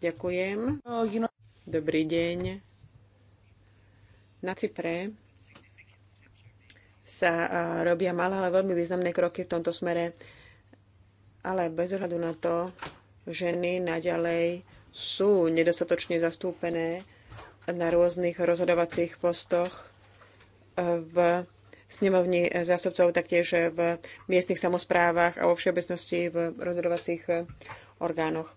Ďakujem. Dobrý deň. Na Cypre sa robia malé, ale veľmi významné kroky v tomto smere. Ale bez ohľadu na to, ženy naďalej sú nedostatočne zastúpené na rôznych rozhodovacích postoch e, v snemovni zástupcov, taktiež v miestnych samozprávach a vo všeobecnosti v rozhodovacích e, orgánoch.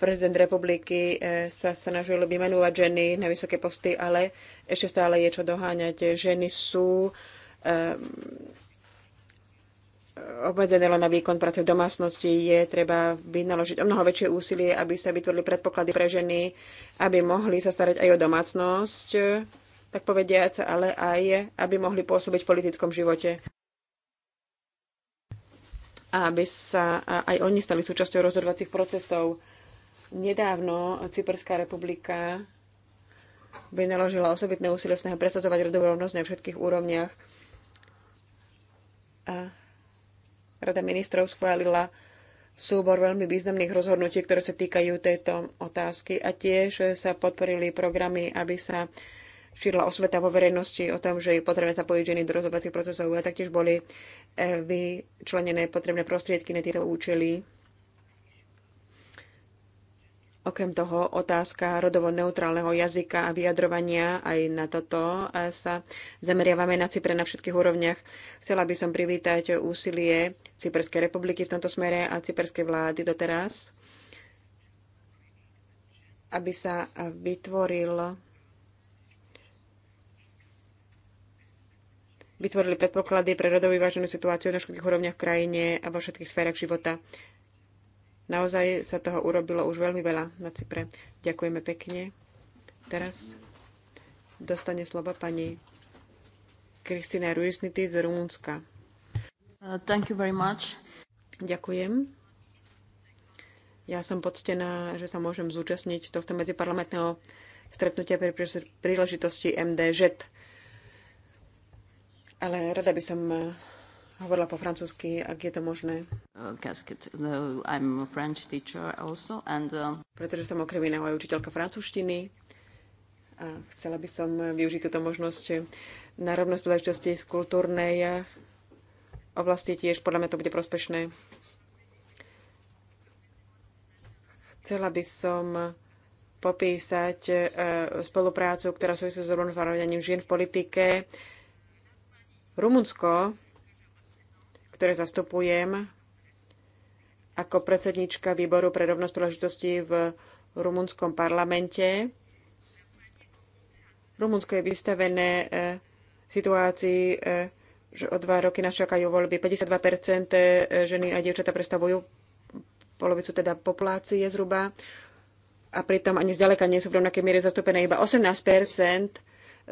Prezident republiky e, sa snažil vymenovať ženy na vysoké posty, ale ešte stále je čo doháňať. Ženy sú obmedzené len na výkon práce v domácnosti, je treba vynaložiť o mnoho väčšie úsilie, aby sa vytvorili predpoklady pre ženy, aby mohli sa starať aj o domácnosť, tak povediac, ale aj aby mohli pôsobiť v politickom živote. A aby sa aj oni stali súčasťou rozhodovacích procesov. Nedávno Cyperská republika vynaložila osobitné úsilie snahy presadzovať rodovú rovnosť na všetkých úrovniach. A Rada ministrov schválila súbor veľmi významných rozhodnutí, ktoré sa týkajú tejto otázky a tiež sa podporili programy, aby sa šírila osveta vo verejnosti o tom, že je potrebné zapojiť ženy do rozhodovacích procesov a taktiež boli eh, vyčlenené potrebné prostriedky na tieto účely Okrem toho otázka rodovo neutrálneho jazyka a vyjadrovania, aj na toto e, sa zameriavame na Cypre na všetkých úrovniach. Chcela by som privítať úsilie Cyperskej republiky v tomto smere a cyperskej vlády doteraz, aby sa vytvoril vytvorili predpoklady pre rodovývaženú situáciu na všetkých úrovniach v krajine a vo všetkých sférach života. Naozaj sa toho urobilo už veľmi veľa na Cypre. Ďakujeme pekne. Teraz dostane slova pani Kristina Ruisnity z Rumúnska. Uh, thank you very much. Ďakujem. Ja som poctená, že sa môžem zúčastniť tohto medziparlamentného stretnutia pri príležitosti MDŽ. Ale rada by som hovorila po francúzsky, ak je to možné. Uh, no, I'm a French teacher also and... Uh... Pretože som okrem iného aj učiteľka francúzštiny a chcela by som využiť túto možnosť na rovnosť príležitosti z kultúrnej oblasti tiež. Podľa mňa to bude prospešné. Chcela by som popísať uh, spoluprácu, ktorá súvisí s rovnoprávnením žien v politike. Rumunsko ktoré zastupujem ako predsednička výboru pre rovnosť príležitostí v rumunskom parlamente. Rumunsko je vystavené eh, situácii, eh, že o dva roky nás čakajú voľby. 52% eh, ženy a dievčata predstavujú polovicu teda populácie zhruba a pritom ani zďaleka nie sú v rovnakej miere zastúpené. Iba 18%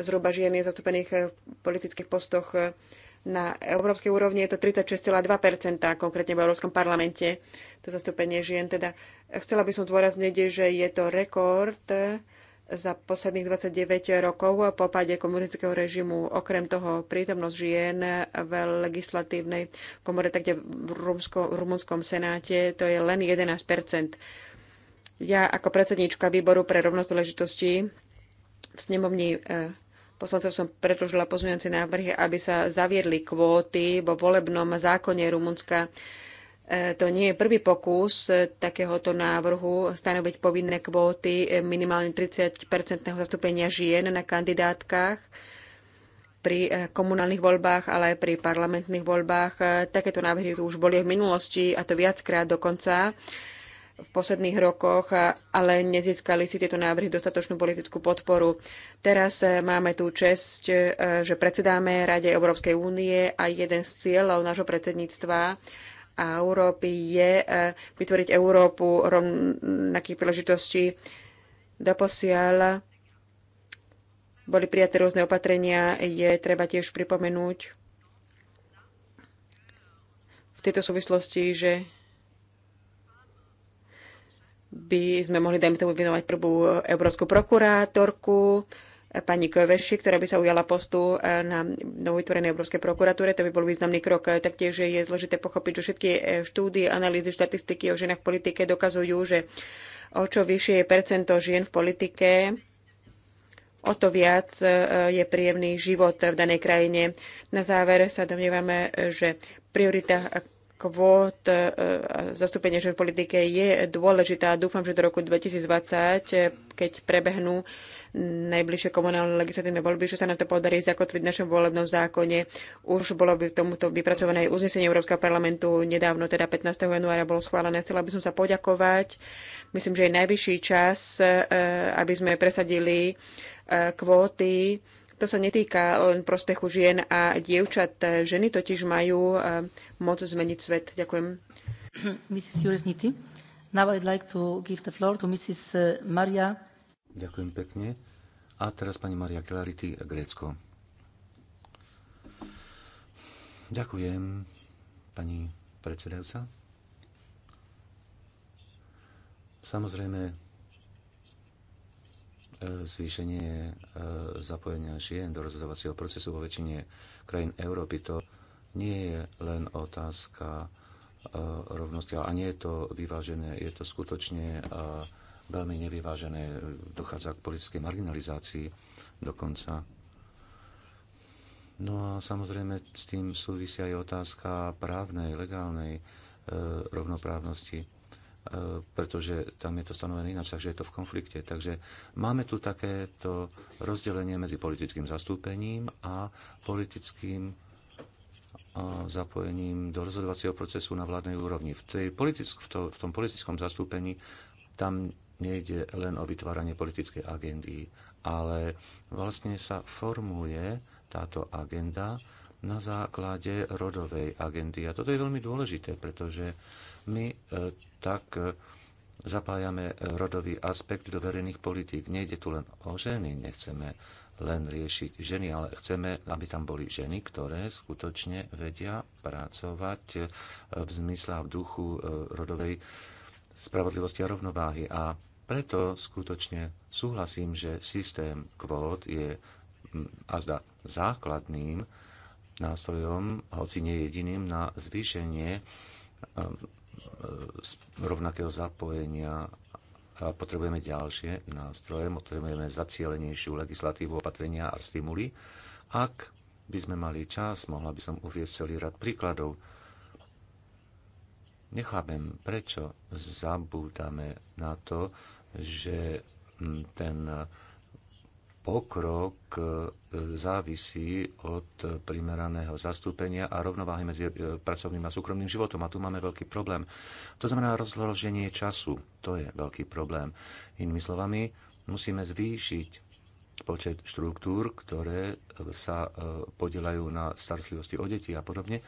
zhruba žien je zastúpených v politických postoch na európskej úrovni je to 36,2%, konkrétne v Európskom parlamente, to zastúpenie žien. Teda chcela by som dôrazniť, že je to rekord za posledných 29 rokov po páde komunistického režimu. Okrem toho prítomnosť žien v legislatívnej komore, takde v Rumsko, rumunskom senáte, to je len 11 Ja ako predsedníčka výboru pre rovnosť príležitostí v snemovni eh, poslancov som predložila pozmeňujúce návrhy, aby sa zaviedli kvóty vo volebnom zákone Rumunska. E, to nie je prvý pokus e, takéhoto návrhu stanoviť povinné kvóty e, minimálne 30-percentného zastúpenia žien na kandidátkach pri komunálnych voľbách, ale aj pri parlamentných voľbách. Takéto návrhy tu už boli v minulosti, a to viackrát dokonca v posledných rokoch, ale nezískali si tieto návrhy dostatočnú politickú podporu. Teraz e, máme tú čest, e, že predsedáme Rade Európskej únie a jeden z cieľov nášho predsedníctva a Európy je e, vytvoriť Európu rovnakých príležitostí. Doposiaľ boli prijaté rôzne opatrenia, je treba tiež pripomenúť v tejto súvislosti, že by sme mohli, dajme tomu, vynovať prvú európsku prokurátorku, pani Köveši, ktorá by sa ujala postu eh, na novovytvorenej Európskej prokuratúre. To by bol významný krok. Eh, taktiež je zložité pochopiť, že všetky eh, štúdie, analýzy, štatistiky o ženách v politike dokazujú, že o čo vyššie je percento žien v politike, o to viac je príjemný život v danej krajine. Na záver sa domnievame, že priorita kvót e, e, zastúpenie žen v politike je dôležitá. Dúfam, že do roku 2020, e, keď prebehnú najbližšie komunálne legislatívne voľby, že sa nám to podarí zakotviť v našom volebnom zákone. Už bolo by tomuto vypracované uznesenie Európskeho parlamentu nedávno, teda 15. januára bolo schválené. Chcela by som sa poďakovať. Myslím, že je najvyšší čas, aby sme presadili kvóty to sa netýka len prospechu žien a dievčat. Ženy totiž majú eh, moc zmeniť svet. Ďakujem. Mrs. Jurisniti. Now I'd like to give the floor to Mrs. Eh, Maria. Ďakujem pekne. A teraz pani Maria Clarity, Grécko. Ďakujem, pani predsedajúca. Samozrejme, zvýšenie e, zapojenia žien do rozhodovacieho procesu vo väčšine krajín Európy. To nie je len otázka e, rovnosti, a nie je to vyvážené, je to skutočne e, veľmi nevyvážené, dochádza k politickej marginalizácii dokonca. No a samozrejme s tým súvisia aj otázka právnej, legálnej rovnoprávnosti E, pretože tam je to stanovené ináč, takže je to v konflikte. Takže máme tu takéto rozdelenie medzi politickým zastúpením a politickým e, zapojením do rozhodovacieho procesu na vládnej úrovni. V, tej politick- v, to, v tom politickom zastúpení tam nejde len o vytváranie politickej agendy, ale vlastne sa formuje táto agenda na základe rodovej agendy. A toto je veľmi dôležité, pretože my e, tak e, zapájame rodový aspekt do verejných politík. Nejde tu len o ženy, nechceme len riešiť ženy, ale chceme, aby tam boli ženy, ktoré skutočne vedia pracovať e, v zmysle a v duchu e, rodovej spravodlivosti a rovnováhy. A preto skutočne súhlasím, že systém kvót je azda základným nástrojom, hoci nie jediným, na zvýšenie E, rovnakého zapojenia a potrebujeme ďalšie nástroje, potrebujeme zacielenejšiu legislatívu, opatrenia a stimuly. Ak by sme mali čas, mohla by som uvieť celý rad príkladov. Nechápem, prečo zabúdame na to, že ten pokrok e, závisí od primeraného zastúpenia a rovnováhy medzi e, pracovným a súkromným životom. A tu máme veľký problém. To znamená rozloženie času. To je veľký problém. Inými slovami, musíme zvýšiť počet štruktúr, ktoré sa e, podielajú na starostlivosti o deti a podobne.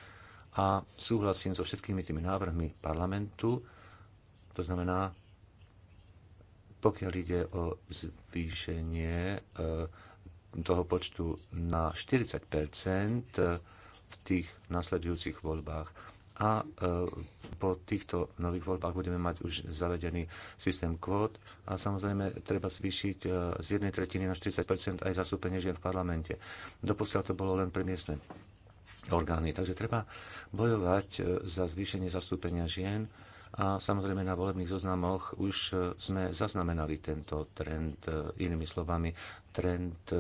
A súhlasím so všetkými tými návrhmi parlamentu. To znamená, pokiaľ ide o zvýšenie e, toho počtu na 40 e, v tých nasledujúcich voľbách, a e, po týchto nových voľbách budeme mať už zavedený systém kvót a samozrejme treba zvýšiť z jednej tretiny na 40 aj zastúpenie žien v parlamente. Doposiaľ to bolo len pre miestne orgány. Takže treba bojovať za zvýšenie zastúpenia žien a samozrejme na volebných zoznamoch už e, sme zaznamenali tento trend, e, inými slovami, trend e,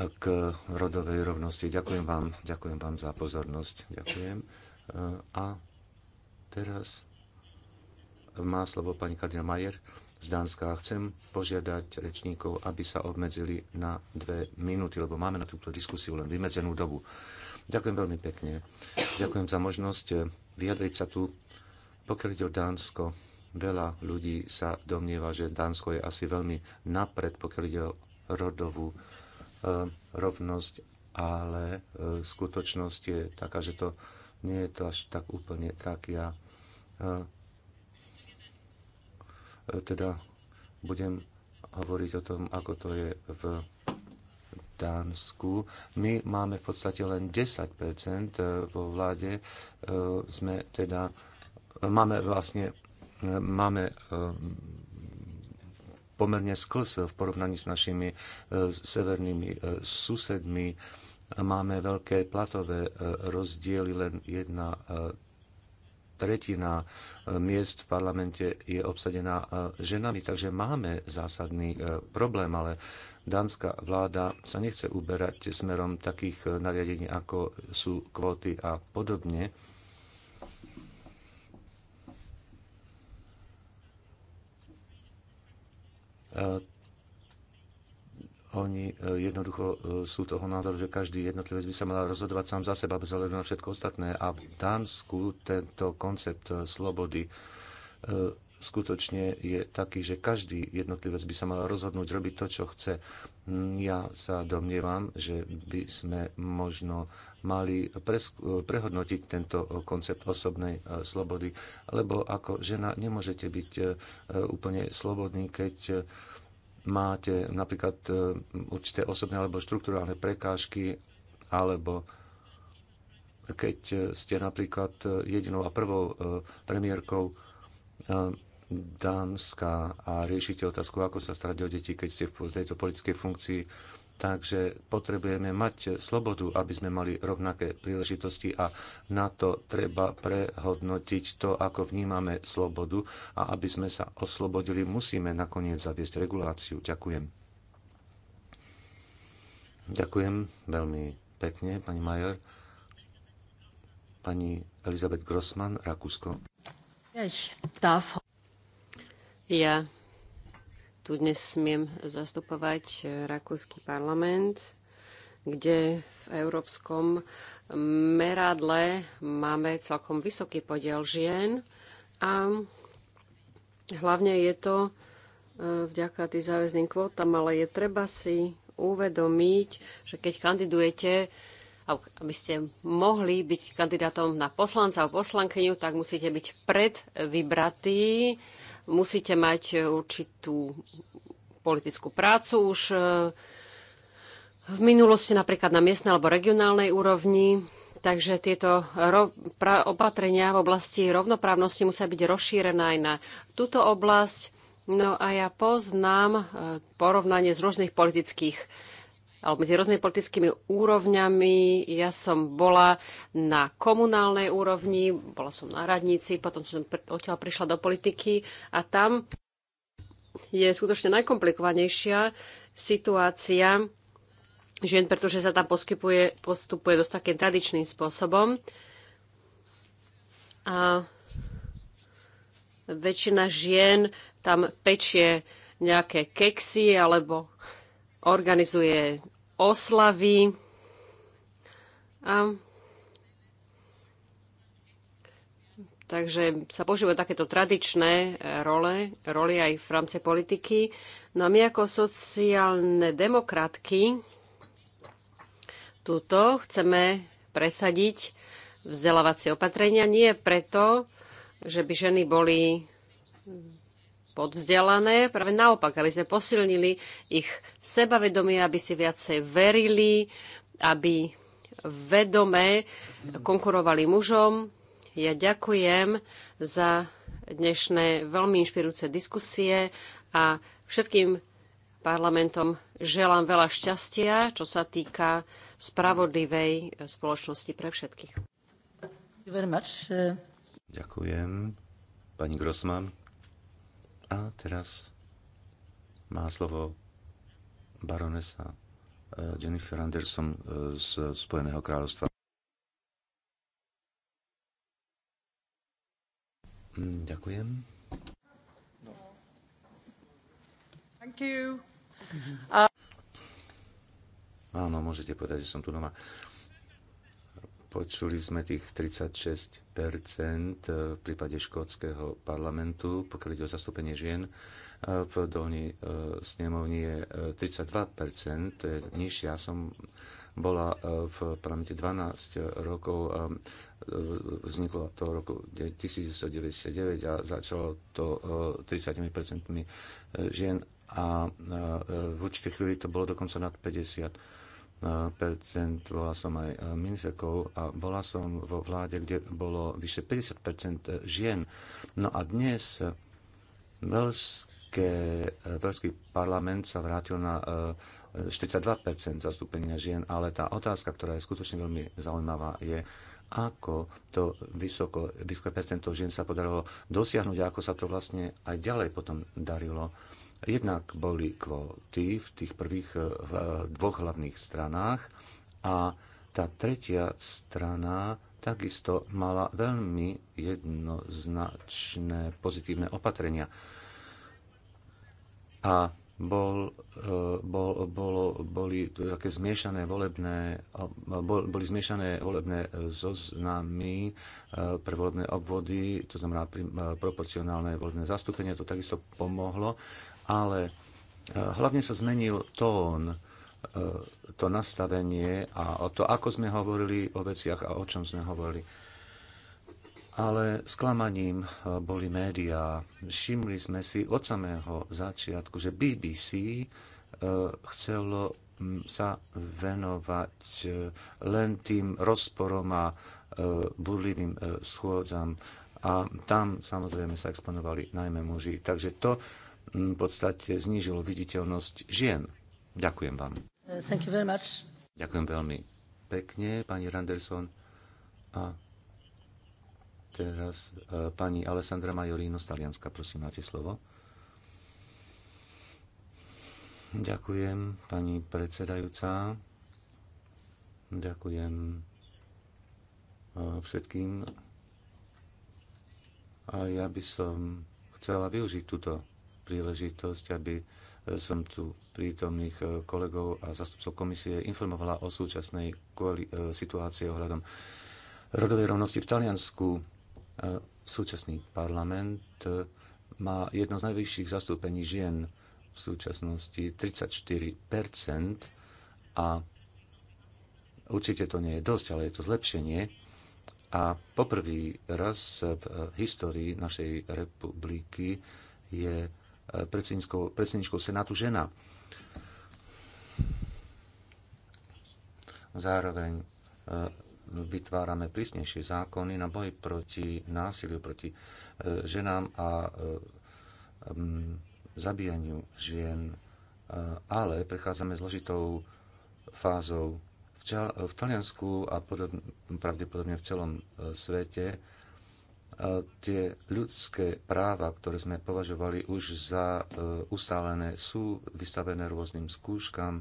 k rodovej rovnosti. Ďakujem vám, ďakujem vám za pozornosť. Ďakujem. A teraz má slovo pani kardinál Majer z Dánska. Chcem požiadať rečníkov, aby sa obmedzili na dve minúty, lebo máme na túto diskusiu len vymedzenú dobu. Ďakujem veľmi pekne. Ďakujem za možnosť vyjadriť sa tu. Pokiaľ ide o Dánsko, veľa ľudí sa domnieva, že Dánsko je asi veľmi napred, pokiaľ ide o rodovú e, rovnosť, ale e, skutočnosť je taká, že to nie je to až tak úplne tak. Ja e, teda budem hovoriť o tom, ako to je v Dánsku. My máme v podstate len 10% e, vo vláde. E, sme teda, máme vlastne, e, máme pomerne sklz v porovnaní s našimi severnými susedmi. Máme veľké platové rozdiely, len jedna tretina miest v parlamente je obsadená ženami, takže máme zásadný problém, ale dánska vláda sa nechce uberať smerom takých nariadení, ako sú kvóty a podobne. Oni e, jednoducho e, sú toho názoru, že každý jednotlivec by sa mal rozhodovať sám za seba bez ohľadu na všetko ostatné. A v Dánsku tento koncept e, slobody skutočne je taký, že každý jednotlivec by sa mal rozhodnúť robiť to, čo chce. Ja sa domnievam, že by sme možno mali prehodnotiť tento koncept osobnej e, slobody, lebo ako žena nemôžete byť e, úplne slobodný, keď e, máte napríklad určité osobné alebo štruktúrálne prekážky, alebo keď ste napríklad jedinou a prvou premiérkou Dánska a riešite otázku, ako sa starať o deti, keď ste v tejto politickej funkcii. Takže potrebujeme mať slobodu, aby sme mali rovnaké príležitosti a na to treba prehodnotiť to, ako vnímame slobodu a aby sme sa oslobodili, musíme nakoniec zaviesť reguláciu. Ďakujem. Ďakujem veľmi pekne, pani Major. Pani Elizabeth Grossman, Rakúsko. Ja, ja tu dnes smiem zastupovať eh, Rakúsky parlament, kde v európskom meradle máme celkom vysoký podiel žien a hlavne je to eh, vďaka tým záväzným kvótam, ale je treba si uvedomiť, že keď kandidujete, aby ste mohli byť kandidátom na poslanca alebo poslankyňu, tak musíte byť predvybratí musíte mať eh, určitú politickú prácu už eh, v minulosti napríklad na miestnej alebo regionálnej úrovni. Takže tieto opatrenia v oblasti rovnoprávnosti musia byť rozšírené aj na túto oblasť. No a ja poznám eh, porovnanie z rôznych politických alebo medzi rôznymi politickými úrovňami. Ja som bola na komunálnej úrovni, bola som na radnici, potom som odtiaľ prišla do politiky a tam je skutočne najkomplikovanejšia situácia žien, pretože sa tam poskypuje, postupuje dosť takým tradičným spôsobom. A väčšina žien tam pečie nejaké keksy alebo organizuje oslavy a Takže sa používajú takéto tradičné e, role, roli aj v rámci politiky. No a my ako sociálne demokratky túto chceme presadiť vzdelávacie opatrenia. Nie preto, že by ženy boli podvzdelané. Práve naopak, aby sme posilnili ich sebavedomie, aby si viacej verili, aby vedome konkurovali mužom. Ja ďakujem za dnešné veľmi inšpirujúce diskusie a všetkým parlamentom želám veľa šťastia, čo sa týka spravodlivej spoločnosti pre všetkých. Ďakujem. Pani Grossman. A teraz má slovo baronesa eh, Jennifer Anderson eh, z Spojeného kráľovstva. Mm, ďakujem. Thank you. Áno, môžete povedať, že som tu doma. Počuli sme tých 36 eh, v prípade škótskeho parlamentu, pokiaľ ide o zastúpenie žien. V dolnej eh, snemovni je 32 eh, to je nižšie. Ja som bola v parlamente 12 rokov, vzniklo to v roku 1999 a začalo to 30 žien a v určitej chvíli to bolo dokonca nad 50 bola som aj eh, ministerkou a bola som vo vláde, kde bolo vyše 50 eh, žien. No a dnes veľské, eh, parlament sa vrátil na 42 zastúpenia žien, ale tá otázka, ktorá je skutočne veľmi zaujímavá, je, ako to vysoko, vysoké percento žien sa podarilo dosiahnuť a ako sa to vlastne aj ďalej potom darilo. Jednak boli kvóty v tých prvých e, v e, dvoch hlavných stranách a tá tretia strana takisto mala veľmi jednoznačné pozitívne opatrenia. A bol, e, bol, bol, boli také zmiešané volebné, bol, boli zmiešané volebné zoznamy pre volebné obvody, to znamená proporcionálne volebné zastúpenie, to takisto pomohlo ale e, hlavne sa zmenil tón, e, to nastavenie a o to, ako sme hovorili o veciach a o čom sme hovorili. Ale sklamaním e, boli médiá. Všimli sme si od samého začiatku, že BBC chcelo sa venovať len tým rozporom a burlivým schôdzam. A tam samozrejme sa exponovali najmä muži. Takže to v podstate znížilo viditeľnosť žien. Ďakujem vám. Thank you very much. Ďakujem veľmi pekne, pani Randerson. A teraz e, pani Alessandra Majorino z Talianska, prosím, máte slovo. Ďakujem, pani predsedajúca. Ďakujem e, všetkým. A ja by som chcela využiť túto príležitosť, aby e, som tu prítomných e, kolegov a zastupcov komisie informovala o súčasnej e, situácii ohľadom rodovej rovnosti v Taliansku. Súčasný parlament má jedno z najvyšších zastúpení žien v súčasnosti 34 a určite to nie je dosť, ale je to zlepšenie. A poprvý raz v histórii našej republiky je predsedničkou Senátu žena. Zároveň e, vytvárame prísnejšie zákony na boj proti násiliu proti e, ženám a e, zabíjaniu žien, ale prechádzame zložitou fázou. V Taliansku a pravdepodobne v celom svete tie ľudské práva, ktoré sme považovali už za e, ustálené, sú vystavené rôznym skúškam,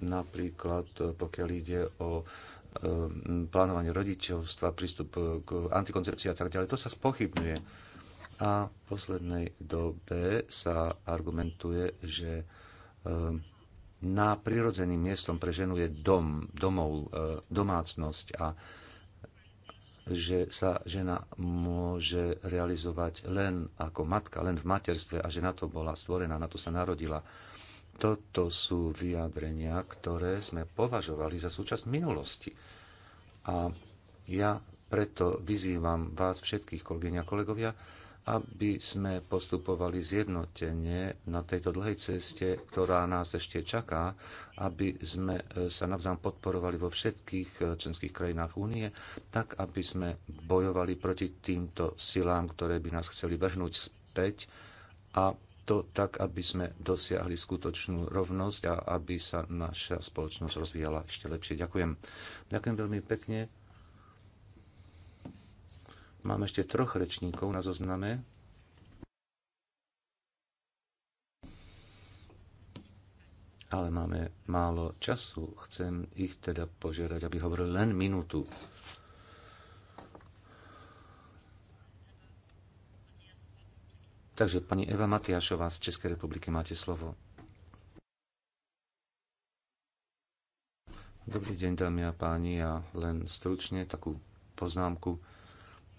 napríklad e, pokiaľ ide o e, plánovanie rodičovstva, prístup k antikoncepcii a tak ďalej. To sa spochybňuje. A v poslednej dobe sa argumentuje, že na prirodzeným miestom pre ženu je dom, domov, domácnosť a že sa žena môže realizovať len ako matka, len v materstve a že na to bola stvorená, na to sa narodila. Toto sú vyjadrenia, ktoré sme považovali za súčasť minulosti. A ja preto vyzývam vás všetkých, kolegyňa a kolegovia, aby sme postupovali zjednotene na tejto dlhej ceste, ktorá nás ešte čaká, aby sme e, sa navzájom podporovali vo všetkých e, členských krajinách únie, tak aby sme bojovali proti týmto silám, ktoré by nás chceli vrhnúť späť a to tak, aby sme dosiahli skutočnú rovnosť a aby sa naša spoločnosť rozvíjala ešte lepšie. Ďakujem. Ďakujem veľmi pekne. Mám ešte troch rečníkov na zozname. Ale máme málo času. Chcem ich teda požiadať, aby hovoril len minútu. Takže pani Eva Matiášová z Českej republiky máte slovo. Dobrý deň, dámy a páni. Ja len stručne takú poznámku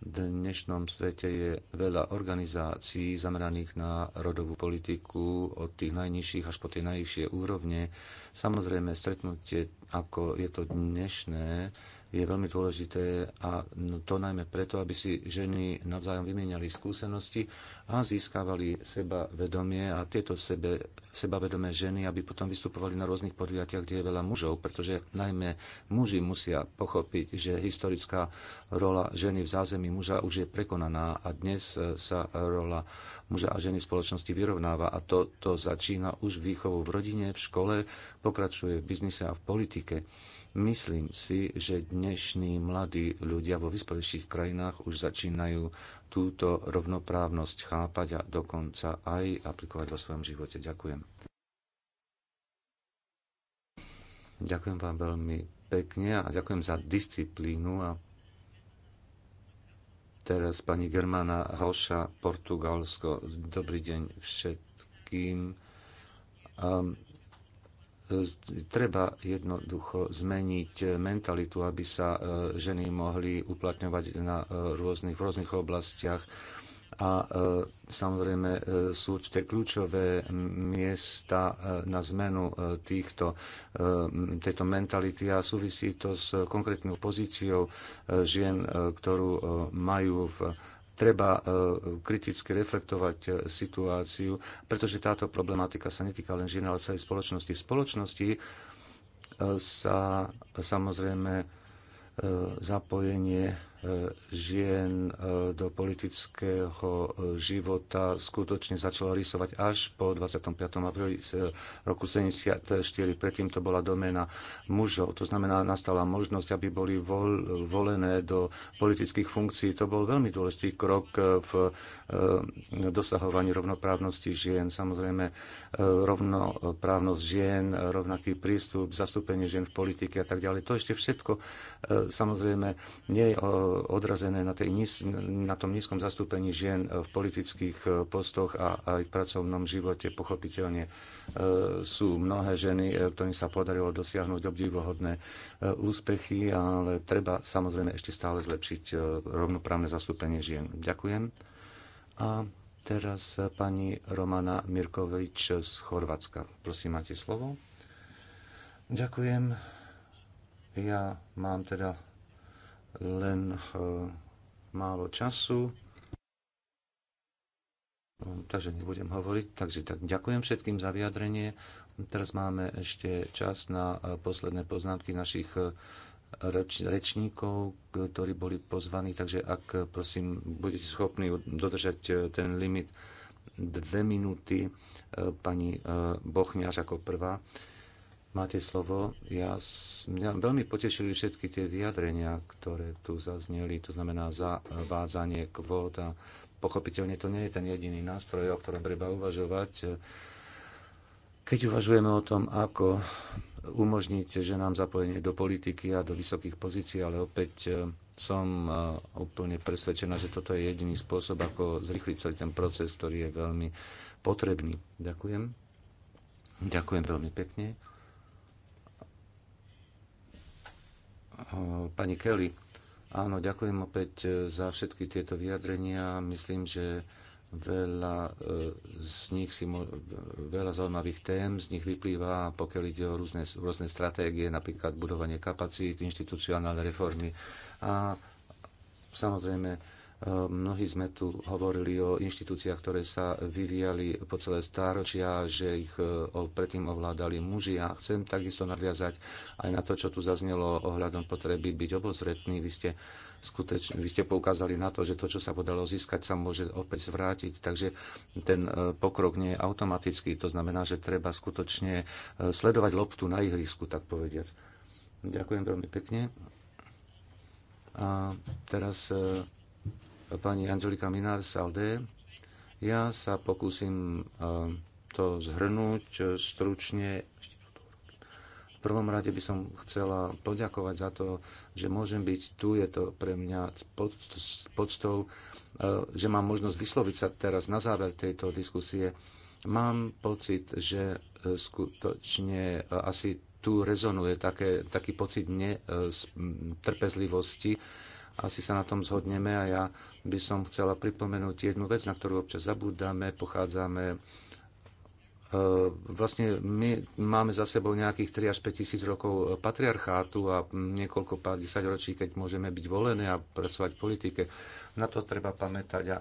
dnešnom svete je veľa organizácií zameraných na rodovú politiku od tých najnižších až po tie najvyššie úrovne. Samozrejme, stretnutie, ako je to dnešné, je veľmi dôležité a no, to najmä preto, aby si ženy navzájom vymieniali skúsenosti a získavali seba vedomie a tieto sebe, sebavedomé ženy, aby potom vystupovali na rôznych podujatiach, kde je veľa mužov, pretože najmä muži musia pochopiť, že historická rola ženy v zázemí muža už je prekonaná a dnes e, sa rola muža a ženy v spoločnosti vyrovnáva a to, to začína už výchovou v rodine, v škole, pokračuje v biznise a v politike. Myslím si, že dnešní mladí ľudia vo vyspelejších krajinách už začínajú túto rovnoprávnosť chápať a dokonca aj aplikovať vo svojom živote. Ďakujem. Ďakujem vám veľmi pekne a ďakujem za disciplínu a teraz pani Germana Roša, Portugalsko. Dobrý deň všetkým. Um, treba jednoducho zmeniť mentalitu, aby sa e, ženy mohli uplatňovať na e, rôznych, v rôznych oblastiach. A e, samozrejme sú určite kľúčové miesta na zmenu týchto, tejto mentality a súvisí to s konkrétnou pozíciou žien, ktorú majú v treba e, kriticky reflektovať e, situáciu, pretože táto problematika sa netýka len žien, ale celej spoločnosti. V spoločnosti e, sa samozrejme zapojenie žien e, do politického e, života skutočne začalo rysovať až po 25. apríli e, roku 74. Predtým to bola domena mužov. To znamená, nastala možnosť, aby boli vol, volené do politických funkcií. To bol veľmi dôležitý krok v dosahovaní rovnoprávnosti žien. Samozrejme, rovnoprávnosť žien, rovnaký prístup, zastúpenie žien v politike a tak ďalej. To ešte všetko samozrejme nie je odrazené na, tej, na tom nízkom zastúpení žien v politických e, postoch a aj v pracovnom živote. Pochopiteľne e, sú mnohé ženy, e, ktorým sa podarilo dosiahnuť obdivohodné úspechy, ale treba samozrejme ešte stále zlepšiť rovnoprávne zastúpenie žien. Ďakujem. A teraz pani Romana Mirkovič z Chorvátska. Prosím, máte slovo. Ďakujem. Ja mám teda len e, málo času, no, takže nebudem hovoriť. Takže tak ďakujem všetkým za vyjadrenie. Teraz máme ešte čas na e, posledné poznámky našich e, reč, rečníkov, ktorí boli pozvaní, takže ak prosím budete schopní dodržať ten limit dve minúty, pani Bochňaš ako prvá. Máte slovo. Ja, mňa veľmi potešili všetky tie vyjadrenia, ktoré tu zazneli, to znamená zavádzanie kvót a pochopiteľne to nie je ten jediný nástroj, o ktorom treba uvažovať. Keď uvažujeme o tom, ako umožniť ženám zapojenie do politiky a do vysokých pozícií, ale opäť eh, som eh, úplne presvedčená, že toto je jediný spôsob, ako zrýchliť celý ten proces, ktorý je veľmi potrebný. Ďakujem. Ďakujem veľmi pekne. pani Kelly. Áno, ďakujem opäť e, za všetky tieto vyjadrenia. Myslím, že veľa e, z nich si veľa zaujímavých tém z nich vyplýva, pokiaľ ide o rôzne, rôzne stratégie, napríklad budovanie kapacít, inštitucionálne reformy a samozrejme Ehm, mnohí sme tu hovorili o inštitúciách, ktoré sa vyvíjali po celé stáročia, že ich e, predtým ovládali muži. A chcem takisto nadviazať aj na to, čo tu zaznelo ohľadom potreby byť obozretný. Vy ste, Skutečne, vy ste poukázali na to, že to, čo sa podalo získať, sa môže opäť zvrátiť. Takže ten e, pokrok nie je automatický. To znamená, že treba skutočne e, sledovať loptu na ihrisku, tak povediac. Ďakujem veľmi pekne. A teraz pani Angelika Minár Saldé. Ja sa pokúsim to zhrnúť e, stručne. V prvom rade by som chcela poďakovať za to, že môžem byť tu. Je to pre mňa podstou, e, že mám možnosť vysloviť sa teraz na záver tejto diskusie. Mám pocit, že e, skutočne asi tu rezonuje také, taký pocit netrpezlivosti. Asi sa na tom zhodneme a ja by som chcela pripomenúť jednu vec, na ktorú občas zabúdame, pochádzame e, vlastne my máme za sebou nejakých 3 až 5 tisíc rokov patriarchátu a niekoľko pár desať ročí, keď môžeme byť volené a pracovať v politike. Na to treba pamätať a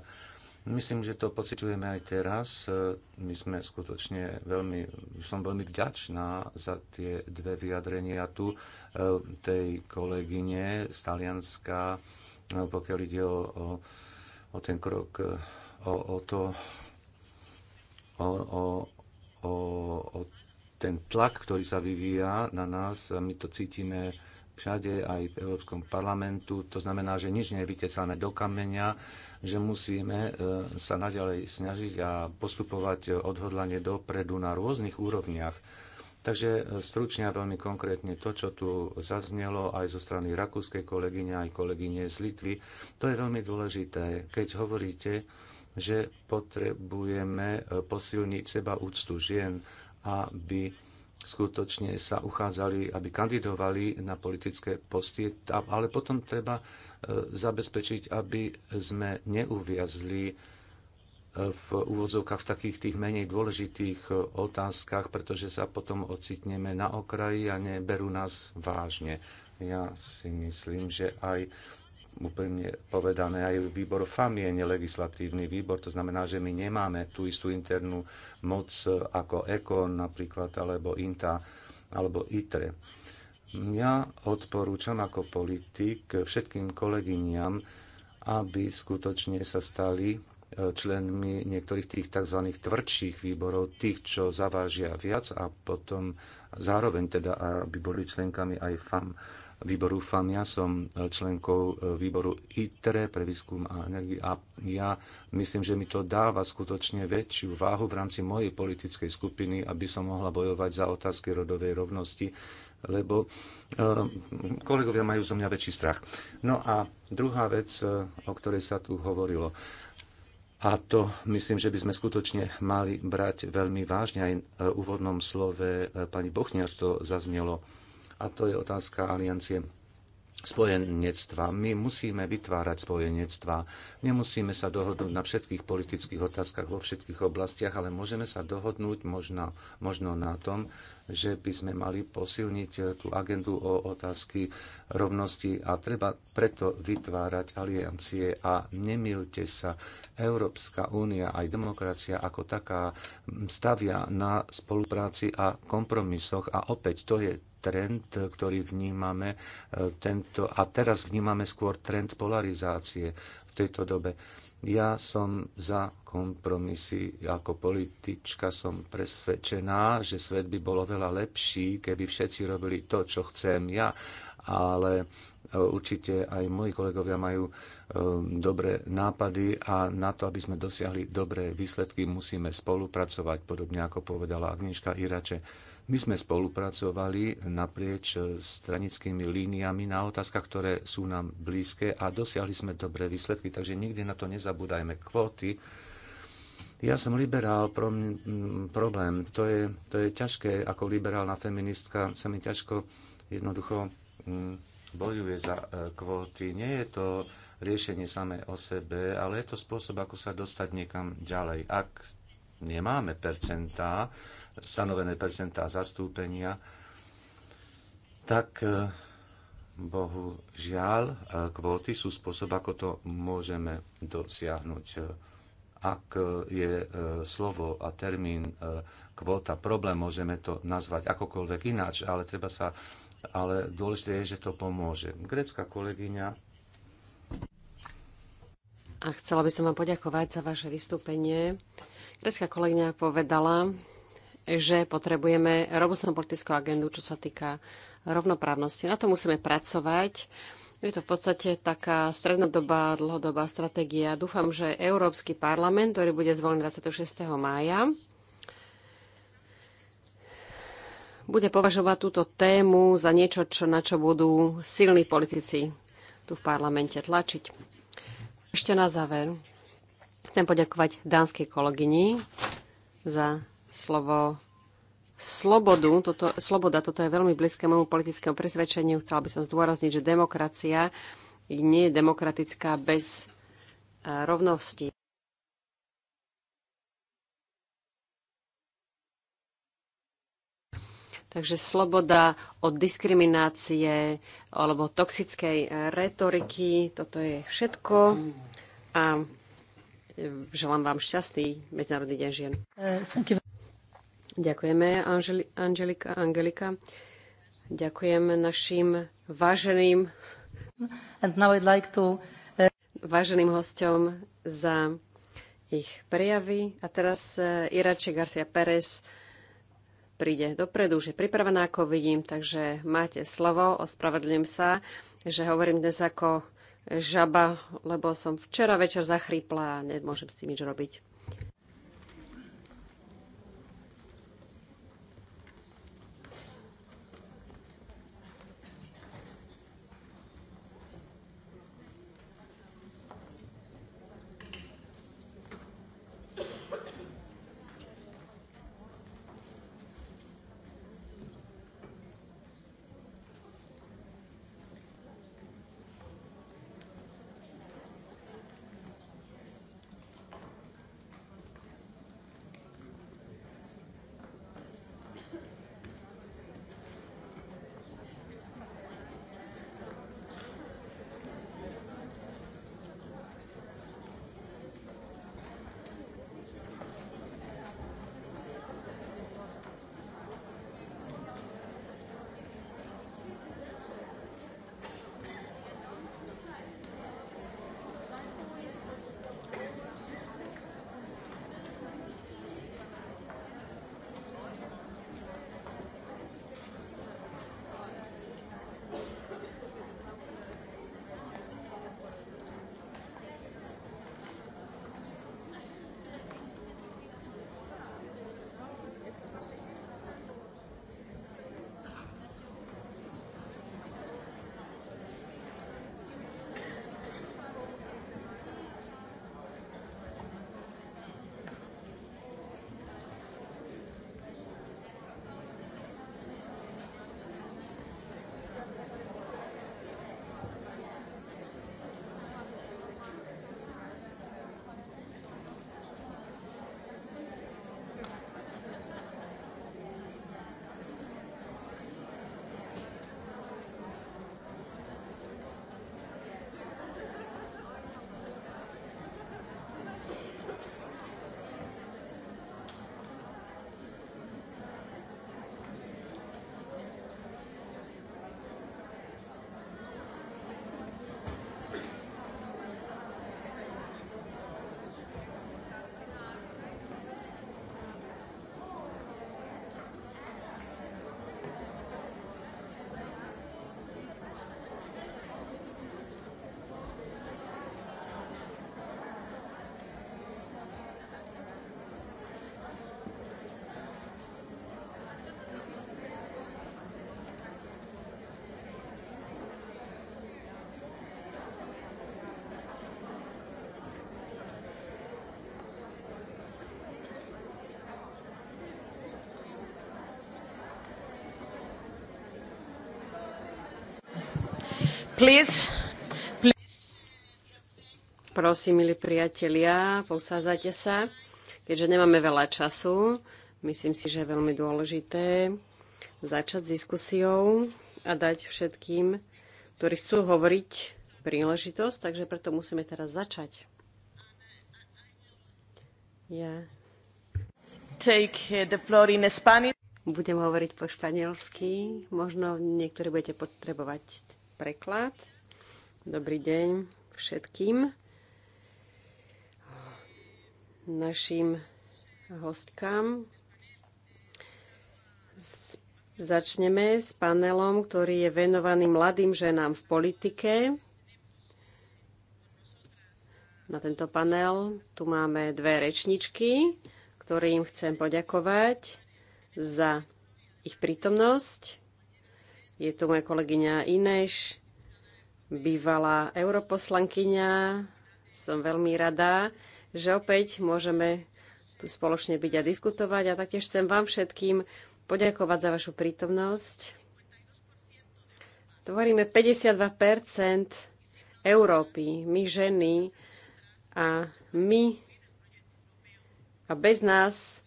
myslím, že to pocitujeme aj teraz. E, my sme skutočne veľmi, som veľmi vďačná za tie dve vyjadrenia tu e, tej kolegyne z Talianska, pokiaľ ide o, o, o ten krok, e, o, o to, o, o, o, o ten tlak, ktorý sa vyvíja na nás, my to cítime všade, aj v Európskom parlamentu. To znamená, že nič nie je vytecané do kameňa, že musíme e, sa naďalej snažiť a postupovať odhodlanie dopredu na rôznych úrovniach Takže e, stručne a veľmi konkrétne to, čo tu zaznelo aj zo strany rakúskej kolegyne, aj kolegyne z Litvy, to je veľmi dôležité, keď hovoríte, že potrebujeme e, posilniť seba úctu žien, aby skutočne sa uchádzali, aby kandidovali na politické posty, ale potom treba e, zabezpečiť, aby sme neuviazli v úvodzovkách v takých tých menej dôležitých e, otázkach, pretože sa potom ocitneme na okraji a neberú nás vážne. Ja si myslím, že aj úplne povedané, aj výbor FAM je nelegislatívny výbor, to znamená, že my nemáme tú istú internú moc ako EKON napríklad, alebo INTA, alebo ITRE. Ja odporúčam ako politik všetkým kolegyniam, aby skutočne sa stali členmi niektorých tých tzv. tvrdších výborov, tých, čo zavážia viac a potom zároveň teda, aby boli členkami aj FAM, výboru FAM. Ja som členkou e, výboru ITRE pre výskum a energii a ja myslím, že mi to dáva skutočne väčšiu váhu v rámci mojej politickej skupiny, aby som mohla bojovať za otázky rodovej rovnosti, lebo e, kolegovia majú zo mňa väčší strach. No a druhá vec, e, o ktorej sa tu hovorilo. A to myslím, že by sme skutočne mali brať veľmi vážne. Aj e, v úvodnom slove e, pani Bochniar to zaznelo. A to je otázka aliancie spojenectva. My musíme vytvárať spojenectva. Nemusíme sa dohodnúť na všetkých politických otázkach vo všetkých oblastiach, ale môžeme sa dohodnúť možno, možno na tom, že by sme mali posilniť eh, tú agendu o otázky rovnosti a treba preto vytvárať aliancie a nemilte sa. Európska únia aj demokracia ako taká stavia na spolupráci a kompromisoch a opäť to je trend, ktorý vnímame e, tento, a teraz vnímame skôr trend polarizácie v tejto dobe. Ja som za kompromisy, ako politička som presvedčená, že svet by bolo veľa lepší, keby všetci robili to, čo chcem ja, ale e, určite aj moji kolegovia majú Um, dobré nápady a na to, aby sme dosiahli dobré výsledky, musíme spolupracovať, podobne ako povedala Agnieszka Irače. My sme spolupracovali naprieč e, stranickými líniami na otázkach, ktoré sú nám blízke a dosiahli sme dobré výsledky, takže nikdy na to nezabúdajme. Kvóty ja som liberál, mm, problém, to je, to je ťažké, ako liberálna feministka sa mi ťažko jednoducho mm, bojuje za e, kvóty. Nie je to riešenie samé o sebe, ale je to spôsob, ako sa dostať niekam ďalej. Ak nemáme percentá, stanovené percentá zastúpenia, tak eh, Bohu žiaľ, eh, kvóty sú spôsob, ako to môžeme dosiahnuť. Ak eh, je slovo a termín kvóta problém, môžeme to nazvať akokoľvek ináč, ale treba sa ale dôležité je, že to pomôže. Grecká kolegyňa a chcela by som vám poďakovať za vaše vystúpenie. Kreská kolegyňa povedala, že potrebujeme robustnú politickú agendu, čo sa týka rovnoprávnosti. Na to musíme pracovať. Je to v podstate taká strednodobá, dlhodobá stratégia. Dúfam, že Európsky parlament, ktorý bude zvolený 26. mája, bude považovať túto tému za niečo, čo, na čo budú silní politici tu v parlamente tlačiť. Ešte na záver chcem poďakovať dánskej kolegyni za slovo slobodu, toto, sloboda, toto je veľmi blízke môjmu politickému presvedčeniu. Chcela by som zdôrazniť, že demokracia nie je demokratická bez eh, rovnosti. Takže sloboda od diskriminácie alebo toxickej e, retoriky, toto je všetko. A e, želám vám šťastný Medzinárodný deň žien. E, Ďakujeme, Angelika, Angelika. Ďakujem našim váženým And now I'd like to, váženým hostom za ich prejavy. A teraz Irače Garcia Pérez, príde dopredu, už je pripravená, ako vidím, takže máte slovo, ospravedlím sa, že hovorím dnes ako žaba, lebo som včera večer zachrípla a nemôžem s tým nič robiť. Prosím, milí priatelia, posádzajte sa. Keďže nemáme veľa času, myslím si, že je veľmi dôležité začať s diskusiou a dať všetkým, ktorí chcú hovoriť, príležitosť, takže preto musíme teraz začať. Ja take eh, the floor in Spanish. Budem hovoriť po španielsky, možno niektorí budete potrebovať preklad. Dobrý deň všetkým. Našim hostkám. Začneme s panelom, ktorý je venovaný mladým ženám v politike. Na tento panel tu máme dve rečničky, ktorým chcem poďakovať za ich prítomnosť. Je tu moja kolegyňa Ineš, bývalá europoslankyňa. Som veľmi rada, že opäť môžeme tu spoločne byť a diskutovať. A taktiež chcem vám všetkým poďakovať za vašu prítomnosť. Tvoríme 52 Európy, my ženy a my a bez nás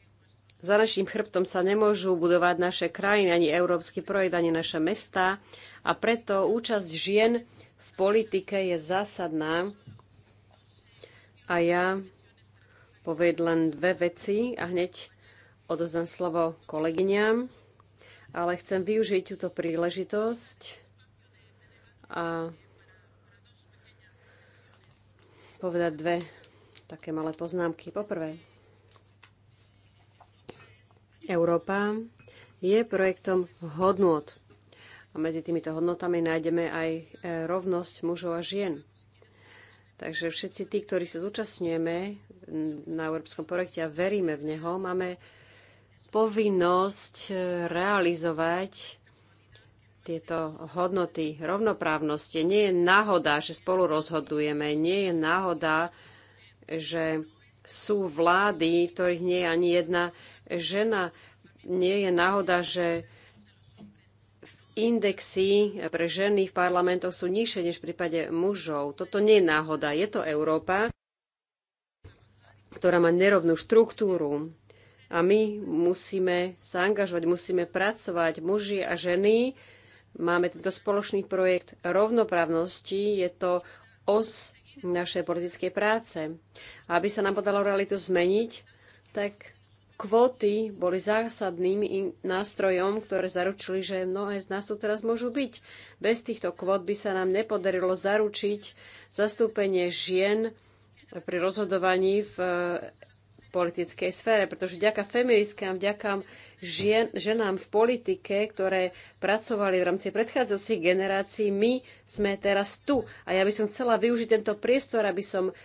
za našim chrbtom sa nemôžu budovať naše krajiny, ani európsky projekt, ani naše mestá. A preto účasť žien v politike je zásadná. A ja poved len dve veci a hneď odozdám slovo kolegyňam. Ale chcem využiť túto príležitosť a povedať dve také malé poznámky. Poprvé, Európa je projektom hodnot. A medzi týmito hodnotami nájdeme aj e, rovnosť mužov a žien. Takže všetci tí, ktorí sa zúčastňujeme na európskom projekte a veríme v neho, máme povinnosť e, realizovať tieto hodnoty rovnoprávnosti. Nie je náhoda, že spolu rozhodujeme, nie je náhoda, že sú vlády, ktorých nie je ani jedna žena. Nie je náhoda, že indexy pre ženy v parlamentoch sú nižšie než v prípade mužov. Toto nie je náhoda. Je to Európa, ktorá má nerovnú štruktúru. A my musíme sa angažovať, musíme pracovať. Muži a ženy máme tento spoločný projekt rovnoprávnosti. Je to os našej politickej práce. A aby sa nám podalo realitu zmeniť, tak kvóty boli zásadným nástrojom, ktoré zaručili, že mnohé z nás tu teraz môžu byť. Bez týchto kvót by sa nám nepodarilo zaručiť zastúpenie žien pri rozhodovaní v e, politickej sfére, pretože vďaka feministkám, vďaka žien, ženám v politike, ktoré pracovali v rámci predchádzajúcich generácií, my sme teraz tu. A ja by som chcela využiť tento priestor, aby som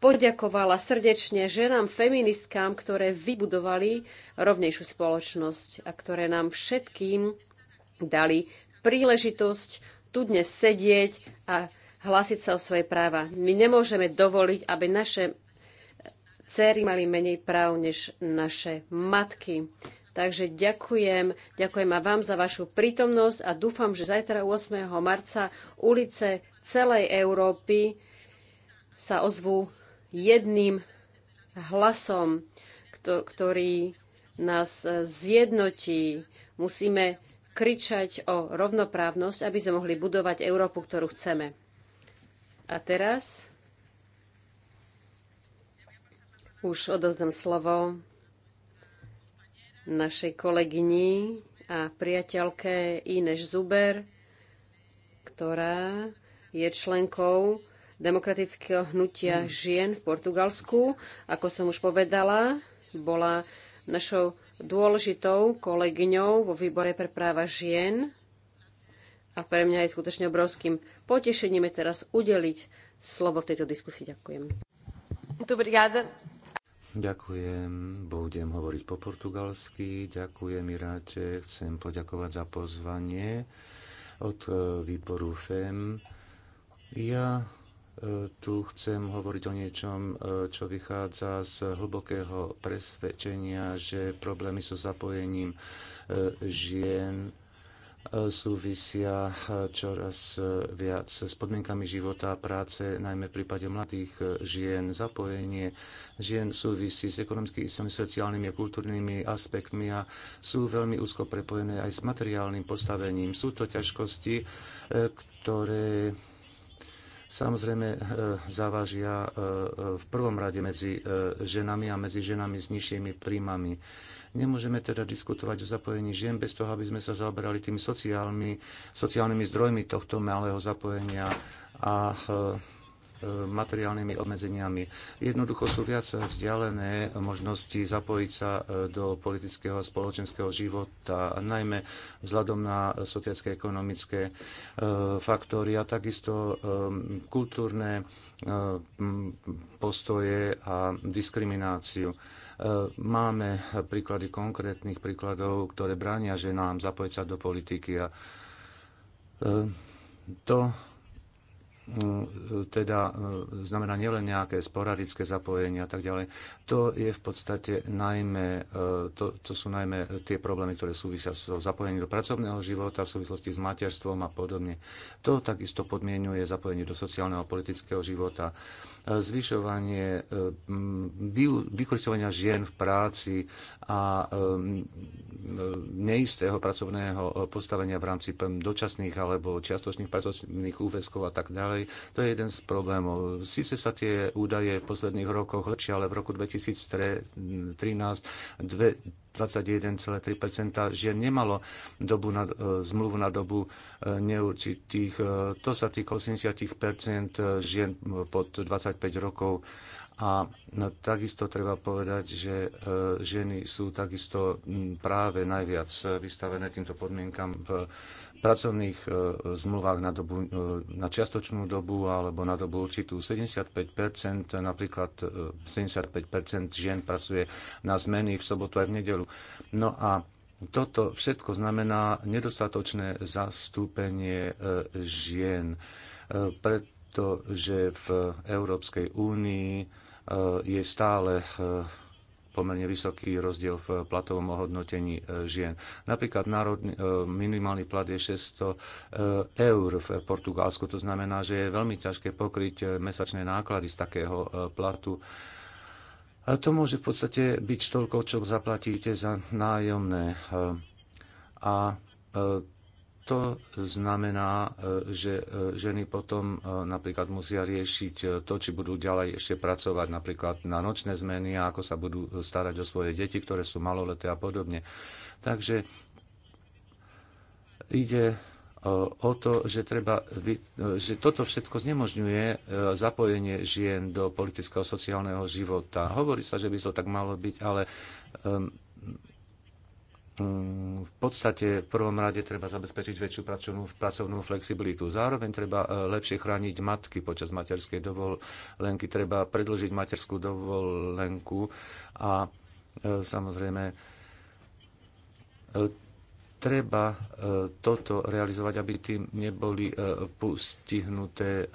poďakovala srdečne ženám, feministkám, ktoré vybudovali rovnejšiu spoločnosť a ktoré nám všetkým dali príležitosť tu dnes sedieť a hlásiť sa o svoje práva. My nemôžeme dovoliť, aby naše céry mali menej práv než naše matky. Takže ďakujem, ďakujem a vám za vašu prítomnosť a dúfam, že zajtra 8. marca ulice celej Európy sa ozvú jedným hlasom, ktorý nás e, zjednotí. Musíme kričať o rovnoprávnosť, aby sme mohli budovať Európu, ktorú chceme. A teraz už odozdám slovo našej kolegyni a priateľke Ineš Zuber, ktorá je členkou demokratického hnutia mm. žien v Portugalsku. Ako som už povedala, bola našou dôležitou kolegyňou vo výbore pre práva žien a pre mňa je skutočne obrovským potešením teraz udeliť slovo v tejto diskusii. Ďakujem. Ďakujem, budem hovoriť po portugalsky. Ďakujem, Iráte, chcem poďakovať za pozvanie od e, výboru FEM. Ja tu chcem hovoriť o niečom, e, čo vychádza z hlbokého presvedčenia, že problémy so zapojením e, žien e, súvisia čoraz viac s podmienkami života a práce, najmä v prípade mladých žien. Zapojenie žien súvisí s ekonomickými, sociálnymi a kultúrnymi aspektmi a sú veľmi úzko prepojené aj s materiálnym postavením. Sú to ťažkosti, ktoré samozrejme eh, závažia eh, eh, v prvom rade medzi ženami a medzi ženami s nižšími príjmami. Nemôžeme teda diskutovať o zapojení žien bez toho, aby sme sa zaoberali tými sociálnymi, sociálnymi zdrojmi tohto malého zapojenia a materiálnymi obmedzeniami. Jednoducho sú viac vzdialené možnosti zapojiť sa e, do politického a spoločenského života, najmä vzhľadom na sociálne ekonomické e, faktory a takisto e, kultúrne postoje a diskrimináciu. Máme príklady konkrétnych príkladov, ktoré bránia ženám zapojiť sa do politiky a to Mm, teda mm, znamená nielen nejaké sporadické zapojenie a tak ďalej. To je v podstate najmä, eh, to, to sú najmä tie problémy, ktoré súvisia s zapojením do pracovného života v súvislosti s materstvom a podobne. To takisto podmienuje zapojenie do sociálneho a politického života zvyšovanie eh, vykoristovania žien v práci a eh, neistého pracovného eh, postavenia v rámci dočasných alebo čiastočných pracovných úväzkov a tak ďalej. To je jeden z problémov. Sice sa tie údaje v posledných rokoch lepšie, ale v roku 2013 dve 21,3 žien nemalo dobu na, e, zmluvu na dobu e, neurčitých. E, to sa týka 80 žien pod 25 rokov. A no, takisto treba povedať, že ženy sú takisto práve najviac vystavené týmto podmienkam v pracovných e, zmluvách na, dobu, e, na čiastočnú dobu alebo na dobu určitú. 75%, napríklad 75% e, žien pracuje na zmeny v sobotu aj v nedelu. No a toto všetko znamená nedostatočné zastúpenie žien, pretože v Európskej únii je stále pomerne vysoký rozdiel v platovom ohodnotení e, žien. Napríklad národný, e, minimálny plat je 600 e, eur v Portugalsku. To znamená, že je veľmi ťažké pokryť mesačné náklady z takého platu. A to môže v podstate byť toľko, čo zaplatíte za nájomné. A to znamená, e, že e, ženy potom e, napríklad musia riešiť to, či budú ďalej ešte pracovať napríklad na nočné zmeny a ako sa budú starať o svoje deti, ktoré sú maloleté a podobne. Takže ide o to, že, treba, že toto všetko znemožňuje zapojenie žien do politického sociálneho života. Hovorí sa, že by to tak malo byť, ale Mm, v podstate v prvom rade treba zabezpečiť väčšiu pracovnú, pracovnú flexibilitu. Zároveň treba e, lepšie chrániť matky počas materskej dovolenky, treba predlžiť materskú dovolenku a e, samozrejme e, treba e, toto realizovať, aby tým neboli e, postihnuté e,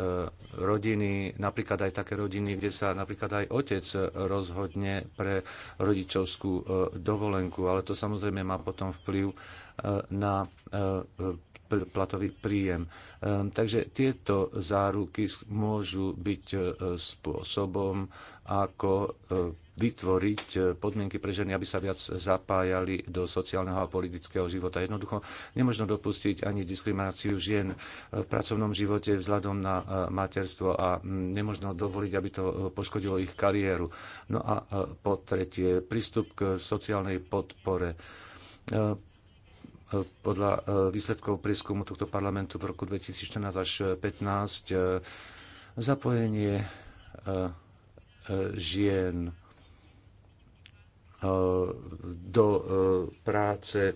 rodiny, napríklad aj také rodiny, kde sa napríklad aj otec rozhodne pre rodičovskú dovolenku, ale to samozrejme má potom vplyv na platový príjem. Takže tieto záruky môžu byť spôsobom, ako vytvoriť e, podmienky pre ženy, aby sa viac zapájali do sociálneho a politického života. Jednoducho nemožno dopustiť ani diskrimináciu žien e, v pracovnom živote vzhľadom na e, materstvo a nemožno dovoliť, aby to poškodilo ich kariéru. No a po tretie, prístup k sociálnej podpore podľa výsledkov prieskumu tohto parlamentu v roku 2014 až 2015 zapojenie žien do e, práce e,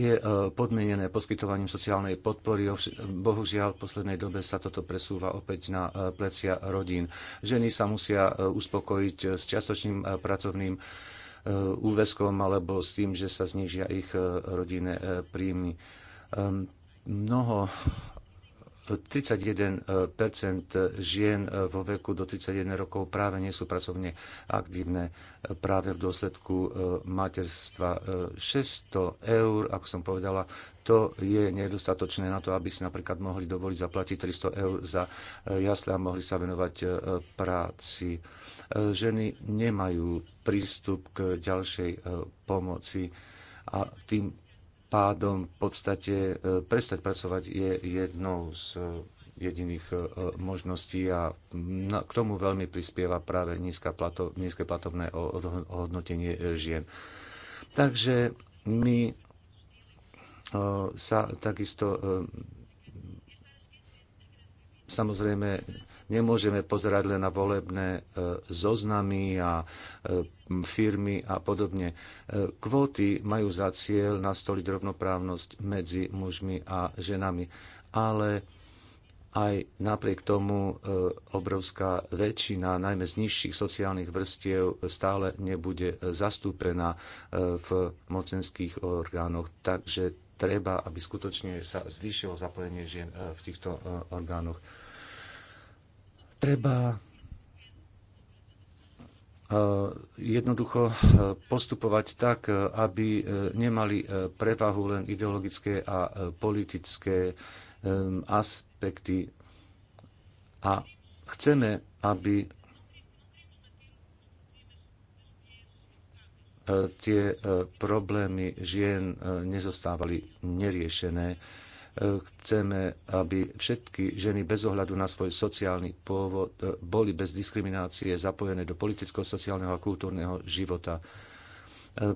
je e, podmienené poskytovaním sociálnej podpory. Bohužiaľ, v poslednej dobe sa toto presúva opäť na plecia rodín. Ženy sa musia uspokojiť s čiastočným pracovným úväzkom alebo s tým, že sa znižia ich rodinné príjmy. Ehm, mnoho 31 e, žien e, vo veku do 31 rokov práve nie sú pracovne aktívne e, práve v dôsledku materstva. 600 eur, ako som povedala, to je nedostatočné na to, aby si napríklad mohli dovoliť zaplatiť 300 eur za jasle a mohli sa venovať práci. Ženy nemajú prístup k ďalšej pomoci a tým pádom v podstate e, prestať pracovať je jednou z e, jediných e, možností a k tomu veľmi prispieva práve nízka plato, nízke platovné hodnotenie žien. Takže my sa takisto samozrejme Nemôžeme pozerať len na volebné e, zoznamy a e, firmy a podobne. E, kvóty majú za cieľ nastoliť rovnoprávnosť medzi mužmi a ženami, ale aj napriek tomu obrovská väčšina, najmä z nižších sociálnych vrstiev, stále nebude zastúpená v mocenských orgánoch. Takže treba, aby skutočne sa zvýšilo zapojenie žien v týchto orgánoch. Treba e, jednoducho e, postupovať tak, e, aby nemali prevahu len ideologické a politické aspekty. A chceme, aby tie problémy žien nezostávali neriešené Chceme, aby všetky ženy bez ohľadu na svoj sociálny pôvod eh, boli bez diskriminácie zapojené do politického, sociálneho a kultúrneho života. Eh,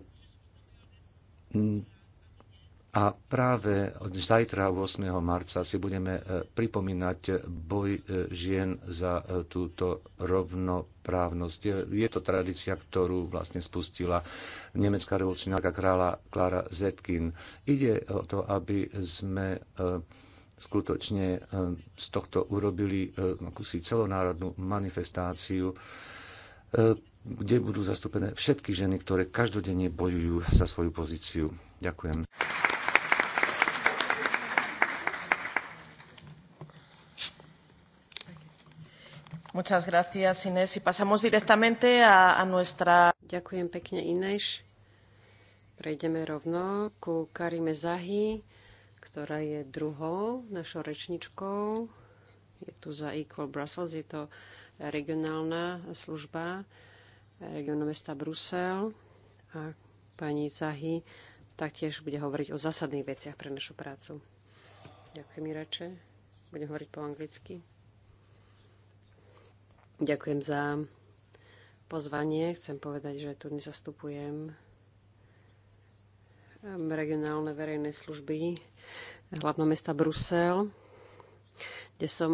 a práve od zajtra 8. marca si budeme eh, pripomínať boj žien za túto rovno právnosť. Je to tradícia, ktorú vlastne spustila nemecká revolučná kráľa Klára Zetkin. Ide o to, aby sme e, skutočne e, z tohto urobili e, akúsi celonárodnú manifestáciu, kde budú zastúpené všetky ženy, ktoré každodenne bojujú za svoju pozíciu. Ďakujem. Muchas gracias, Inés. Y pasamos directamente a, a nuestra... Ďakujem pekne, Inés. Prejdeme rovno ku Karime Zahy, ktorá je druhou našou rečničkou. Je tu za Equal Brussels, je to regionálna služba regionu mesta Brusel. A pani Zahy taktiež bude hovoriť o zásadných veciach pre našu prácu. Ďakujem, Irače. Budem hovoriť po anglicky. Ďakujem za pozvanie. Chcem povedať, že tu nezastupujem ehm, regionálne verejné služby hlavného mesta Brusel, kde som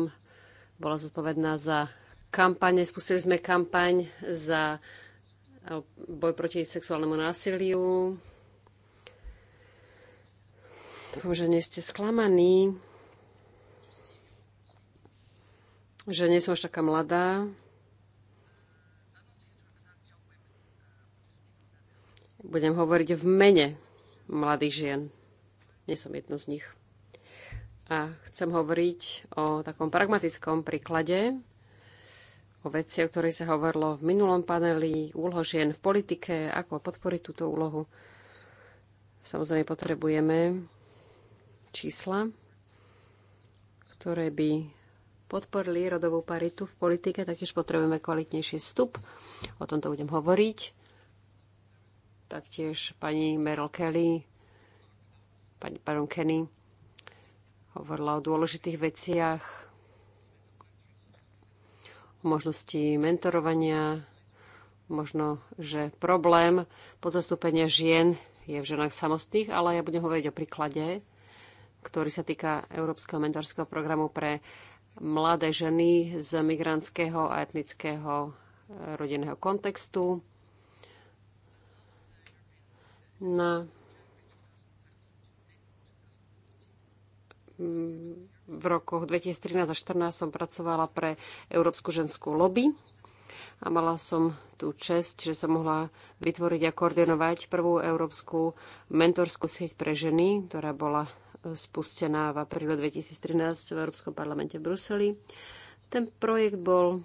bola zodpovedná za kampane. Spustili sme kampaň za e, boj proti sexuálnemu násiliu. Dúfam, že nie ste sklamaní. že nie som až taká mladá. Budem hovoriť v mene mladých žien. Nie som jedno z nich. A chcem hovoriť o takom pragmatickom príklade, o veci, o ktorej sa hovorilo v minulom paneli, úloho žien v politike, ako podporiť túto úlohu. Samozrejme potrebujeme čísla, ktoré by podporili rodovú paritu v politike, taktiež potrebujeme kvalitnejší vstup. O tomto budem hovoriť. Taktiež pani Meryl Kelly, pani Baron Kenny, hovorila o dôležitých veciach, o možnosti mentorovania, možno, že problém podzastúpenia žien je v ženách samostných, ale ja budem hovoriť o príklade, ktorý sa týka Európskeho mentorského programu pre mladé ženy z migrantského a etnického eh, rodinného kontextu. Na mm, v rokoch 2013 a 2014 som pracovala pre Európsku ženskú lobby a mala som tú čest, že som mohla vytvoriť a koordinovať prvú európsku mentorskú sieť pre ženy, ktorá bola spustená v apríle 2013 v Európskom parlamente v Bruseli. Ten projekt bol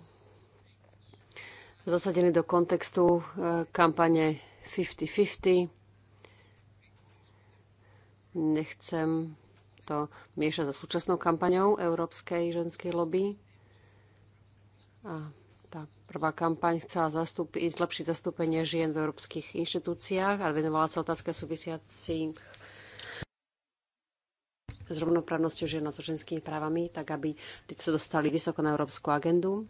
zasadený do kontextu e, kampane 50-50. Nechcem to miešať za súčasnou kampaňou Európskej ženskej lobby. A tá prvá kampaň chcela zastúpiť, zlepšiť zastúpenie žien v európskych inštitúciách a venovala sa otázka súvisiacich s rovnoprávnosťou žien a so ženskými právami, tak aby sa dostali vysoko na európsku agendu.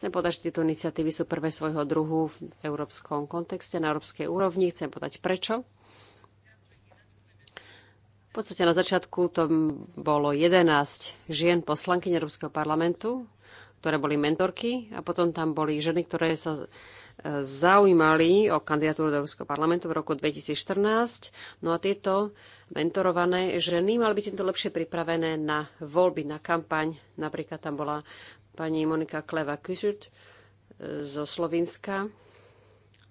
Chcem podať, že tieto iniciatívy sú prvé svojho druhu v európskom kontexte, na európskej úrovni. Chcem podať prečo. V podstate na začiatku to bolo 11 žien poslanky Európskeho parlamentu, ktoré boli mentorky a potom tam boli ženy, ktoré sa zaujímali o kandidatúru do Európskeho parlamentu v roku 2014. No a tieto mentorované ženy mali byť týmto lepšie pripravené na voľby, na kampaň. Napríklad tam bola pani Monika Kleva Kysut e, zo Slovenska,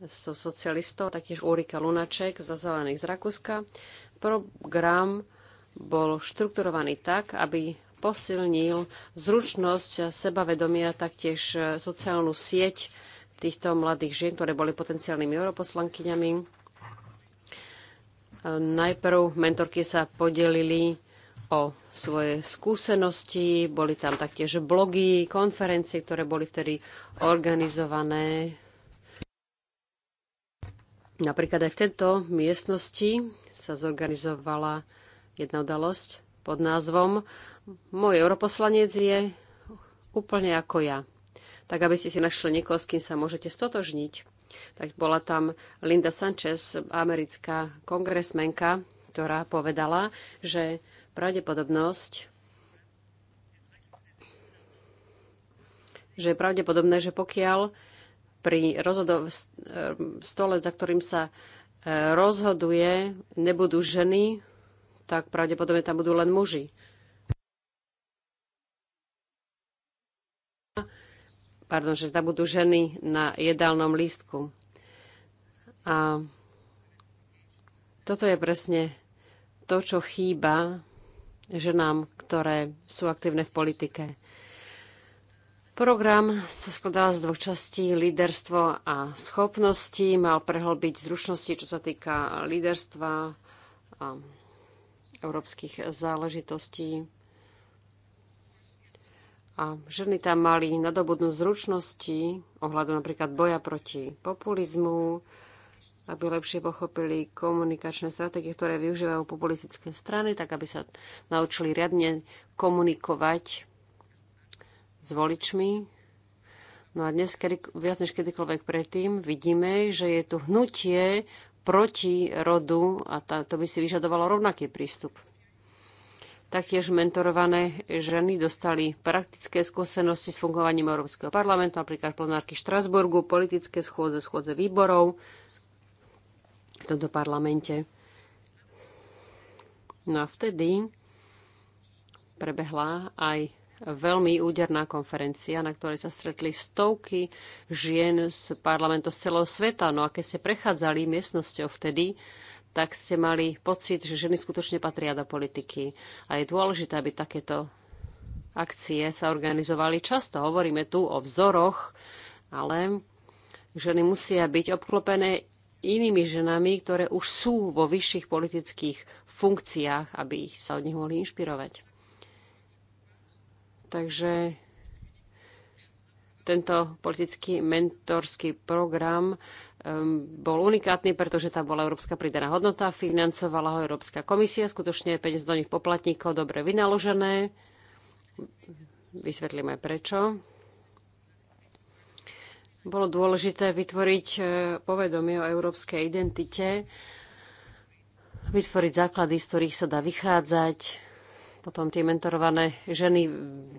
so socialistov, taktiež Ulrika Lunaček za Zelených z Rakúska. Program bol štrukturovaný tak, aby posilnil zručnosť, sebavedomia, taktiež sociálnu sieť týchto mladých žien, ktoré boli potenciálnymi europoslankyňami. Najprv mentorky sa podelili o svoje skúsenosti, boli tam taktiež blogy, konferencie, ktoré boli vtedy organizované. Napríklad aj v tejto miestnosti sa zorganizovala jedna udalosť pod názvom Môj europoslanec je úplne ako ja tak aby ste si našli niekoho, s kým sa môžete stotožniť. Tak bola tam Linda Sanchez, americká kongresmenka, ktorá povedala, že pravdepodobnosť že je pravdepodobné, že pokiaľ pri rozhodov- e, stole, za ktorým sa e, rozhoduje, nebudú ženy, tak pravdepodobne tam budú len muži. pardon, že tam budú ženy na jedálnom lístku. A toto je presne to, čo chýba ženám, ktoré sú aktívne v politike. Program sa skladal z dvoch častí, líderstvo a schopnosti. Mal prehlbiť zručnosti, čo sa týka líderstva a európskych záležitostí a ženy tam mali nadobudnú zručnosti ohľadu napríklad boja proti populizmu, aby lepšie pochopili komunikačné stratégie, ktoré využívajú populistické strany, tak aby sa naučili riadne komunikovať s voličmi. No a dnes, kedy, viac než kedykoľvek predtým, vidíme, že je tu hnutie proti rodu a tá, to by si vyžadovalo rovnaký prístup. Taktiež mentorované ženy dostali praktické skúsenosti s fungovaním Európskeho parlamentu, napríklad plenárky Štrasburgu, politické schôdze, schôdze výborov v tomto parlamente. No a vtedy prebehla aj veľmi úderná konferencia, na ktorej sa stretli stovky žien z parlamentu z celého sveta. No a keď ste prechádzali miestnosťou vtedy, tak ste mali pocit, že ženy skutočne patria do politiky. A je dôležité, aby takéto akcie sa organizovali. Často hovoríme tu o vzoroch, ale ženy musia byť obklopené inými ženami, ktoré už sú vo vyšších politických funkciách, aby ich sa od nich mohli inšpirovať. Takže tento politický mentorský program Ehm, bol unikátny, pretože tam bola európska pridaná hodnota, financovala ho Európska komisia, skutočne je peniaz do nich poplatníkov dobre vynaložené. aj prečo. Bolo dôležité vytvoriť e, povedomie o európskej identite, vytvoriť základy, z ktorých sa dá vychádzať, potom tie mentorované ženy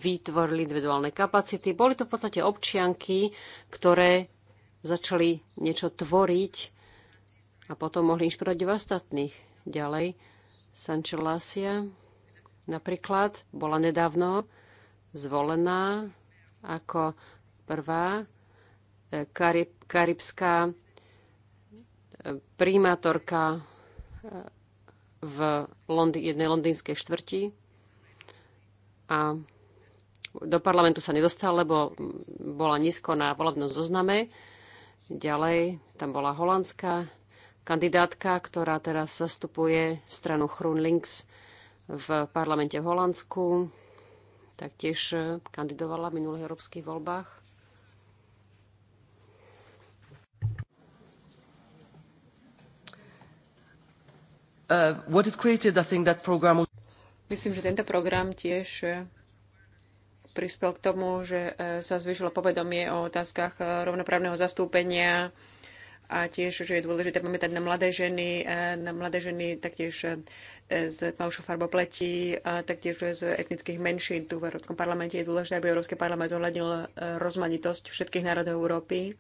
vytvorili individuálne kapacity. Boli to v podstate občianky, ktoré začali niečo tvoriť a potom mohli inšpirovať v ostatných. Ďalej, Sančelásia napríklad bola nedávno zvolená ako prvá e, karib, karibská e, primátorka e, v Lond- jednej londýnskej štvrti a do parlamentu sa nedostal, lebo bola nízko na volebnom zozname. Ďalej, tam bola holandská kandidátka, ktorá teraz zastupuje stranu Links v parlamente v Holandsku. Taktiež e, kandidovala v minulých európskych voľbách. Uh, what it created, I think that program... Myslím, že tento program tiež prispel k tomu, že e, sa zvyšilo povedomie o otázkach e, rovnoprávneho zastúpenia a tiež, že je dôležité pamätať na mladé ženy, e, na mladé ženy taktiež z tmavšou farbou pleti, a taktiež z etnických menšín tu v Európskom parlamente. Je dôležité, aby Európsky parlament zohľadnil rozmanitosť všetkých národov Európy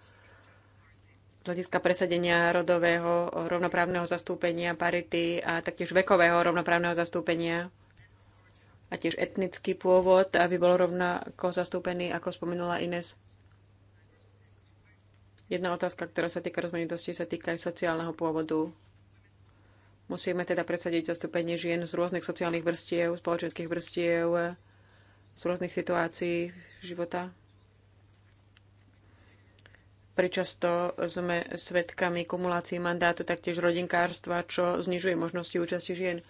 z hľadiska presadenia rodového rovnoprávneho zastúpenia, parity a taktiež vekového rovnoprávneho zastúpenia a tiež etnický pôvod, aby bol rovnako zastúpený, ako spomenula Ines. Jedna otázka, ktorá sa týka rozmanitosti, sa týka aj sociálneho pôvodu. Musíme teda presadiť zastúpenie žien z rôznych sociálnych vrstiev, spoločenských vrstiev, z rôznych situácií života. Pričasto sme svedkami kumulácií mandátu, taktiež rodinkárstva, čo znižuje možnosti účasti žien.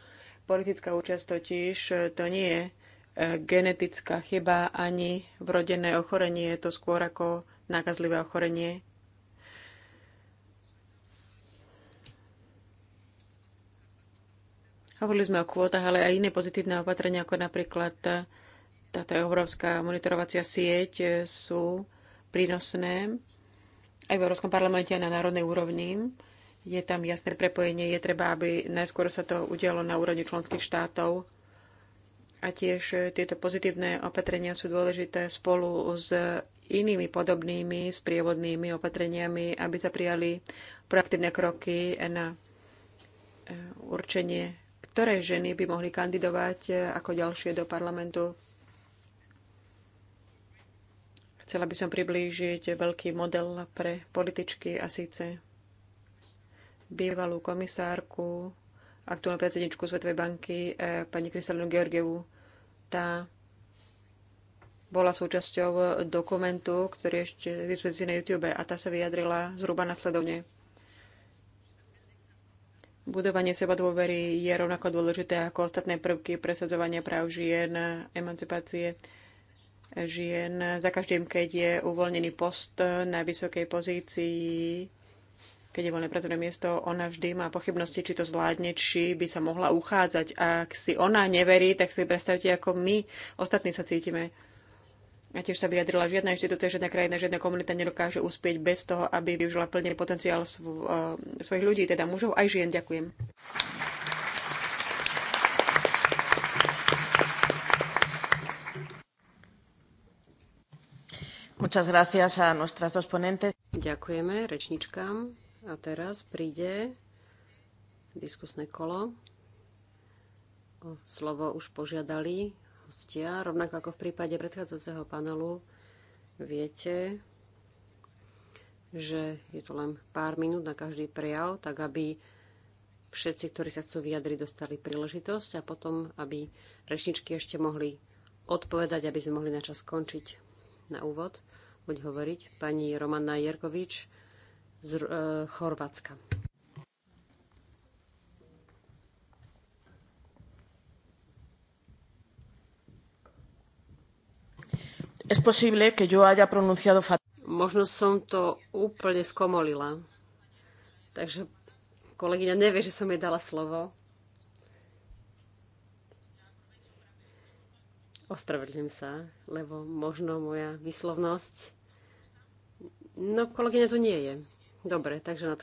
Politická účasť totiž e, to nie je e, genetická chyba ani vrodené ochorenie, je to skôr ako nákazlivé ochorenie. Hovorili sme o kvótach, ale aj iné pozitívne opatrenia, ako napríklad e, táto európska monitorovacia sieť sú prínosné aj v Európskom parlamente a na národnej úrovni je tam jasné prepojenie, je treba, aby najskôr sa to udialo na úrovni členských štátov. A tiež eh, tieto pozitívne opatrenia sú dôležité spolu s inými podobnými sprievodnými opatreniami, aby sa prijali proaktívne kroky na eh, určenie, ktoré ženy by mohli kandidovať eh, ako ďalšie do parlamentu. Chcela by som priblížiť veľký model pre političky a síce bývalú komisárku, aktuálnu predsedničku Svetovej banky, e, pani Kristalinu Georgievu. Tá bola súčasťou dokumentu, ktorý ešte k na YouTube a tá sa vyjadrila zhruba nasledovne. Budovanie seba dôvery je rovnako dôležité ako ostatné prvky presadzovania práv žien, emancipácie žien. Za každým, keď je uvoľnený post na vysokej pozícii, keď je voľné pracovné miesto, ona vždy má pochybnosti, či to zvládne, či by sa mohla uchádzať. A ak si ona neverí, tak si predstavte, ako my ostatní sa cítime. A tiež sa vyjadrila, žiadna inštitúcia, žiadna krajina, žiadna komunita nedokáže uspieť bez toho, aby využila plne potenciál svo, eh, svojich ľudí, teda mužov aj žien. Ďakujem. Muchas gracias a nuestras dos ponentes. Ďakujeme rečničkám. A teraz príde diskusné kolo. O slovo už požiadali hostia, rovnako ako v prípade predchádzajúceho panelu. Viete, že je to len pár minút na každý prejav, tak aby všetci, ktorí sa chcú vyjadriť, dostali príležitosť a potom, aby rečničky ešte mohli odpovedať, aby sme mohli na čas skončiť na úvod. Buď hovoriť pani Romana Jerkovič, z e, Chorvátska. Es posible que yo haya pronunciado fatal. Možno som to úplne skomolila. Takže kolegyňa nevie, že som jej dala slovo. Ospravedlňujem sa, lebo možno moja výslovnosť... No, kolegyňa tu nie je. Dobre, takže na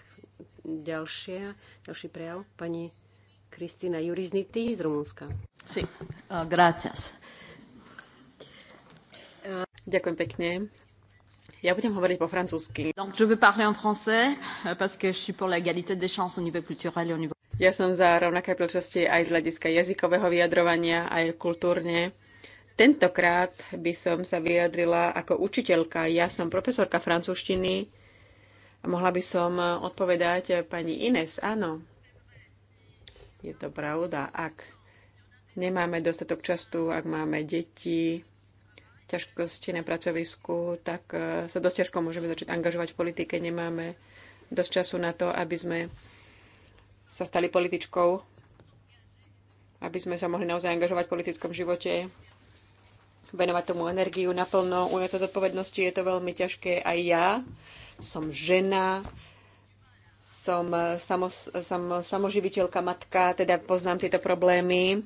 ďalšie, ďalší prejav. Pani Kristýna Juriznity z Rumunska. Sí, gracias. Ďakujem pekne. Ja budem hovoriť po francúzsky. Donc je vais parler en français euh, parce que je suis pour l'égalité des chances au niveau culturel et au niveau ja som za rovnaké príležitosti aj z hľadiska jazykového vyjadrovania, aj kultúrne. Tentokrát by som sa vyjadrila ako učiteľka. Ja som profesorka francúzštiny Mohla by som eh, odpovedať eh, pani Ines, áno. Je to pravda, ak nemáme dostatok času, ak máme deti, ťažkosti na pracovisku, tak eh, sa dosť ťažko môžeme začať angažovať v politike. Nemáme dosť času na to, aby sme sa stali političkou, aby sme sa mohli naozaj angažovať v politickom živote, venovať tomu energiu naplno, ujať sa zodpovednosti, je to veľmi ťažké aj ja som žena, som samos, samoživiteľka, matka, teda poznám tieto problémy.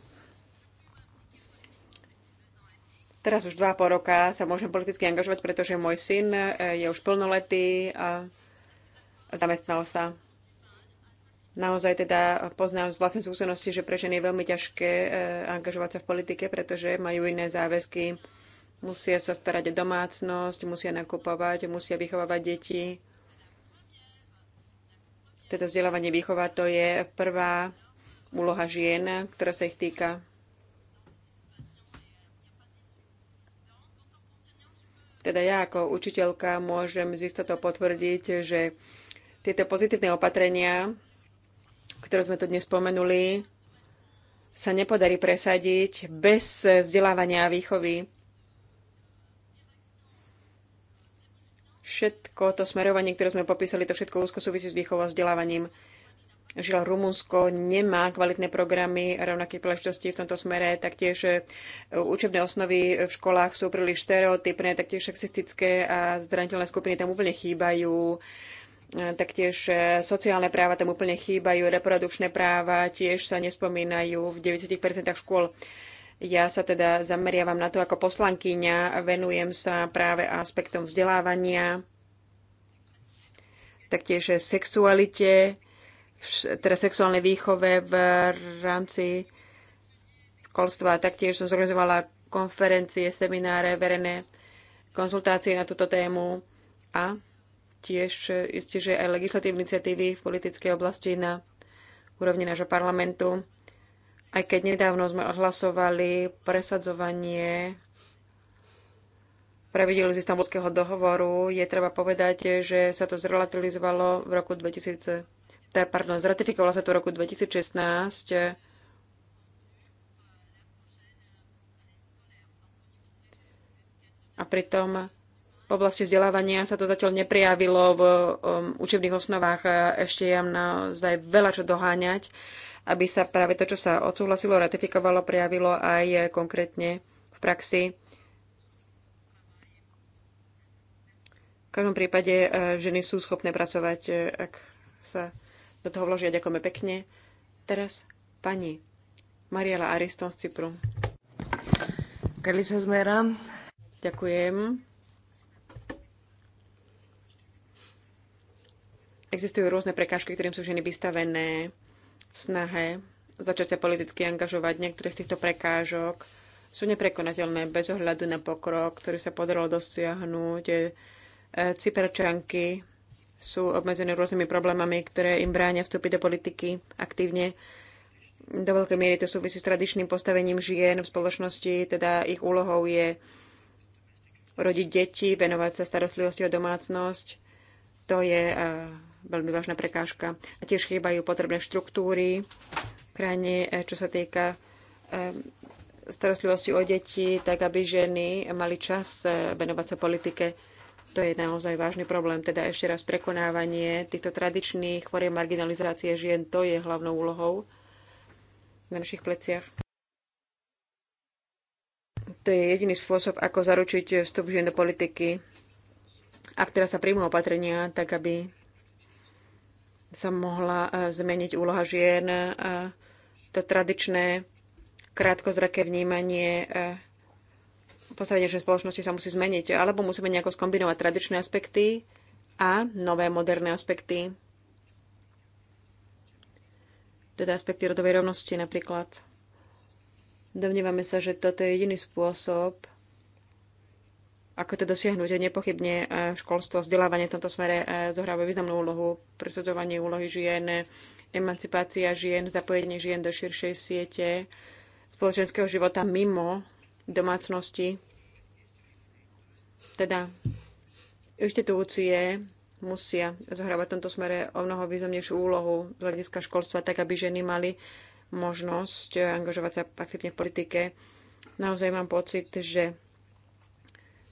Teraz už dva po roka sa môžem politicky angažovať, pretože môj syn e, je už plnoletý a zamestnal sa. Naozaj teda poznám z vlastnej skúsenosti, že pre ženy je veľmi ťažké e, angažovať sa v politike, pretože majú iné záväzky, musia sa starať o domácnosť, musia nakupovať, musia vychovávať deti. Teda vzdelávanie výchova to je prvá úloha žien, ktorá sa ich týka. Teda ja ako učiteľka môžem z istotou potvrdiť, že tieto pozitívne opatrenia, ktoré sme tu dnes spomenuli, sa nepodarí presadiť bez vzdelávania a výchovy Všetko to smerovanie, ktoré sme popísali, to všetko úzko súvisí s výchovou a vzdelávaním. Žiaľ, Rumunsko nemá kvalitné programy rovnaké príležitosti v tomto smere, taktiež e, učebné osnovy v školách sú príliš stereotypné, taktiež sexistické a zraniteľné skupiny tam úplne chýbajú e, taktiež e, sociálne práva tam úplne chýbajú, reprodukčné práva tiež sa nespomínajú v 90% škôl. Ja sa teda zameriavam na to ako poslankyňa, venujem sa práve aspektom vzdelávania, taktiež sexualite, teda sexuálnej výchove v rámci školstva. Taktiež som zorganizovala konferencie, semináre, verejné konzultácie na túto tému a tiež isté, že aj legislatívne iniciatívy v politickej oblasti na úrovni nášho parlamentu. Aj keď nedávno sme odhlasovali presadzovanie pravidel z istambulského dohovoru, je treba povedať, že sa to zrelativizovalo v roku 2000, pardon, zratifikovalo sa to v roku 2016 a pritom v oblasti vzdelávania sa to zatiaľ neprijavilo v um, učebných osnovách a ešte je naozaj veľa čo doháňať, aby sa práve to, čo sa odsúhlasilo, ratifikovalo, prijavilo aj konkrétne v praxi. V každom prípade e, ženy sú schopné pracovať, e, ak sa do toho vložia. Ďakujeme pekne. Teraz pani Mariela Ariston z Cypru. Ďakujem. Existujú rôzne prekážky, ktorým sú ženy vystavené snahe začať sa politicky angažovať. Niektoré z týchto prekážok sú neprekonateľné bez ohľadu na pokrok, ktorý sa podarilo dosiahnuť. E, Cyperčanky sú obmedzené rôznymi problémami, ktoré im bránia vstúpiť do politiky aktívne. Do veľkej miery to súvisí s tradičným postavením žien v spoločnosti, teda ich úlohou je rodiť deti, venovať sa starostlivosti o domácnosť. To je e, veľmi vážna prekážka. A tiež chýbajú potrebné štruktúry v krajine, eh, čo sa týka eh, starostlivosti o deti, tak aby ženy mali čas eh, venovať sa politike. To je naozaj vážny problém. Teda ešte raz prekonávanie týchto tradičných foriem marginalizácie žien, to je hlavnou úlohou na našich pleciach. To je jediný spôsob, ako zaručiť vstup žien do politiky. Ak teraz sa príjmú opatrenia, tak aby sa mohla e, zmeniť úloha žien, e, to tradičné krátkozraké vnímanie e, postavenie že spoločnosti sa musí zmeniť, alebo musíme nejako skombinovať tradičné aspekty a nové moderné aspekty, teda aspekty rodovej rovnosti napríklad. Domnievame sa, že toto je jediný spôsob, ako to dosiahnuť? Nepochybne e, školstvo, vzdelávanie v tomto smere e, zohráva významnú úlohu, presadzovanie úlohy žien, emancipácia žien, zapojenie žien do širšej siete spoločenského života mimo domácnosti. Teda inštitúcie musia zohrávať v tomto smere o mnoho významnejšiu úlohu z hľadiska školstva, tak aby ženy mali možnosť angažovať sa aktívne v politike. Naozaj mám pocit, že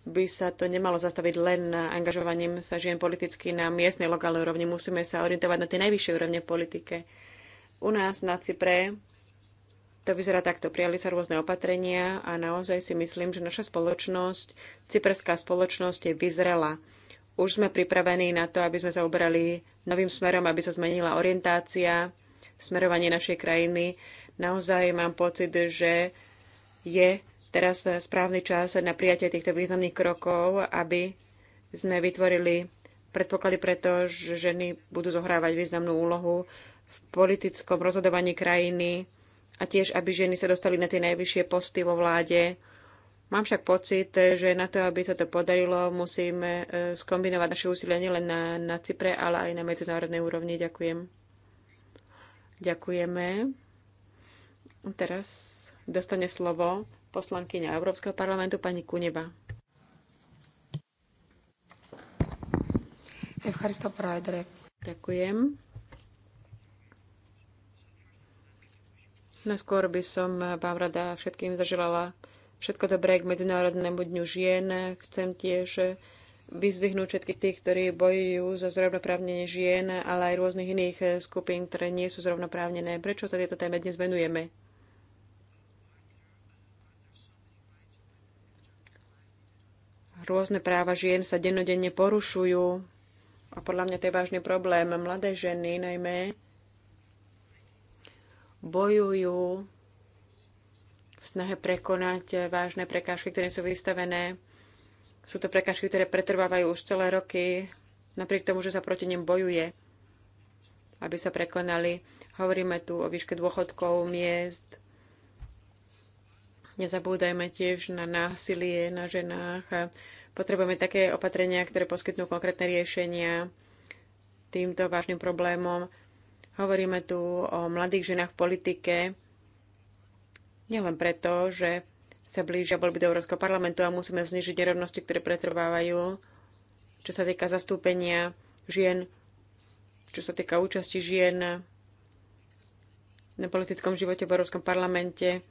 by sa to nemalo zastaviť len angažovaním sa žien politicky na miestnej lokálnej úrovni. Musíme sa orientovať na tie najvyššie úrovne v politike. U nás na Cypre to vyzerá takto. Prijali sa rôzne opatrenia a naozaj si myslím, že naša spoločnosť, cyperská spoločnosť je vyzrela. Už sme pripravení na to, aby sme zaoberali novým smerom, aby sa zmenila orientácia, smerovanie našej krajiny. Naozaj mám pocit, že je teraz správny čas na prijatie týchto významných krokov, aby sme vytvorili predpoklady preto, že ženy budú zohrávať významnú úlohu v politickom rozhodovaní krajiny a tiež, aby ženy sa dostali na tie najvyššie posty vo vláde. Mám však pocit, že na to, aby sa to podarilo, musíme e, skombinovať naše úsilie nielen na, na Cypre, ale aj na medzinárodnej úrovni. Ďakujem. Ďakujeme. Teraz dostane slovo poslankyňa Európskeho parlamentu pani Kuneba. Ďakujem. Najskôr by som vám rada všetkým zaželala všetko dobré k Medzinárodnému dňu žien. Chcem tiež vyzvihnúť všetkých tých, ktorí bojujú za zrovnoprávnenie žien, ale aj rôznych iných skupín, ktoré nie sú zrovnoprávnené. Prečo sa tieto téme dnes venujeme? Rôzne práva žien sa dennodenne porušujú a podľa mňa to je vážny problém. Mladé ženy najmä bojujú v snahe prekonať vážne prekážky, ktoré sú vystavené. Sú to prekážky, ktoré pretrvávajú už celé roky, napriek tomu, že sa proti nim bojuje, aby sa prekonali. Hovoríme tu o výške dôchodkov, miest, Nezabúdajme tiež na násilie na ženách. Potrebujeme také opatrenia, ktoré poskytnú konkrétne riešenia týmto vážnym problémom. Hovoríme tu o mladých ženách v politike, nielen preto, že sa blížia voľby do Európskeho parlamentu a musíme znižiť nerovnosti, ktoré pretrvávajú, čo sa týka zastúpenia žien, čo sa týka účasti žien na politickom živote v Európskom parlamente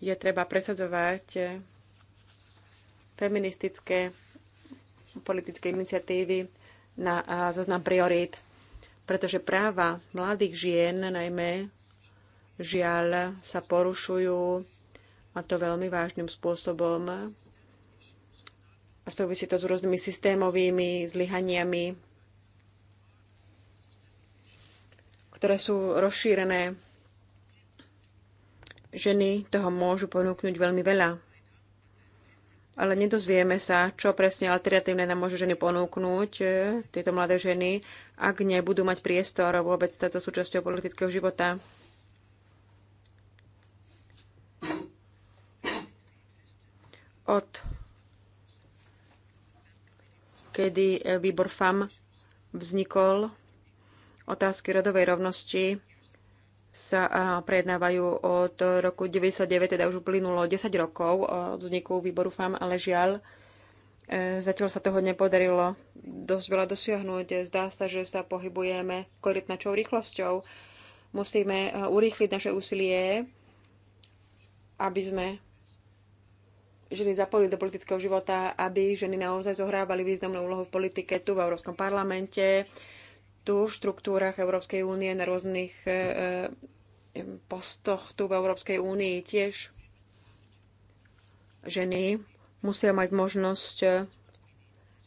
je treba presadzovať feministické politické iniciatívy na zoznam priorít, pretože práva mladých žien najmä žiaľ sa porušujú a to veľmi vážnym spôsobom a súvisí to s rôznymi systémovými zlyhaniami, ktoré sú rozšírené Ženy toho môžu ponúknuť veľmi veľa. Ale nedozvieme sa, čo presne alternatívne nám môžu ženy ponúknuť, e, tieto mladé ženy, ak nebudú mať priestor vôbec stať sa súčasťou politického života. Od kedy e, výbor FAM vznikol, otázky rodovej rovnosti sa prejednávajú od roku 99, teda už uplynulo 10 rokov od vzniku výboru FAM, ale žiaľ, e, zatiaľ sa toho nepodarilo dosť veľa dosiahnuť. Zdá sa, že sa pohybujeme korytnačou rýchlosťou. Musíme e, urýchliť naše úsilie, aby sme ženy zapojili do politického života, aby ženy naozaj zohrávali významnú úlohu v politike tu v Európskom parlamente, tu v štruktúrach Európskej únie na rôznych e, e, postoch tu v Európskej únii tiež ženy musia mať možnosť e,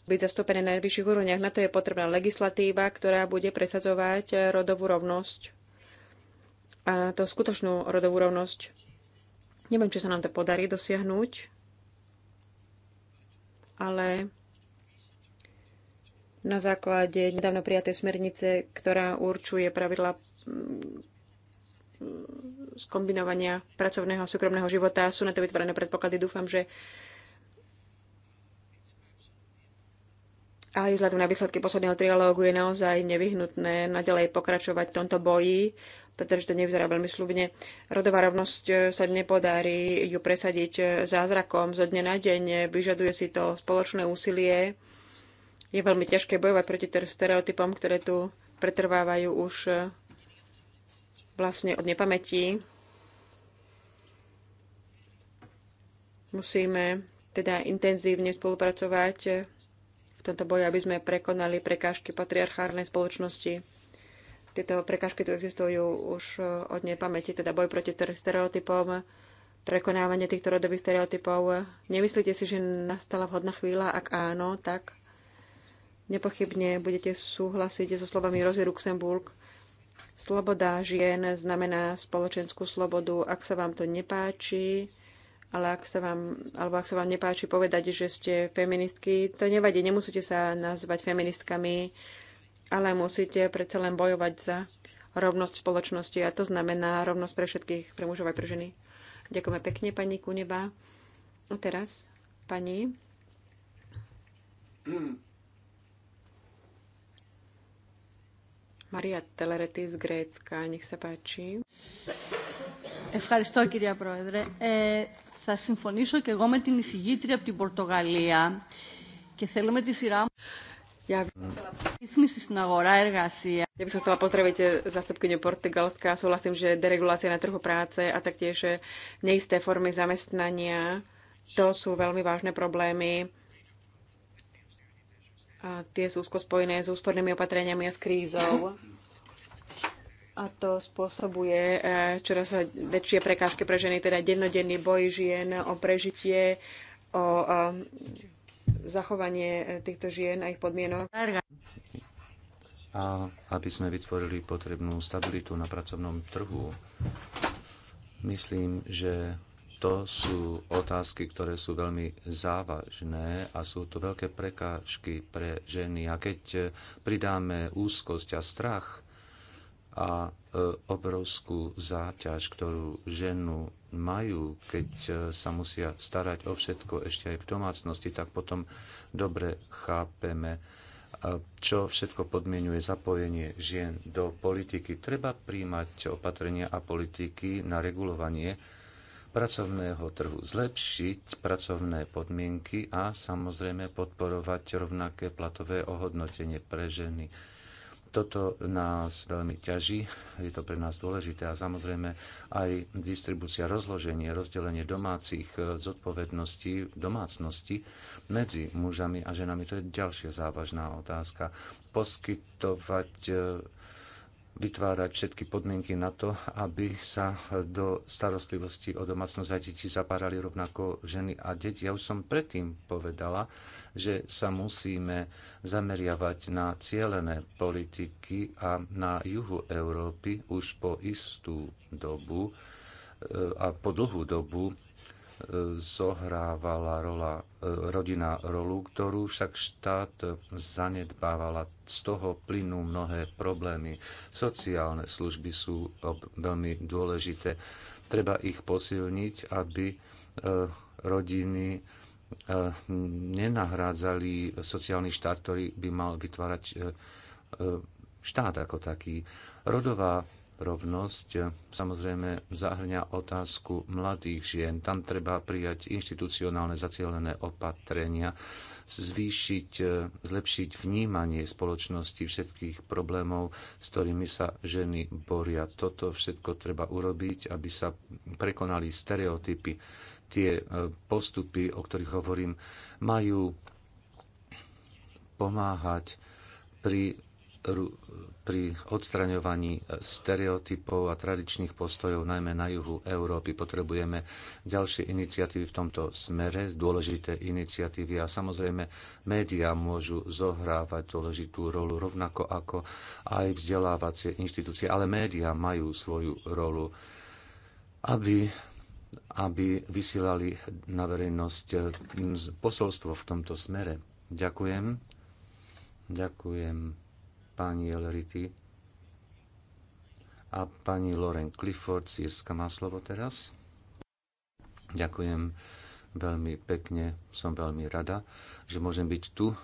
byť zastúpené na najvyšších úrovniach. Na to je potrebná legislatíva, ktorá bude presadzovať rodovú rovnosť. A to skutočnú rodovú rovnosť. Neviem, či sa nám to podarí dosiahnuť, ale na základe nedávno prijaté smernice, ktorá určuje pravidla mm, skombinovania pracovného a súkromného života. Sú na to vytvorené predpoklady. Dúfam, že aj vzhľadom na výsledky posledného trialógu je naozaj nevyhnutné naďalej pokračovať v tomto boji, pretože to nevyzerá veľmi slubne. Rodová rovnosť eh, sa nepodarí ju presadiť eh, zázrakom zo dne na deň. Vyžaduje si to spoločné úsilie je veľmi ťažké bojovať proti stereotypom, ktoré tu pretrvávajú už e, vlastne od nepamätí. Musíme teda intenzívne spolupracovať e, v tomto boji, aby sme prekonali prekážky patriarchárnej spoločnosti. Tieto prekážky tu existujú už e, od nepamäti, teda boj proti stereotypom, prekonávanie týchto rodových stereotypov. Nemyslíte si, že nastala vhodná chvíľa? Ak áno, tak Nepochybne budete súhlasiť so slovami Rozy Luxemburg. Sloboda žien znamená spoločenskú slobodu. Ak sa vám to nepáči, ale ak sa vám, alebo ak sa vám nepáči povedať, že ste feministky, to nevadí. Nemusíte sa nazvať feministkami, ale musíte predsa len bojovať za rovnosť spoločnosti a to znamená rovnosť pre všetkých, pre mužov aj pre ženy. Ďakujeme pekne, pani Kuneba. A teraz, pani. Maria Telerety z Grécka, nech sa páči. Ευχαριστώ κυρία Πρόεδρε. Ε, θα συμφωνήσω και εγώ με την εισηγήτρια από την Πορτογαλία και θέλω με τη σειρά μου ja rýthmisi na agora εργασία. Ja by som chcela pozdraviť zastupkyňu Portugalska. Súhlasím, že deregulácia na trhu práce a taktiež neisté formy zamestnania, to sú veľmi vážne problémy a tie sú úzko spojené s úspornými opatreniami a s krízou. A to spôsobuje e, čoraz väčšie prekážky pre ženy, teda dennodenný boj žien o prežitie, o e, zachovanie e, týchto žien a ich podmienok. A aby sme vytvorili potrebnú stabilitu na pracovnom trhu, myslím, že to sú otázky, ktoré sú veľmi závažné a sú to veľké prekážky pre ženy. A keď e, pridáme úzkosť a strach a e, obrovskú záťaž, ktorú ženu majú, keď e, sa musia starať o všetko ešte aj v domácnosti, tak potom dobre chápeme, čo všetko podmienuje zapojenie žien do politiky. Treba príjmať opatrenia a politiky na regulovanie pracovného trhu, zlepšiť pracovné podmienky a samozrejme podporovať rovnaké platové ohodnotenie pre ženy. Toto nás veľmi ťaží, je to pre nás dôležité a samozrejme aj distribúcia, rozloženie, rozdelenie domácich zodpovedností v domácnosti medzi mužami a ženami. To je ďalšia závažná otázka. Poskytovať vytvárať všetky podmienky na to, aby sa do starostlivosti o domácnosť a deti zapárali rovnako ženy a deti. Ja už som predtým povedala, že sa musíme zameriavať na cielené politiky a na juhu Európy už po istú dobu e, a po dlhú dobu zohrávala rola, e, rodina rolu, ktorú však štát zanedbávala. Z toho plynú mnohé problémy. Sociálne služby sú veľmi dôležité. Treba ich posilniť, aby e, rodiny e, nenahrádzali sociálny štát, ktorý by mal vytvárať štát ako taký. Rodová rovnosť eh, samozrejme zahrňa otázku mladých žien. Tam treba prijať inštitucionálne zacielené opatrenia, zvýšiť, eh, zlepšiť vnímanie spoločnosti všetkých problémov, s ktorými sa ženy boria. Toto všetko treba urobiť, aby sa prekonali stereotypy. Tie eh, postupy, o ktorých hovorím, majú pomáhať pri pri odstraňovaní stereotypov a tradičných postojov, najmä na juhu Európy. Potrebujeme ďalšie iniciatívy v tomto smere, dôležité iniciatívy a samozrejme médiá môžu zohrávať dôležitú rolu, rovnako ako aj vzdelávacie inštitúcie, ale médiá majú svoju rolu, aby aby vysielali na verejnosť eh, posolstvo v tomto smere. Ďakujem. Ďakujem pani Elrity a pani Loren Clifford, Sírska má slovo teraz. Ďakujem veľmi pekne, som veľmi rada, že môžem byť tu eh,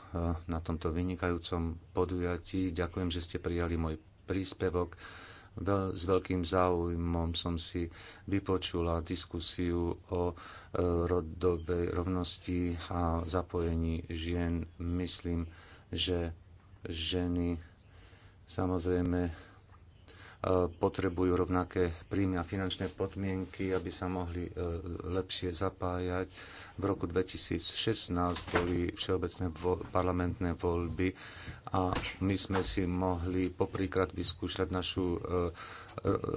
na tomto vynikajúcom podujatí. Ďakujem, že ste prijali môj príspevok. Veľ, s veľkým záujmom som si vypočula diskusiu o eh, rodovej rovnosti a zapojení žien. Myslím, že ženy samozrejme e, potrebujú rovnaké príjmy a finančné podmienky, aby sa mohli e, lepšie zapájať. V roku 2016 boli všeobecné vo- parlamentné voľby a my sme si mohli poprýkrát vyskúšať našu e,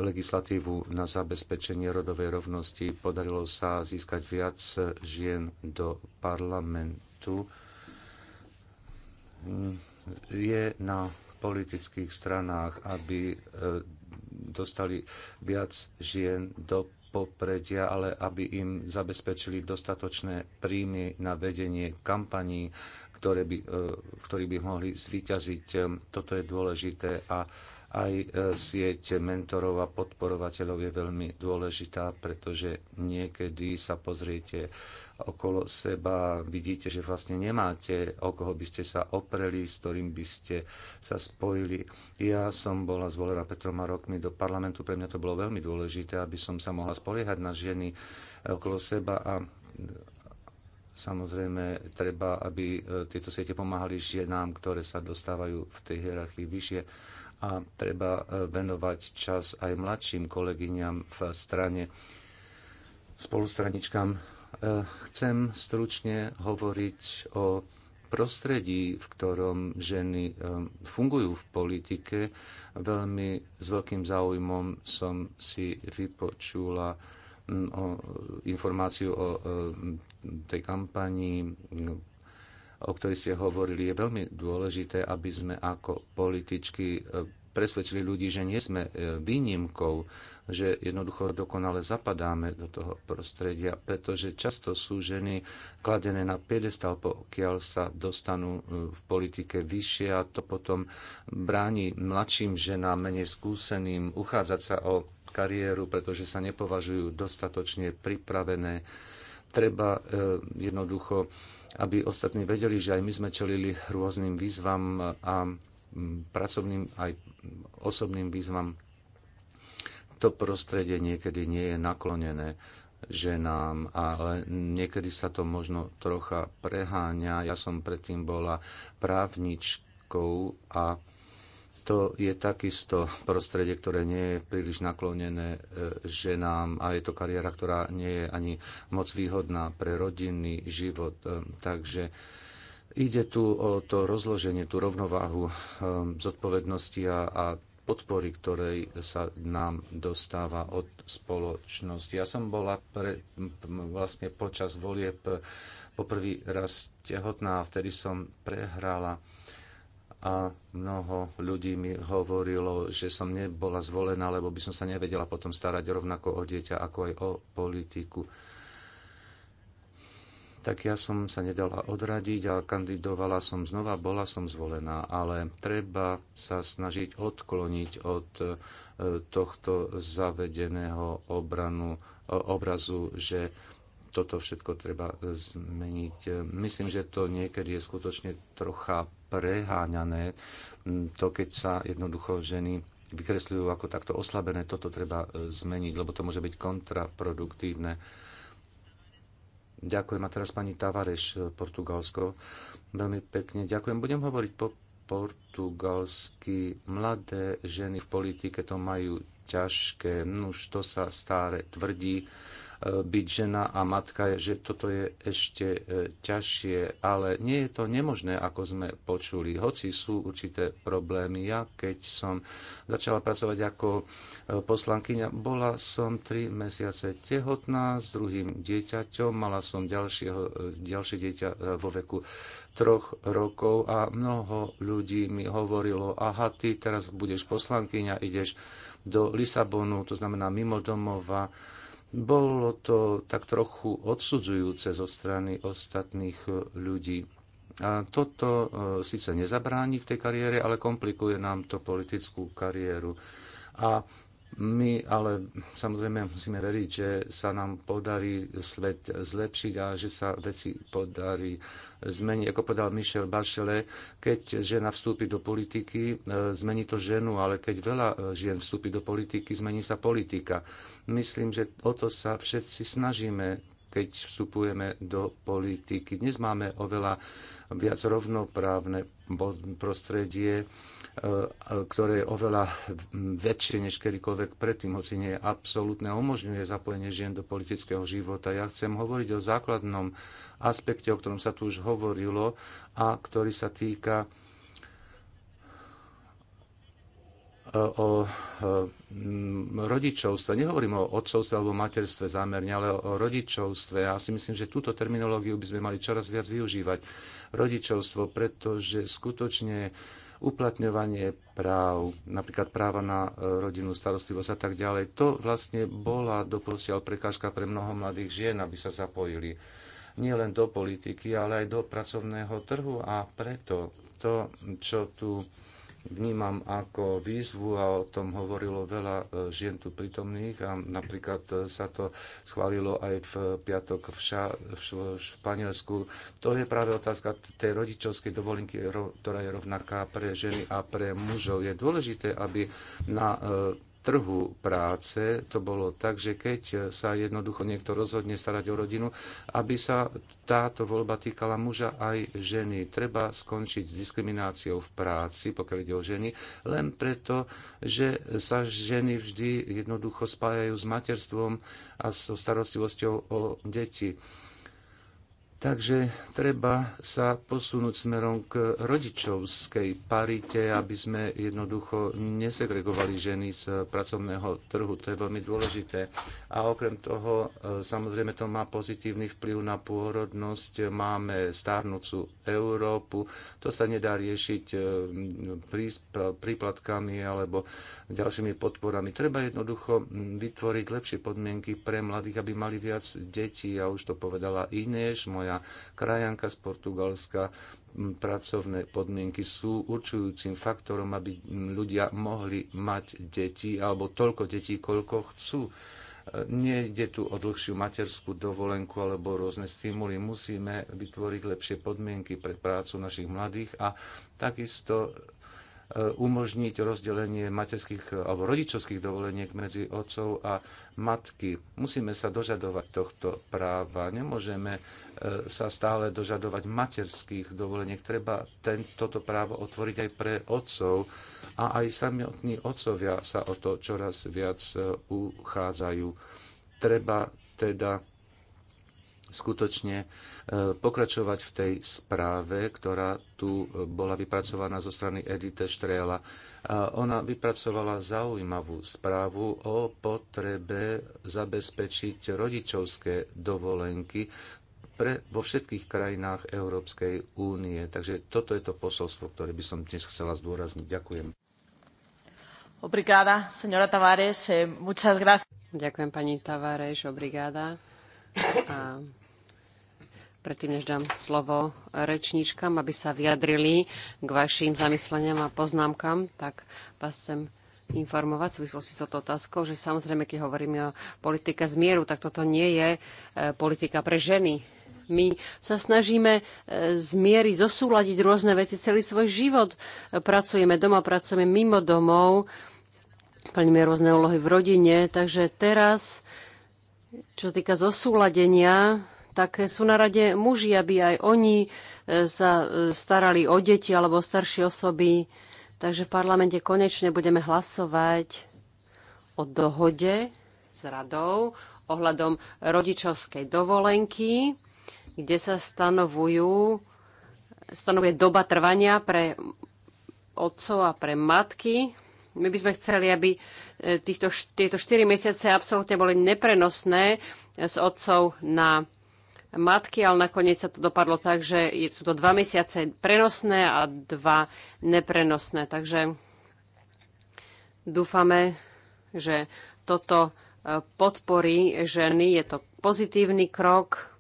legislatívu na zabezpečenie rodovej rovnosti. Podarilo sa získať viac žien do parlamentu. Je na politických stranách, aby e, dostali viac žien do popredia, ale aby im zabezpečili dostatočné príjmy na vedenie kampaní, ktoré by, e, by mohli zvíťaziť. Toto je dôležité a aj e, sieť mentorov a podporovateľov je veľmi dôležitá, pretože niekedy sa pozriete okolo seba, vidíte, že vlastne nemáte, o koho by ste sa opreli, s ktorým by ste sa spojili. Ja som bola zvolená Petroma rokmi do parlamentu, pre mňa to bolo veľmi dôležité, aby som sa mohla spoliehať na ženy okolo seba a Samozrejme, treba, aby e, tieto siete pomáhali ženám, ktoré sa dostávajú v tej hierarchii vyššie a treba e, venovať čas aj mladším kolegyňam v strane. Spolustraničkám e, chcem stručne hovoriť o prostredí, v ktorom ženy e, fungujú v politike. Veľmi s veľkým záujmom som si vypočula informáciu o tej kampanii o ktorých ste hovorili, je veľmi dôležité, aby sme ako političky e, presvedčili ľudí, že nie sme e, výnimkou, že jednoducho dokonale zapadáme do toho prostredia, pretože často sú ženy kladené na piedestal, pokiaľ sa dostanú e, v politike vyššie a to potom bráni mladším ženám, menej skúseným, uchádzať sa o kariéru, pretože sa nepovažujú dostatočne pripravené. Treba jednoducho aby ostatní vedeli, že aj my sme čelili rôznym výzvam a pracovným aj osobným výzvam. To prostredie niekedy nie je naklonené ženám, ale niekedy sa to možno trocha preháňa. Ja som predtým bola právničkou a to je takisto prostredie, ktoré nie je príliš naklonené e, ženám a je to kariéra, ktorá nie je ani moc výhodná pre rodinný život. E, takže ide tu o to rozloženie, tú rovnováhu e, zodpovednosti a, a podpory, ktorej sa nám dostáva od spoločnosti. Ja som bola pre, vlastne počas volieb poprvý raz tehotná, vtedy som prehrala a mnoho ľudí mi hovorilo, že som nebola zvolená, lebo by som sa nevedela potom starať rovnako o dieťa, ako aj o politiku. Tak ja som sa nedala odradiť a kandidovala som znova, bola som zvolená, ale treba sa snažiť odkloniť od e, tohto zavedeného obranu, e, obrazu, že toto všetko treba e, zmeniť. Myslím, že to niekedy je skutočne trocha preháňané. Mm, to, keď sa jednoducho ženy vykresľujú ako takto oslabené, toto treba e, zmeniť, lebo to môže byť kontraproduktívne. Ďakujem. A teraz pani Tavareš, e, Portugalsko. Veľmi pekne ďakujem. Budem hovoriť po portugalsky. Mladé ženy v politike to majú ťažké. Nuž, to sa stále tvrdí E, byť žena a matka, že toto je ešte e, ťažšie, ale nie je to nemožné, ako sme počuli. Hoci sú určité problémy, ja keď som začala pracovať ako e, poslankyňa, bola som tri mesiace tehotná s druhým dieťaťom, mala som ďalšieho, ďalšie dieťa vo veku troch rokov a mnoho ľudí mi hovorilo, aha, ty teraz budeš poslankyňa, ideš do Lisabonu, to znamená mimo domova, bolo to tak trochu odsudzujúce zo strany ostatných e, ľudí. A toto e, síce nezabráni v tej kariére, ale komplikuje nám to politickú kariéru. A my ale samozrejme musíme veriť, že sa nám podarí svet zlepšiť a že sa veci podarí zmeniť. Ako povedal Michel Bachele, keď žena vstúpi do politiky, e, zmení to ženu, ale keď veľa žien vstúpi do politiky, zmení sa politika. Myslím, že o to sa všetci snažíme, keď vstupujeme do politiky. Dnes máme oveľa viac rovnoprávne prostredie E, ktoré je oveľa väčšie než kedykoľvek predtým, hoci nie je absolútne, umožňuje zapojenie žien do politického života. Ja chcem hovoriť o základnom aspekte, o ktorom sa tu už hovorilo a ktorý sa týka e, o e, rodičovstve. Nehovorím o otcovstve alebo materstve zámerne, ale o rodičovstve. Ja si myslím, že túto terminológiu by sme mali čoraz viac využívať. Rodičovstvo, pretože skutočne uplatňovanie práv, napríklad práva na e, rodinnú starostlivosť a tak ďalej. To vlastne bola doposiaľ prekážka pre mnoho mladých žien, aby sa zapojili nielen do politiky, ale aj do pracovného trhu a preto to, čo tu vnímam ako výzvu a o tom hovorilo veľa e, žien tu prítomných a napríklad e, sa to schválilo aj v piatok v, ša, v Španielsku. To je práve otázka tej rodičovskej dovolenky, ktorá je rovnaká pre ženy a pre mužov. Je dôležité, aby na e, trhu práce to bolo tak, že keď sa jednoducho niekto rozhodne starať o rodinu, aby sa táto voľba týkala muža aj ženy. Treba skončiť s diskrimináciou v práci, pokiaľ ide o ženy, len preto, že sa ženy vždy jednoducho spájajú s materstvom a so starostlivosťou o deti Takže treba sa posunúť smerom k rodičovskej parite, aby sme jednoducho nesegregovali ženy z pracovného trhu. To je veľmi dôležité. A okrem toho, e, samozrejme, to má pozitívny vplyv na pôrodnosť. Máme stárnúcu Európu. To sa nedá riešiť e, príplatkami alebo ďalšími podporami. Treba jednoducho vytvoriť lepšie podmienky pre mladých, aby mali viac detí. A ja už to povedala Inéš, moja moja krajanka z Portugalska, pracovné podmienky sú určujúcim faktorom, aby ľudia mohli mať deti alebo toľko detí, koľko chcú. Nie ide tu o dlhšiu materskú dovolenku alebo rôzne stimuly. Musíme vytvoriť lepšie podmienky pre prácu našich mladých a takisto E, umožniť rozdelenie materských alebo rodičovských dovoleniek medzi otcov a matky. Musíme sa dožadovať tohto práva. Nemôžeme e, sa stále dožadovať materských dovoleniek. Treba ten, toto právo otvoriť aj pre otcov. A aj samotní otcovia sa o to čoraz viac e, uchádzajú. Treba teda skutočne e, pokračovať v tej správe, ktorá tu e, bola vypracovaná zo strany Edite Štrela. Ona vypracovala zaujímavú správu o potrebe zabezpečiť rodičovské dovolenky pre, vo všetkých krajinách Európskej únie. Takže toto je to posolstvo, ktoré by som dnes chcela zdôrazniť. Ďakujem. Obrigada, señora Tavares. Eh, muchas gracias. Ďakujem pani Tavares, obrigada. A predtým, než dám slovo rečníčkam, aby sa vyjadrili k vašim zamysleniam a poznámkam, tak vás chcem informovať v súvislosti s touto otázkou, že samozrejme, keď hovoríme o politike zmieru, tak toto nie je e, politika pre ženy. My sa snažíme e, zmieriť, zosúľadiť rôzne veci celý svoj život. Pracujeme doma, pracujeme mimo domov, plníme rôzne úlohy v rodine, takže teraz čo sa týka zosúladenia, tak sú na rade muži, aby aj oni e, sa e, starali o deti alebo o staršie osoby. Takže v parlamente konečne budeme hlasovať o dohode s radou ohľadom rodičovskej dovolenky, kde sa stanovujú, stanovuje doba trvania pre otcov a pre matky my by sme chceli, aby e, týchto, tieto 4 mesiace absolútne boli neprenosné e, s otcov na matky, ale nakoniec sa to dopadlo tak, že sú to 2 mesiace prenosné a 2 neprenosné. Takže dúfame, že toto e, podporí ženy. Je to pozitívny krok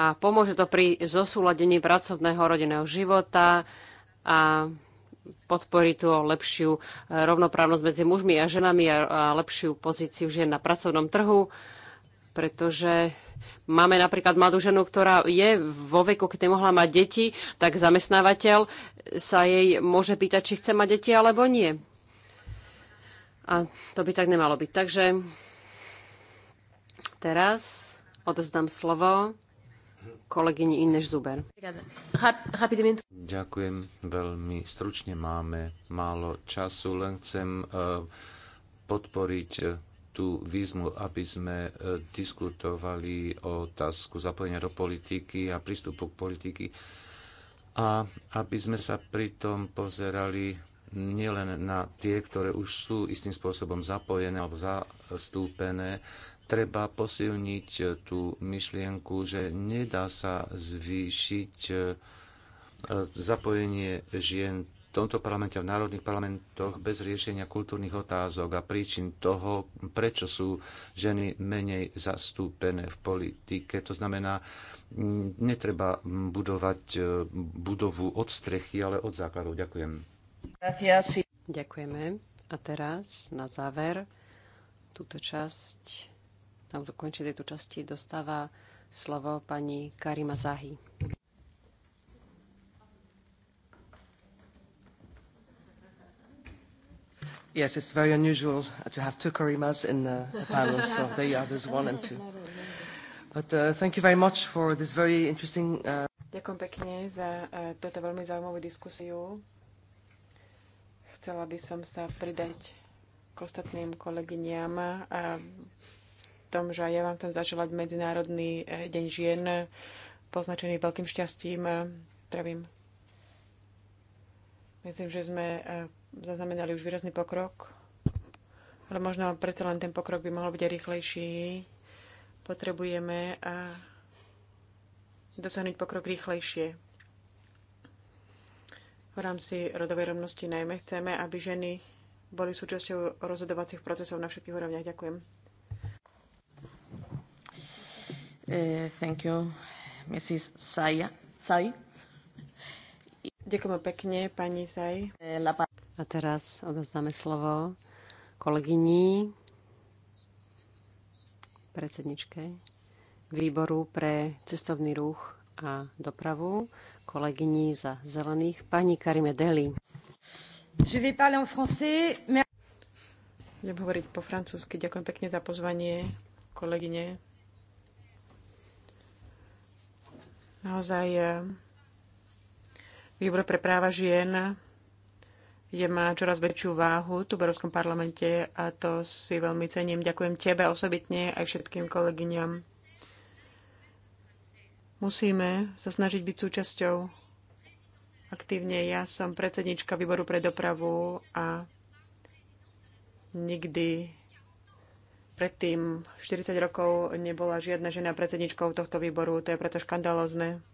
a pomôže to pri zosúladení pracovného rodinného života a podporí tú lepšiu eh, rovnoprávnosť medzi mužmi a ženami a lepšiu pozíciu žien na pracovnom trhu, pretože máme napríklad mladú ženu, ktorá je vo veku, keď nemohla mať deti, tak zamestnávateľ sa jej môže pýtať, či chce mať deti alebo nie. A to by tak nemalo byť. Takže teraz odozdám slovo kolegyni Inež Zuber. Ďakujem veľmi stručne, máme málo času, len chcem e, podporiť e, tú výzmu, aby sme e, diskutovali o otázku zapojenia do politiky a prístupu k politiky a aby sme sa pritom pozerali nielen na tie, ktoré už sú istým spôsobom zapojené alebo zastúpené treba posilniť eh, tú myšlienku, že nedá sa zvýšiť eh, zapojenie žien v tomto parlamente a v národných parlamentoch bez riešenia kultúrnych otázok a príčin toho, prečo sú ženy menej zastúpené v politike. To znamená, mm, netreba budovať eh, budovu od strechy, ale od základov. Ďakujem. Ďakujeme. A teraz na záver túto časť na končí tejto časti dostáva slovo pani Karima Zahy. Yes, it's very unusual to have two Karimas in uh, the, a panel, so there you are, there's one and two. But uh, thank you very much for this very interesting... Uh... Ďakujem pekne za uh, toto veľmi zaujímavú diskusiu. Chcela by som sa pridať k ostatným kolegyniam. Uh, tom, že ja vám tam začelať Medzinárodný eh, deň žien, poznačený veľkým šťastím. Trevím. Myslím, že sme eh, zaznamenali už výrazný pokrok, ale možno predsa len ten pokrok by mohol byť aj rýchlejší. Potrebujeme a eh, dosiahnuť pokrok rýchlejšie. V rámci rodovej rovnosti najmä chceme, aby ženy boli súčasťou rozhodovacích procesov na všetkých úrovniach. Ďakujem. Eh, thank you, Mrs. Saya. Sai. Ďakujeme pekne, pani Sai. Eh, a teraz odozdáme slovo kolegyni, predsedničke výboru pre cestovný ruch a dopravu, kolegyni za zelených, pani Karime Deli. Je vais parler en français. Budem hovoriť po francúzsky. Ďakujem pekne za pozvanie, kolegyne. Naozaj eh, výbor pre práva žien je má čoraz väčšiu váhu tu v Európskom parlamente a to si veľmi cením. Ďakujem tebe osobitne aj všetkým kolegyňam. Musíme sa snažiť byť súčasťou aktívne. Ja som predsednička výboru pre dopravu a nikdy predtým 40 rokov nebola žiadna žena predsedničkou tohto výboru. To je predsa škandalozne.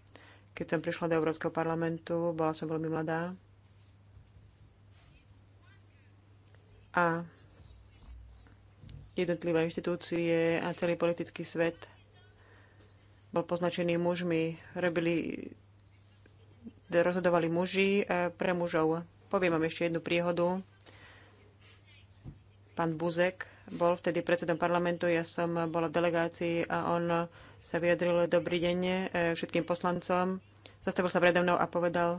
Keď som prišla do Európskeho parlamentu, bola som veľmi mladá. A jednotlivé inštitúcie a celý politický svet bol poznačený mužmi. Robili, rozhodovali muži e, pre mužov. Poviem vám ešte jednu príhodu. Pán Buzek, bol vtedy predsedom parlamentu, ja som bola v delegácii a on sa vyjadril dobrý deň e, všetkým poslancom. Zastavil sa predo mnou a povedal,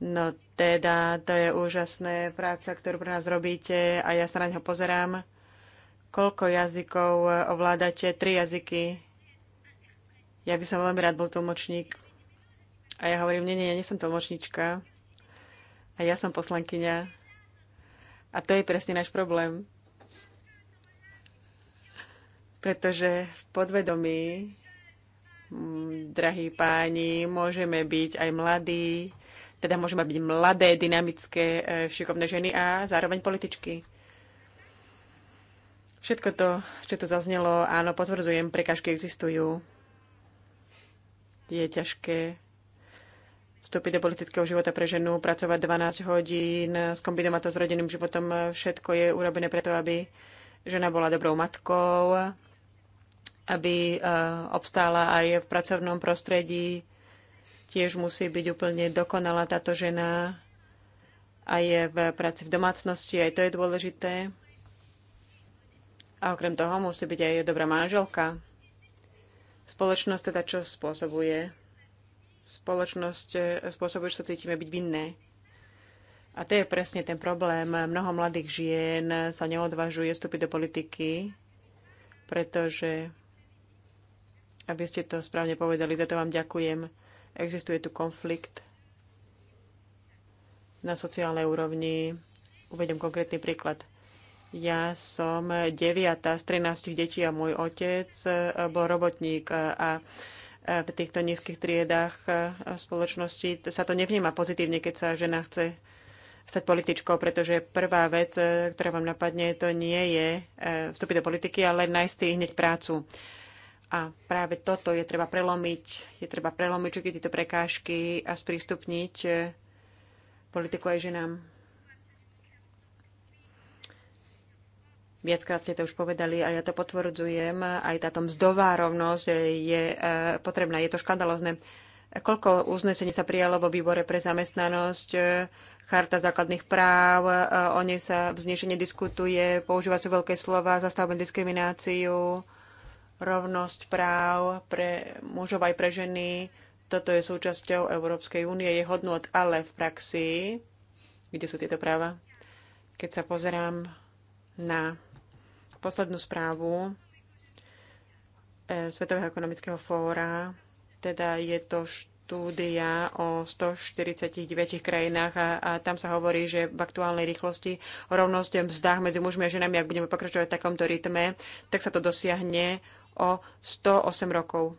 no teda, to je úžasné práca, ktorú pre nás robíte a ja sa na neho pozerám. Koľko jazykov ovládate? Tri jazyky. Ja by som veľmi rád bol tlmočník. A ja hovorím, nie, nie, ja nie som tlmočníčka. A ja som poslankyňa. A to je presne náš problém. Pretože v podvedomí, mm, drahí páni, môžeme byť aj mladí, teda môžeme byť mladé, dynamické, e, šikovné ženy a zároveň političky. Všetko to, čo to zaznelo, áno, potvrdzujem, prekažky existujú. Je ťažké vstúpiť do politického života pre ženu, pracovať 12 hodín, skombinovať to s rodinným životom. Všetko je urobené preto, aby žena bola dobrou matkou, aby e, obstála aj v pracovnom prostredí. Tiež musí byť úplne dokonalá táto žena aj v práci v domácnosti, aj to je dôležité. A okrem toho musí byť aj dobrá manželka. Spoločnosť teda čo spôsobuje? Spoločnosť e, spôsobuje, že sa cítime byť vinné. A to je presne ten problém. Mnoho mladých žien sa neodvážuje vstúpiť do politiky, pretože aby ste to správne povedali. Za to vám ďakujem. Existuje tu konflikt na sociálnej úrovni. Uvedem konkrétny príklad. Ja som deviata z 13 detí a môj otec bol robotník a v týchto nízkych triedách spoločnosti sa to nevníma pozitívne, keď sa žena chce stať političkou, pretože prvá vec, ktorá vám napadne, to nie je eh, vstúpiť do politiky, ale nájsť si hneď prácu. A práve toto je treba prelomiť. Je treba prelomiť všetky tieto prekážky a sprístupniť eh, politiku aj ženám. Viackrát ste to už povedali a ja to potvrdzujem. Aj táto mzdová rovnosť eh, je eh, potrebná. Je to škandalozne. Koľko uznesení sa prijalo vo výbore pre zamestnanosť, charta základných práv, o nej sa vznešenie diskutuje, používa sú veľké slova, zastavujem diskrimináciu, rovnosť práv pre mužov aj pre ženy. Toto je súčasťou Európskej únie, je hodnot, ale v praxi, kde sú tieto práva? Keď sa pozerám na poslednú správu e, Svetového ekonomického fóra, teda je to štúdia o 149 krajinách a, a tam sa hovorí, že v aktuálnej rýchlosti rovnosť v mzdách medzi mužmi a ženami, ak budeme pokračovať v takomto rytme, tak sa to dosiahne o 108 rokov.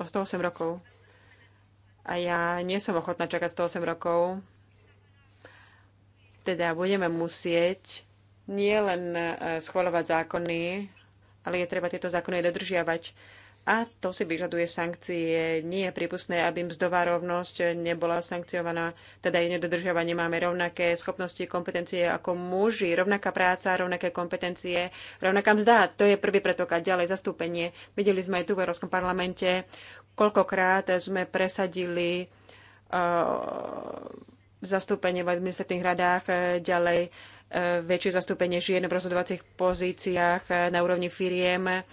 O 108 rokov. A ja nie som ochotná čakať 108 rokov. Teda budeme musieť nielen eh, schvalovať zákony, ale je treba tieto zákony dodržiavať a to si vyžaduje sankcie. Nie je prípustné, aby mzdová rovnosť nebola sankciovaná, teda jej nedodržiavanie. Máme rovnaké schopnosti, kompetencie ako muži, rovnaká práca, rovnaké kompetencie, rovnaká mzda. To je prvý predpoklad. Ďalej zastúpenie. Videli sme aj tu v Európskom parlamente, koľkokrát sme presadili uh, zastúpenie v administratívnych radách, eh, ďalej uh, väčšie zastúpenie žien v rozhodovacích pozíciách uh, na úrovni firiem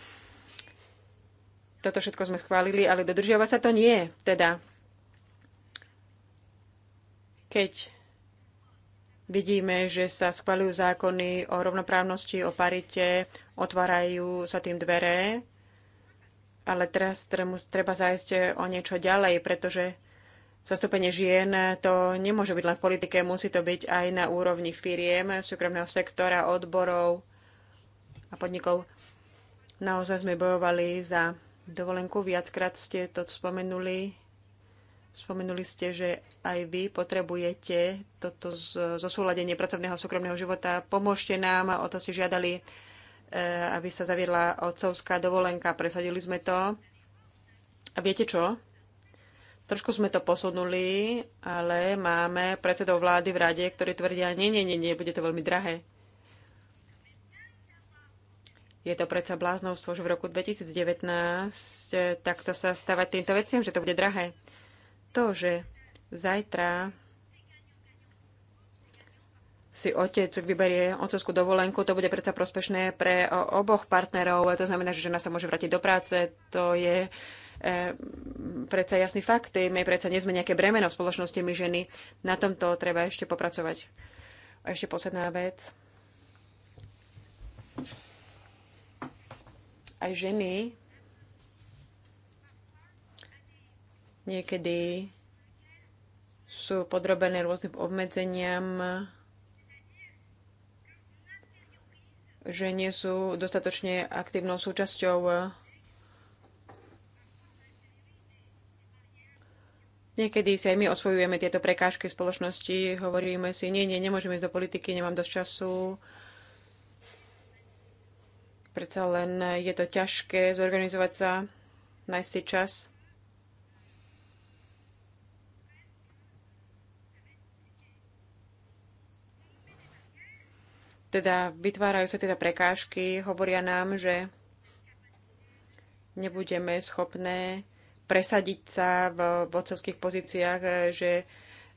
toto všetko sme schválili, ale dodržiava sa to nie. Teda, keď vidíme, že sa schvaľujú zákony o rovnoprávnosti, o parite, otvárajú sa tým dvere, ale teraz treba zájsť o niečo ďalej, pretože zastúpenie žien to nemôže byť len v politike, musí to byť aj na úrovni firiem, súkromného sektora, odborov a podnikov. Naozaj sme bojovali za dovolenku. Viackrát ste to spomenuli. Spomenuli ste, že aj vy potrebujete toto zosúladenie pracovného a súkromného života. Pomôžte nám, o to si žiadali, eh, aby sa zaviedla otcovská dovolenka. Presadili sme to. A viete čo? Trošku sme to posunuli, ale máme predsedov vlády v rade, ktorí tvrdia, nie, nie, nie, nie, bude to veľmi drahé. Je to predsa bláznovstvo, že v roku 2019 eh, takto sa stávať týmto veciam, že to bude drahé. To, že zajtra si otec vyberie otcovskú dovolenku, to bude predsa prospešné pre eh, oboch partnerov. To znamená, že žena sa môže vrátiť do práce. To je e, predsa jasný fakt. My predsa nie sme nejaké bremeno v spoločnosti, my ženy. Na tomto treba ešte popracovať. A ešte posledná vec. aj ženy niekedy sú podrobené rôznym obmedzeniam, že nie sú dostatočne aktívnou súčasťou Niekedy si aj my osvojujeme tieto prekážky v spoločnosti, hovoríme si, nie, nie, nemôžem ísť do politiky, nemám dosť času, Predsa len je to ťažké zorganizovať sa, nájsť si čas. Teda vytvárajú sa teda prekážky, hovoria nám, že nebudeme schopné presadiť sa v vodcovských pozíciách, že,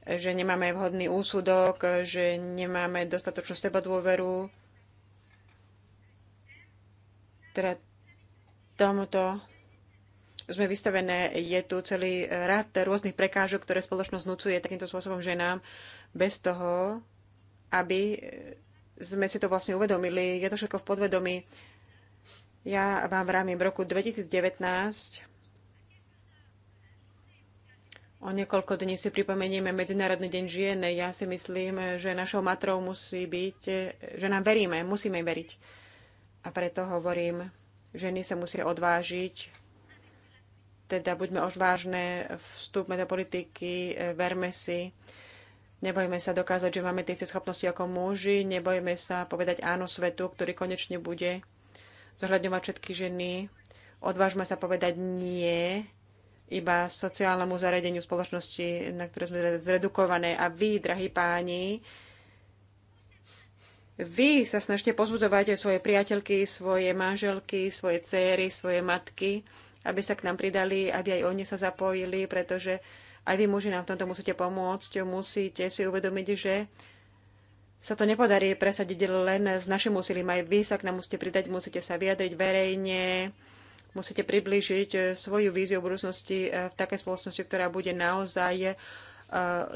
že nemáme vhodný úsudok, že nemáme dostatočnú seba dôveru teda tomuto sme vystavené, je tu celý rad rôznych prekážok, ktoré spoločnosť nucuje takýmto spôsobom ženám bez toho, aby sme si to vlastne uvedomili. Je to všetko v podvedomí. Ja vám vrámím v roku 2019 O niekoľko dní si pripomenieme Medzinárodný deň žien. Ja si myslím, že našou matrou musí byť, že nám veríme, musíme veriť a preto hovorím, ženy sa musia odvážiť, teda buďme odvážne, vstúpme do politiky, e, verme si, nebojme sa dokázať, že máme tie schopnosti ako muži, nebojme sa povedať áno svetu, ktorý konečne bude zohľadňovať všetky ženy, odvážme sa povedať nie iba sociálnemu zariadeniu spoločnosti, na ktoré sme zredukované. A vy, drahí páni, vy sa snažte pozbudovať aj svoje priateľky, svoje manželky, svoje céry, svoje matky, aby sa k nám pridali, aby aj oni sa zapojili, pretože aj vy muži nám v tomto musíte pomôcť, musíte si uvedomiť, že sa to nepodarí presadiť len s našim úsilím. Aj vy sa k nám musíte pridať, musíte sa vyjadriť verejne, musíte priblížiť svoju víziu budúcnosti eh, v takej spoločnosti, ktorá bude naozaj eh,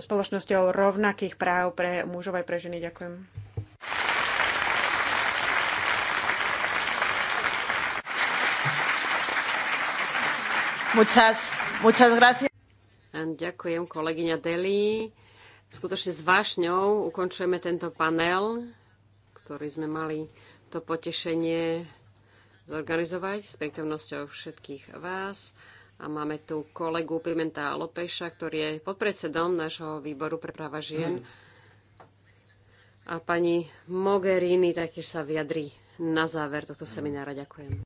spoločnosťou rovnakých práv pre mužov aj pre ženy. Ďakujem. Muchas, muchas gracias. Ďakujem, kolegyňa Deli. Skutočne s vášňou ukončujeme tento panel, ktorý sme mali to potešenie zorganizovať s prítomnosťou všetkých vás. A máme tu kolegu Pimenta Lopeša, ktorý je podpredsedom nášho výboru pre práva žien. A pani Mogherini taktiež sa vyjadrí na záver tohto seminára. Ďakujem.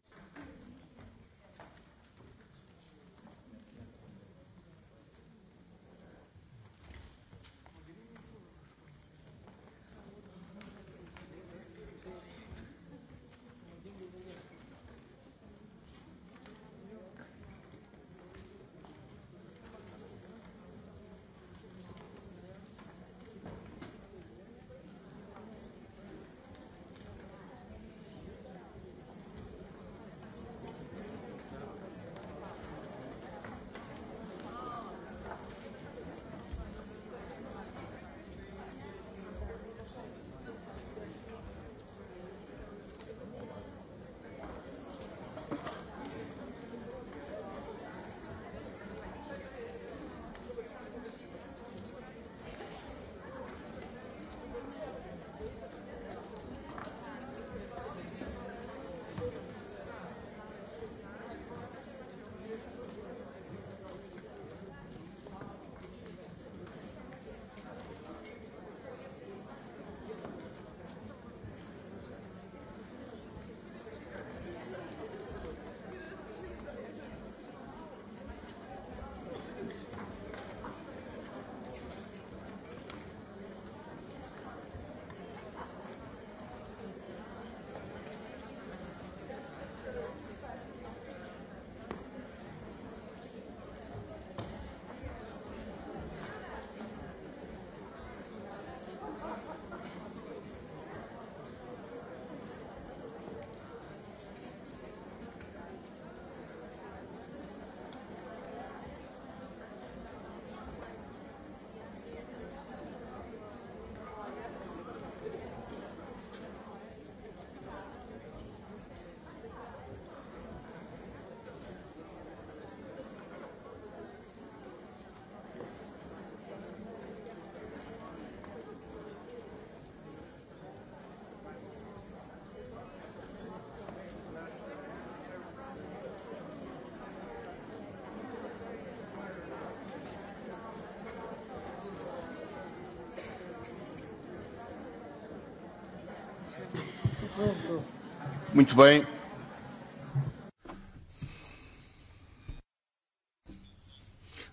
Muito bem.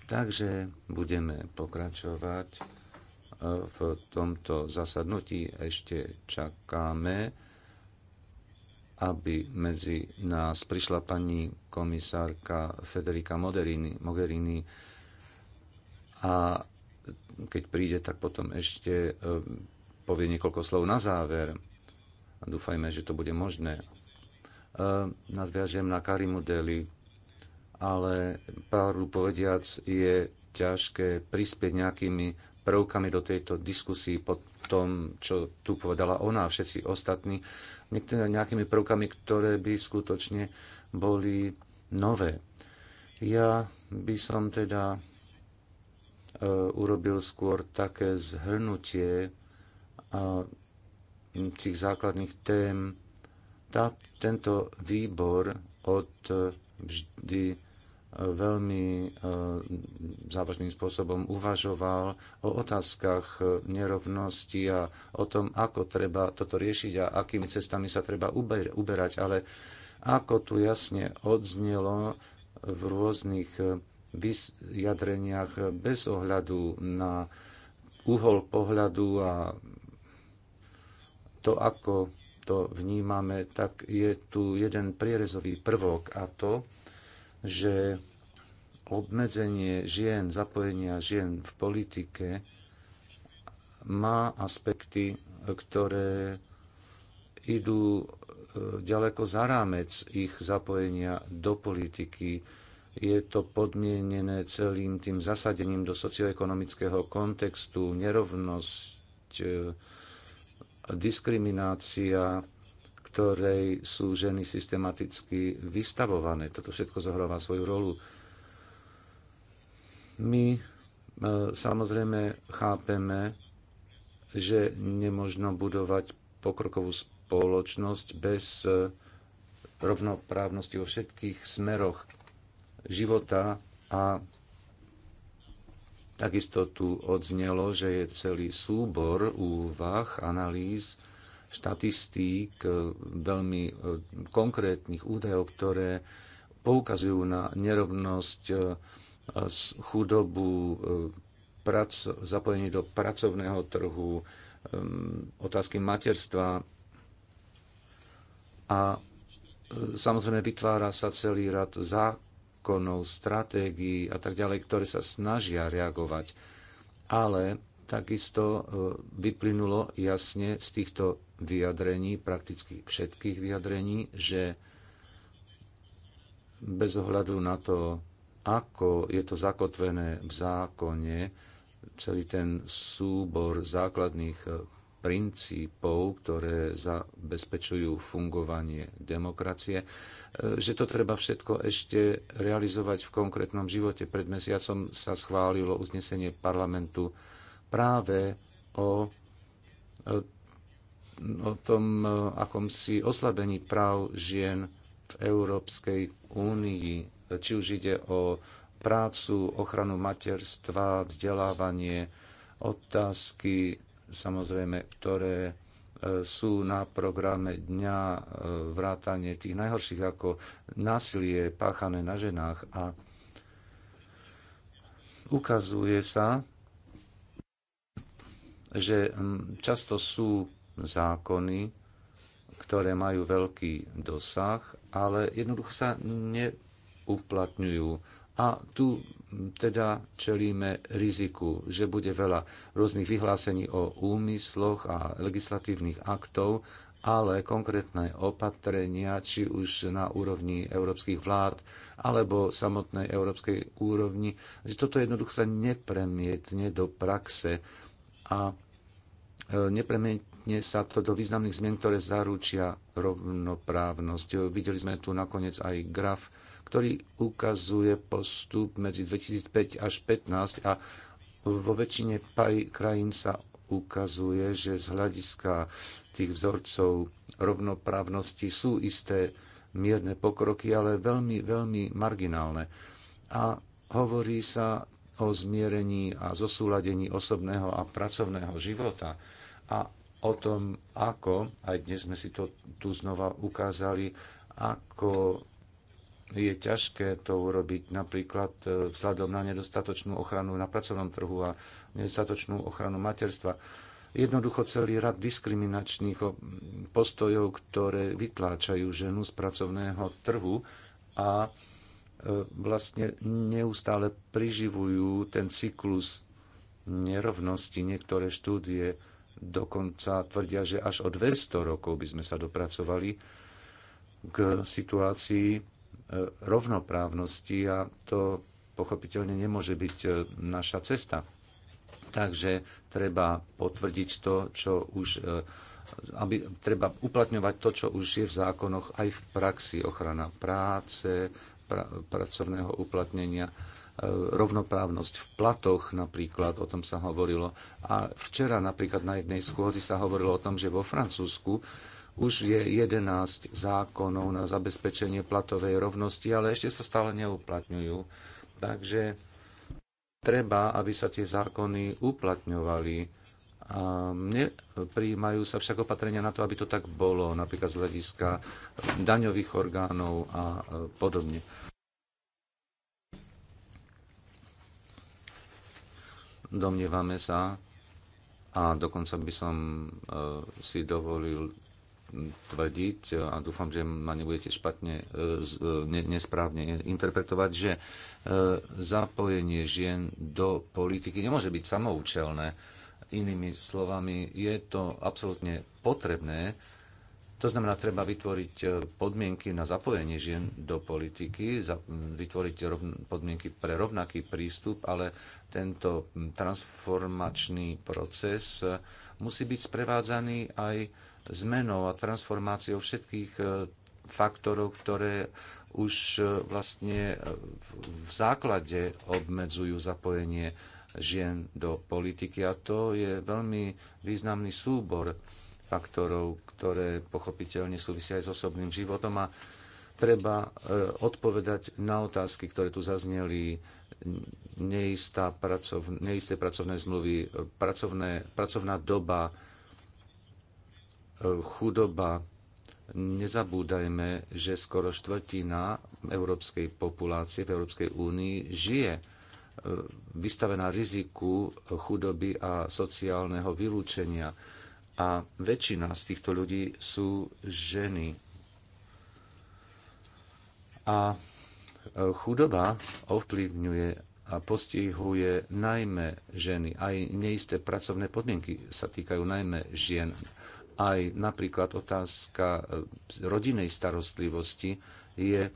Takže budeme pokračovať e, v tomto zasadnutí. Ešte čakáme, aby medzi nás prišla pani komisárka Federica Mogherini, Mogherini a keď príde, tak potom ešte e, povie niekoľko slov na záver. Dúfajme, že to bude možné. E, nadviažem na Karimu Deli, ale pravdu povediac je ťažké prispieť nejakými prvkami do tejto diskusii po tom, čo tu povedala ona a všetci ostatní, nejakými prvkami, ktoré by skutočne boli nové. Ja by som teda e, urobil skôr také zhrnutie tých základných tém. Tá, tento výbor od e, vždy e, veľmi e, závažným spôsobom uvažoval o otázkach nerovnosti a o tom, ako treba toto riešiť a akými cestami sa treba uberať. Ale ako tu jasne odznelo v rôznych vyjadreniach bez ohľadu na uhol pohľadu a to, ako to vnímame, tak je tu jeden prierezový prvok a to, že obmedzenie žien, zapojenia žien v politike má aspekty, ktoré idú e, ďaleko za rámec ich zapojenia do politiky. Je to podmienené celým tým zasadením do socioekonomického kontextu, nerovnosť, e, diskriminácia, ktorej sú ženy systematicky vystavované. Toto všetko zohráva svoju rolu. My e, samozrejme chápeme, že nemožno budovať pokrokovú spoločnosť bez e, rovnoprávnosti vo všetkých smeroch života a Takisto tu odznelo, že je celý súbor úvah, analýz, štatistík, e, veľmi e, konkrétnych údajov, ktoré poukazujú na nerovnosť, e, chudobu, zapojenie do pracovného trhu, otázky materstva. A samozrejme vytvára sa celý rad zá, zákonov, stratégií a tak ďalej, ktoré sa snažia reagovať. Ale takisto e, vyplynulo jasne z týchto vyjadrení, prakticky všetkých vyjadrení, že bez ohľadu na to, ako je to zakotvené v zákone, celý ten súbor základných e, princípov, ktoré zabezpečujú fungovanie demokracie, e, že to treba všetko ešte realizovať v konkrétnom živote. Pred mesiacom sa schválilo uznesenie parlamentu práve o, e, o tom e, akomsi oslabení práv žien v Európskej únii, či už ide o prácu, ochranu materstva, vzdelávanie, otázky samozrejme, ktoré e, sú na programe dňa e, vrátanie tých najhorších ako násilie páchané na ženách a ukazuje sa, že často sú zákony, ktoré majú veľký dosah, ale jednoducho sa neuplatňujú. A tu teda čelíme riziku, že bude veľa rôznych vyhlásení o úmysloch a legislatívnych aktov, ale konkrétne opatrenia, či už na úrovni európskych vlád alebo samotnej európskej úrovni, že toto jednoducho sa nepremietne do praxe a e, nepremietne sa to do významných zmien, ktoré zaručia rovnoprávnosť. Videli sme tu nakoniec aj graf ktorý ukazuje postup medzi 2005 až 2015 a vo väčšine krajín sa ukazuje, že z hľadiska tých vzorcov rovnoprávnosti sú isté mierne pokroky, ale veľmi, veľmi marginálne. A hovorí sa o zmierení a zosúladení osobného a pracovného života a o tom, ako, aj dnes sme si to tu znova ukázali, ako je ťažké to urobiť napríklad e, vzhľadom na nedostatočnú ochranu na pracovnom trhu a nedostatočnú ochranu materstva. Jednoducho celý rad diskriminačných postojov, ktoré vytláčajú ženu z pracovného trhu a e, vlastne neustále priživujú ten cyklus nerovnosti. Niektoré štúdie dokonca tvrdia, že až o 200 rokov by sme sa dopracovali k situácii, rovnoprávnosti a to pochopiteľne nemôže byť e, naša cesta. Takže treba potvrdiť to, čo už e, aby, treba uplatňovať to, čo už je v zákonoch aj v praxi. Ochrana práce, pra, pracovného uplatnenia, e, rovnoprávnosť v platoch napríklad, o tom sa hovorilo. A včera napríklad na jednej schôdzi sa hovorilo o tom, že vo Francúzsku už je 11 zákonov na zabezpečenie platovej rovnosti, ale ešte sa stále neuplatňujú. Takže treba, aby sa tie zákony uplatňovali. A prijímajú sa však opatrenia na to, aby to tak bolo, napríklad z hľadiska daňových orgánov a e, podobne. Domnievame sa, a dokonca by som e, si dovolil tvrdiť a dúfam, že ma nebudete špatne, e, e, nesprávne interpretovať, že e, zapojenie žien do politiky nemôže byť samoučelné. Inými slovami, je to absolútne potrebné. To znamená, treba vytvoriť podmienky na zapojenie žien do politiky, vytvoriť podmienky pre rovnaký prístup, ale tento transformačný proces musí byť sprevádzaný aj zmenou a transformáciou všetkých e, faktorov, ktoré už e, vlastne e, v základe obmedzujú zapojenie žien do politiky a to je veľmi významný súbor faktorov, ktoré pochopiteľne súvisia aj s osobným životom a treba odpovedať na otázky, ktoré tu zazneli, neistá pracov, neisté pracovné zmluvy, pracovné, pracovná doba, chudoba. Nezabúdajme, že skoro štvrtina európskej populácie v Európskej únii žije e, vystavená riziku chudoby a sociálneho vylúčenia. A väčšina z týchto ľudí sú ženy. A e, chudoba ovplyvňuje a postihuje najmä ženy. Aj neisté pracovné podmienky sa týkajú najmä žien. Aj napríklad otázka e, rodinej starostlivosti je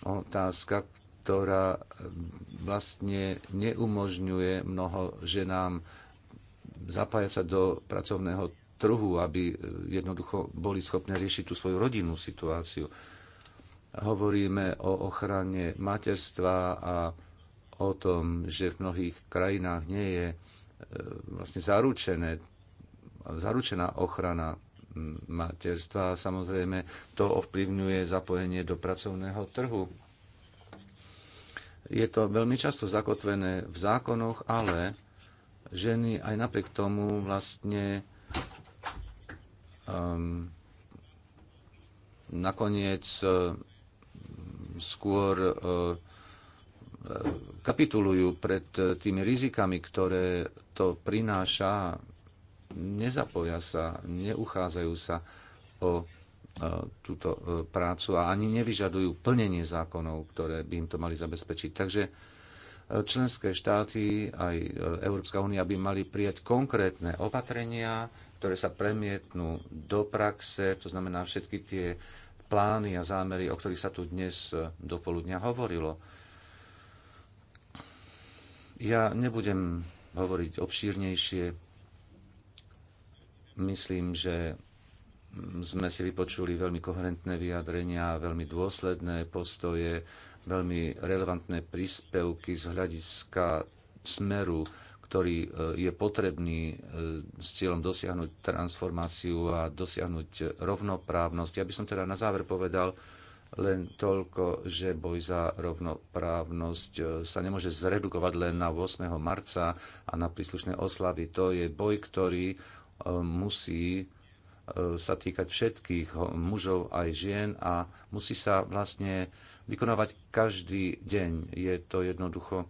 otázka, ktorá e, vlastne neumožňuje mnoho ženám zapájať sa do pracovného trhu, aby e, jednoducho boli schopné riešiť tú svoju rodinnú situáciu. Hovoríme o ochrane materstva a o tom, že v mnohých krajinách nie je vlastne zaručené zaručená ochrana materstva a samozrejme to ovplyvňuje zapojenie do pracovného trhu. Je to veľmi často zakotvené v zákonoch, ale ženy aj napriek tomu vlastne um, nakoniec uh, skôr uh, kapitulujú pred tými rizikami, ktoré to prináša nezapoja sa, neuchádzajú sa o e, túto e, prácu a ani nevyžadujú plnenie zákonov, ktoré by im to mali zabezpečiť. Takže e, členské štáty aj Európska únia by mali prijať konkrétne opatrenia, ktoré sa premietnú do praxe, to znamená všetky tie plány a zámery, o ktorých sa tu dnes do poludnia hovorilo. Ja nebudem hovoriť obšírnejšie Myslím, že sme si vypočuli veľmi koherentné vyjadrenia, veľmi dôsledné postoje, veľmi relevantné príspevky z hľadiska smeru, ktorý e, je potrebný e, s cieľom dosiahnuť transformáciu a dosiahnuť rovnoprávnosť. Ja by som teda na záver povedal len toľko, že boj za rovnoprávnosť e, sa nemôže zredukovať len na 8. marca a na príslušné oslavy. To je boj, ktorý E, musí e, sa týkať všetkých mužov aj žien a musí sa vlastne vykonávať každý deň. Je to jednoducho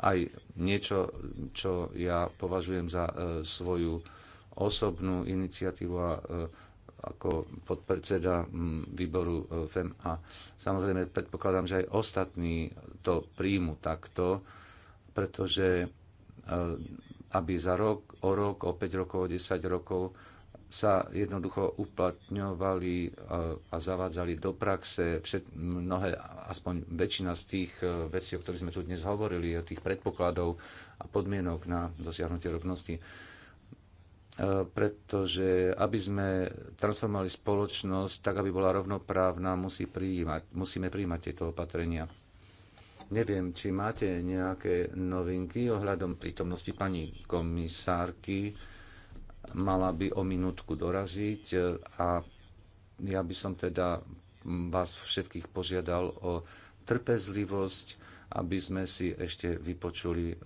aj niečo, čo ja považujem za e, svoju osobnú iniciatívu a ako podpredseda výboru FEM a samozrejme predpokladám, že aj ostatní to príjmu takto, pretože aby za rok, o rok, o 5 rokov, o 10 rokov sa jednoducho uplatňovali e, a zavádzali do praxe všet, mnohé, aspoň väčšina z tých e, vecí, o ktorých sme tu dnes hovorili, o tých predpokladov a podmienok na dosiahnutie rovnosti. E, pretože aby sme transformovali spoločnosť tak, aby bola rovnoprávna, musí prijímať, musíme prijímať tieto opatrenia. Neviem, či máte nejaké novinky ohľadom prítomnosti pani komisárky. Mala by o minútku doraziť a ja by som teda vás všetkých požiadal o trpezlivosť, aby sme si ešte vypočuli e,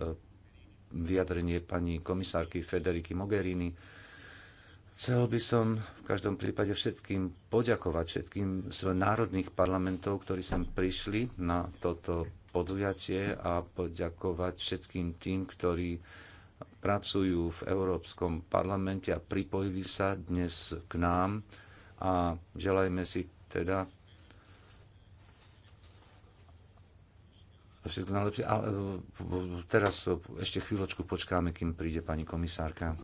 vyjadrenie pani komisárky Federiky Mogherini. Chcel by som v každom prípade všetkým poďakovať, všetkým z národných parlamentov, ktorí sem prišli na toto podujatie a poďakovať všetkým tým, ktorí pracujú v Európskom parlamente a pripojili sa dnes k nám a želajme si teda všetko najlepšie. A e, teraz ešte chvíľočku počkáme, kým príde pani komisárka.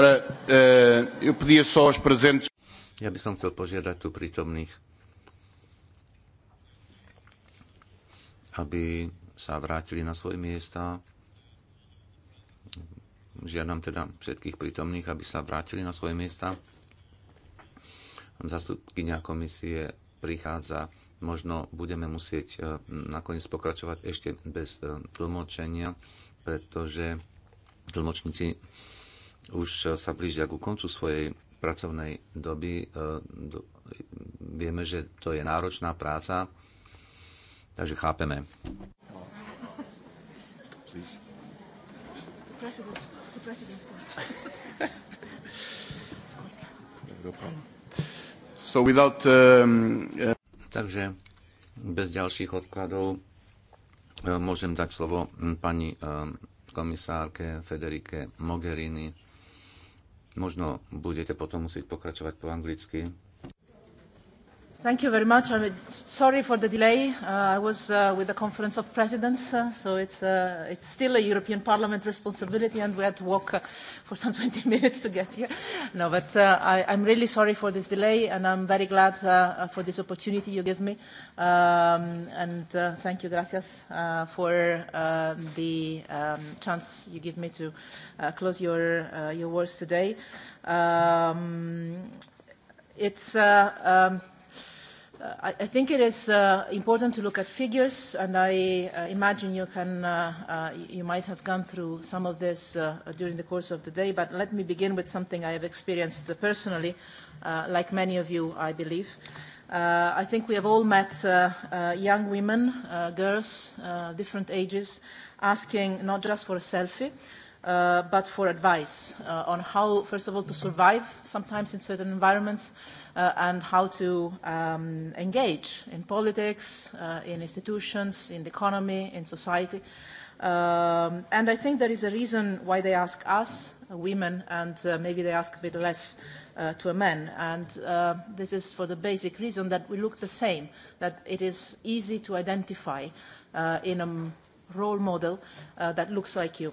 Ora, eh, eu pedia só aos presentes. Ja by som chcel požiadať tu prítomných, aby sa vrátili na svoje miesta. Žiadam teda všetkých prítomných, aby sa vrátili na svoje miesta. Zastupkynia komisie prichádza. Možno budeme musieť eh, nakoniec pokračovať ešte bez eh, tlmočenia, pretože tlmočníci už eh, sa blížia ku koncu svojej pracovnej doby. Eh, vieme, že to je náročná práca, takže chápeme. So without, um, uh... Takže bez ďalších odkladov eh, môžem dať slovo pani komisárke Federike Mogherini Možno budete potom musieť pokračovať po anglicky. Thank you very much. I'm sorry for the delay. Uh, I was uh, with the Conference of Presidents, uh, so it's, uh, it's still a European Parliament responsibility, and we had to walk uh, for some 20 minutes to get here. No, but uh, I, I'm really sorry for this delay, and I'm very glad uh, uh, for this opportunity you give me. Um, and uh, thank you, gracias, uh, for um the um, chance you give me to uh, close your, uh, your words today. Um, it's... Uh, um, Uh, I, I think it is uh, important to look at figures, and I uh, imagine you, can, uh, uh, you might have gone through some of this uh, during the course of the day, but let me begin with something I have experienced personally, uh, like many of you, I believe. Uh, I think we have all met uh, uh, young women, uh, girls, uh, different ages, asking not just for a selfie, uh, but for advice uh, on how, first of all, to survive sometimes in certain environments, uh, uh, and how to um, engage in politics, uh, in institutions, in the economy, in society. Um, and I think there is a reason why they ask us, uh, women, and uh, maybe they ask a bit less uh, to a man. And uh, this is for the basic reason that we look the same, that it is easy to identify uh, in a role model uh, that looks like you.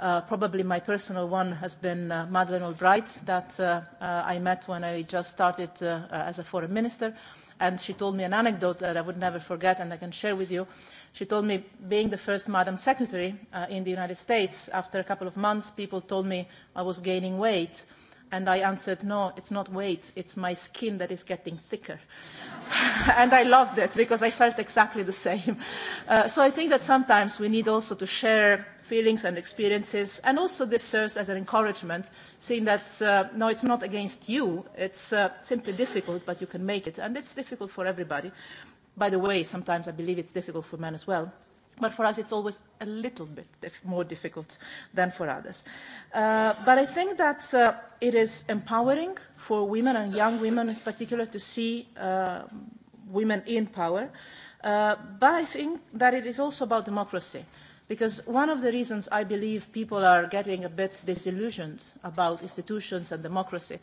Uh, probably my personal one has been uh, Madeleine Albright that uh, uh, I met when I just started uh, uh, as a foreign minister. And she told me an anecdote that I would never forget and I can share with you. She told me, being the first Madam Secretary uh, in the United States, after a couple of months, people told me I was gaining weight. Uh, And I answered, no, it's not weight, it's my skin that is getting thicker. and I loved it because I felt exactly the same. Uh, so I think that sometimes we need also to share feelings and experiences. And also this serves as an encouragement, seeing that, uh, no, it's not against you, it's uh, simply difficult, but you can make it. And it's difficult for everybody. By the way, sometimes I believe it's difficult for men as well but for us it's always a little bit dif more difficult than for others. Uh, but I think that uh, it is empowering for women and young women in particular to see uh, women in power. Uh, but I think that it is also about democracy because one of the reasons I believe people are getting a bit disillusioned about institutions and democracy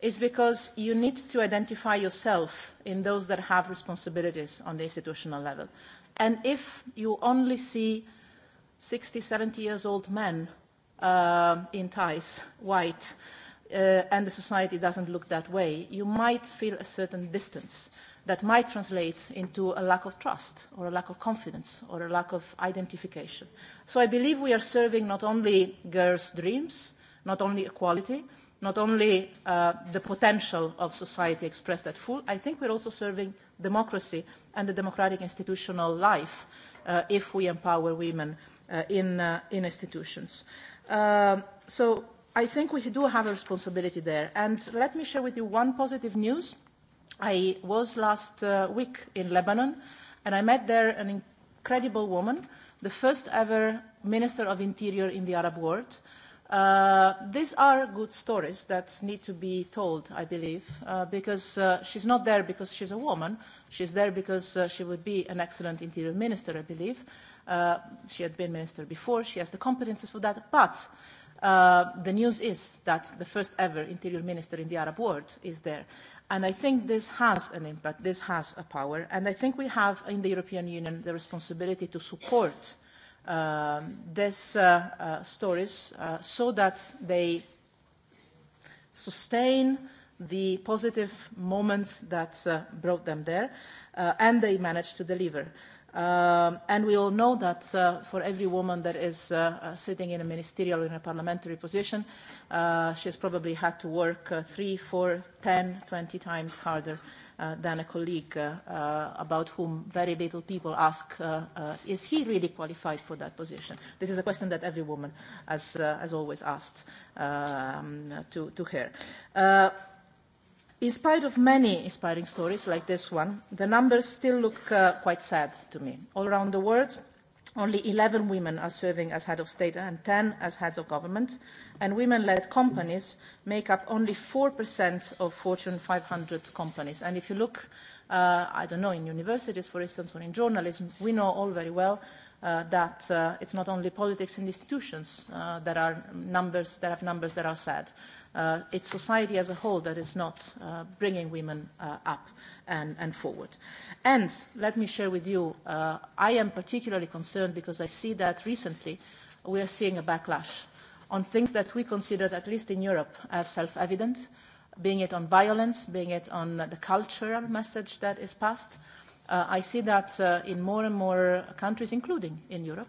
is because you need to identify yourself in those that have responsibilities on the institutional level. And if you only see 60, 70 years old men uh, in ties, white, uh, and the society doesn't look that way, you might feel a certain distance that might translate into a lack of trust or a lack of confidence or a lack of identification. So I believe we are serving not only girls' dreams, not only equality, not only uh, the potential of society expressed at full, I think we're also serving democracy and the democratic institutional life uh, if we empower women uh, in, uh, in institutions. Um, so I think we do have a responsibility there. And let me share with you one positive news. I was last uh, week in Lebanon, and I met there an incredible woman, the first ever Minister of Interior in the Arab world, uh, Uh, these are good stories that need to be told, I believe, uh, because uh, she's not there because she's a woman. She's there because uh, she would be an excellent interior minister, I believe. Uh, she had been minister before. She has the competences for that. But uh, the news is that the first ever interior minister in the Arab world is there. And I think this has an impact. This has a power. And I think we have in the European Union the responsibility to support Um, uh these uh, stories uh, so that they sustain the positive moment that uh, brought them there, and they managed to deliver. Um, and we all know that uh, for every woman that is uh, uh sitting in a ministerial or in a parliamentary position, uh, she has probably had to work uh, three, four, ten, twenty times harder uh, than a colleague uh, uh, about whom very little people ask, uh, uh, is he really qualified for that position? This is a question that every woman has, uh, has always asked um, to, to her. Uh, in spite of many inspiring stories like this one, the numbers still look uh, quite sad to me. All around the world, only 11 women are serving as head of state and 10 as heads of government, and women-led companies make up only 4% of Fortune 500 companies. And if you look, uh, I don't know, in universities, for instance, or in journalism, we know all very well uh, that uh, it's not only politics and institutions uh, that are numbers that have numbers that are sad uh, it's society as a whole that is not uh, bringing women uh, up and, and forward. And let me share with you, uh, I am particularly concerned because I see that recently we are seeing a backlash on things that we considered, at least in Europe, as self-evident, being it on violence, being it on the cultural message that is passed. Uh, I see that uh, in more and more countries, including in Europe,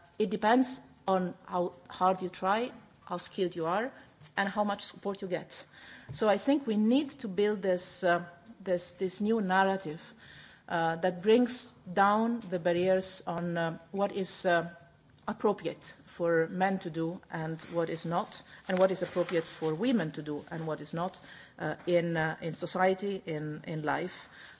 it depends on how hard you try, how skilled you are, and how much support you get. So I think we need to build this, uh, this, this new narrative uh, that brings down the barriers on uh, what is uh, appropriate for men to do and what is not, and what is appropriate for women to do and what is not uh, in, uh, in society, in, in life. Uh,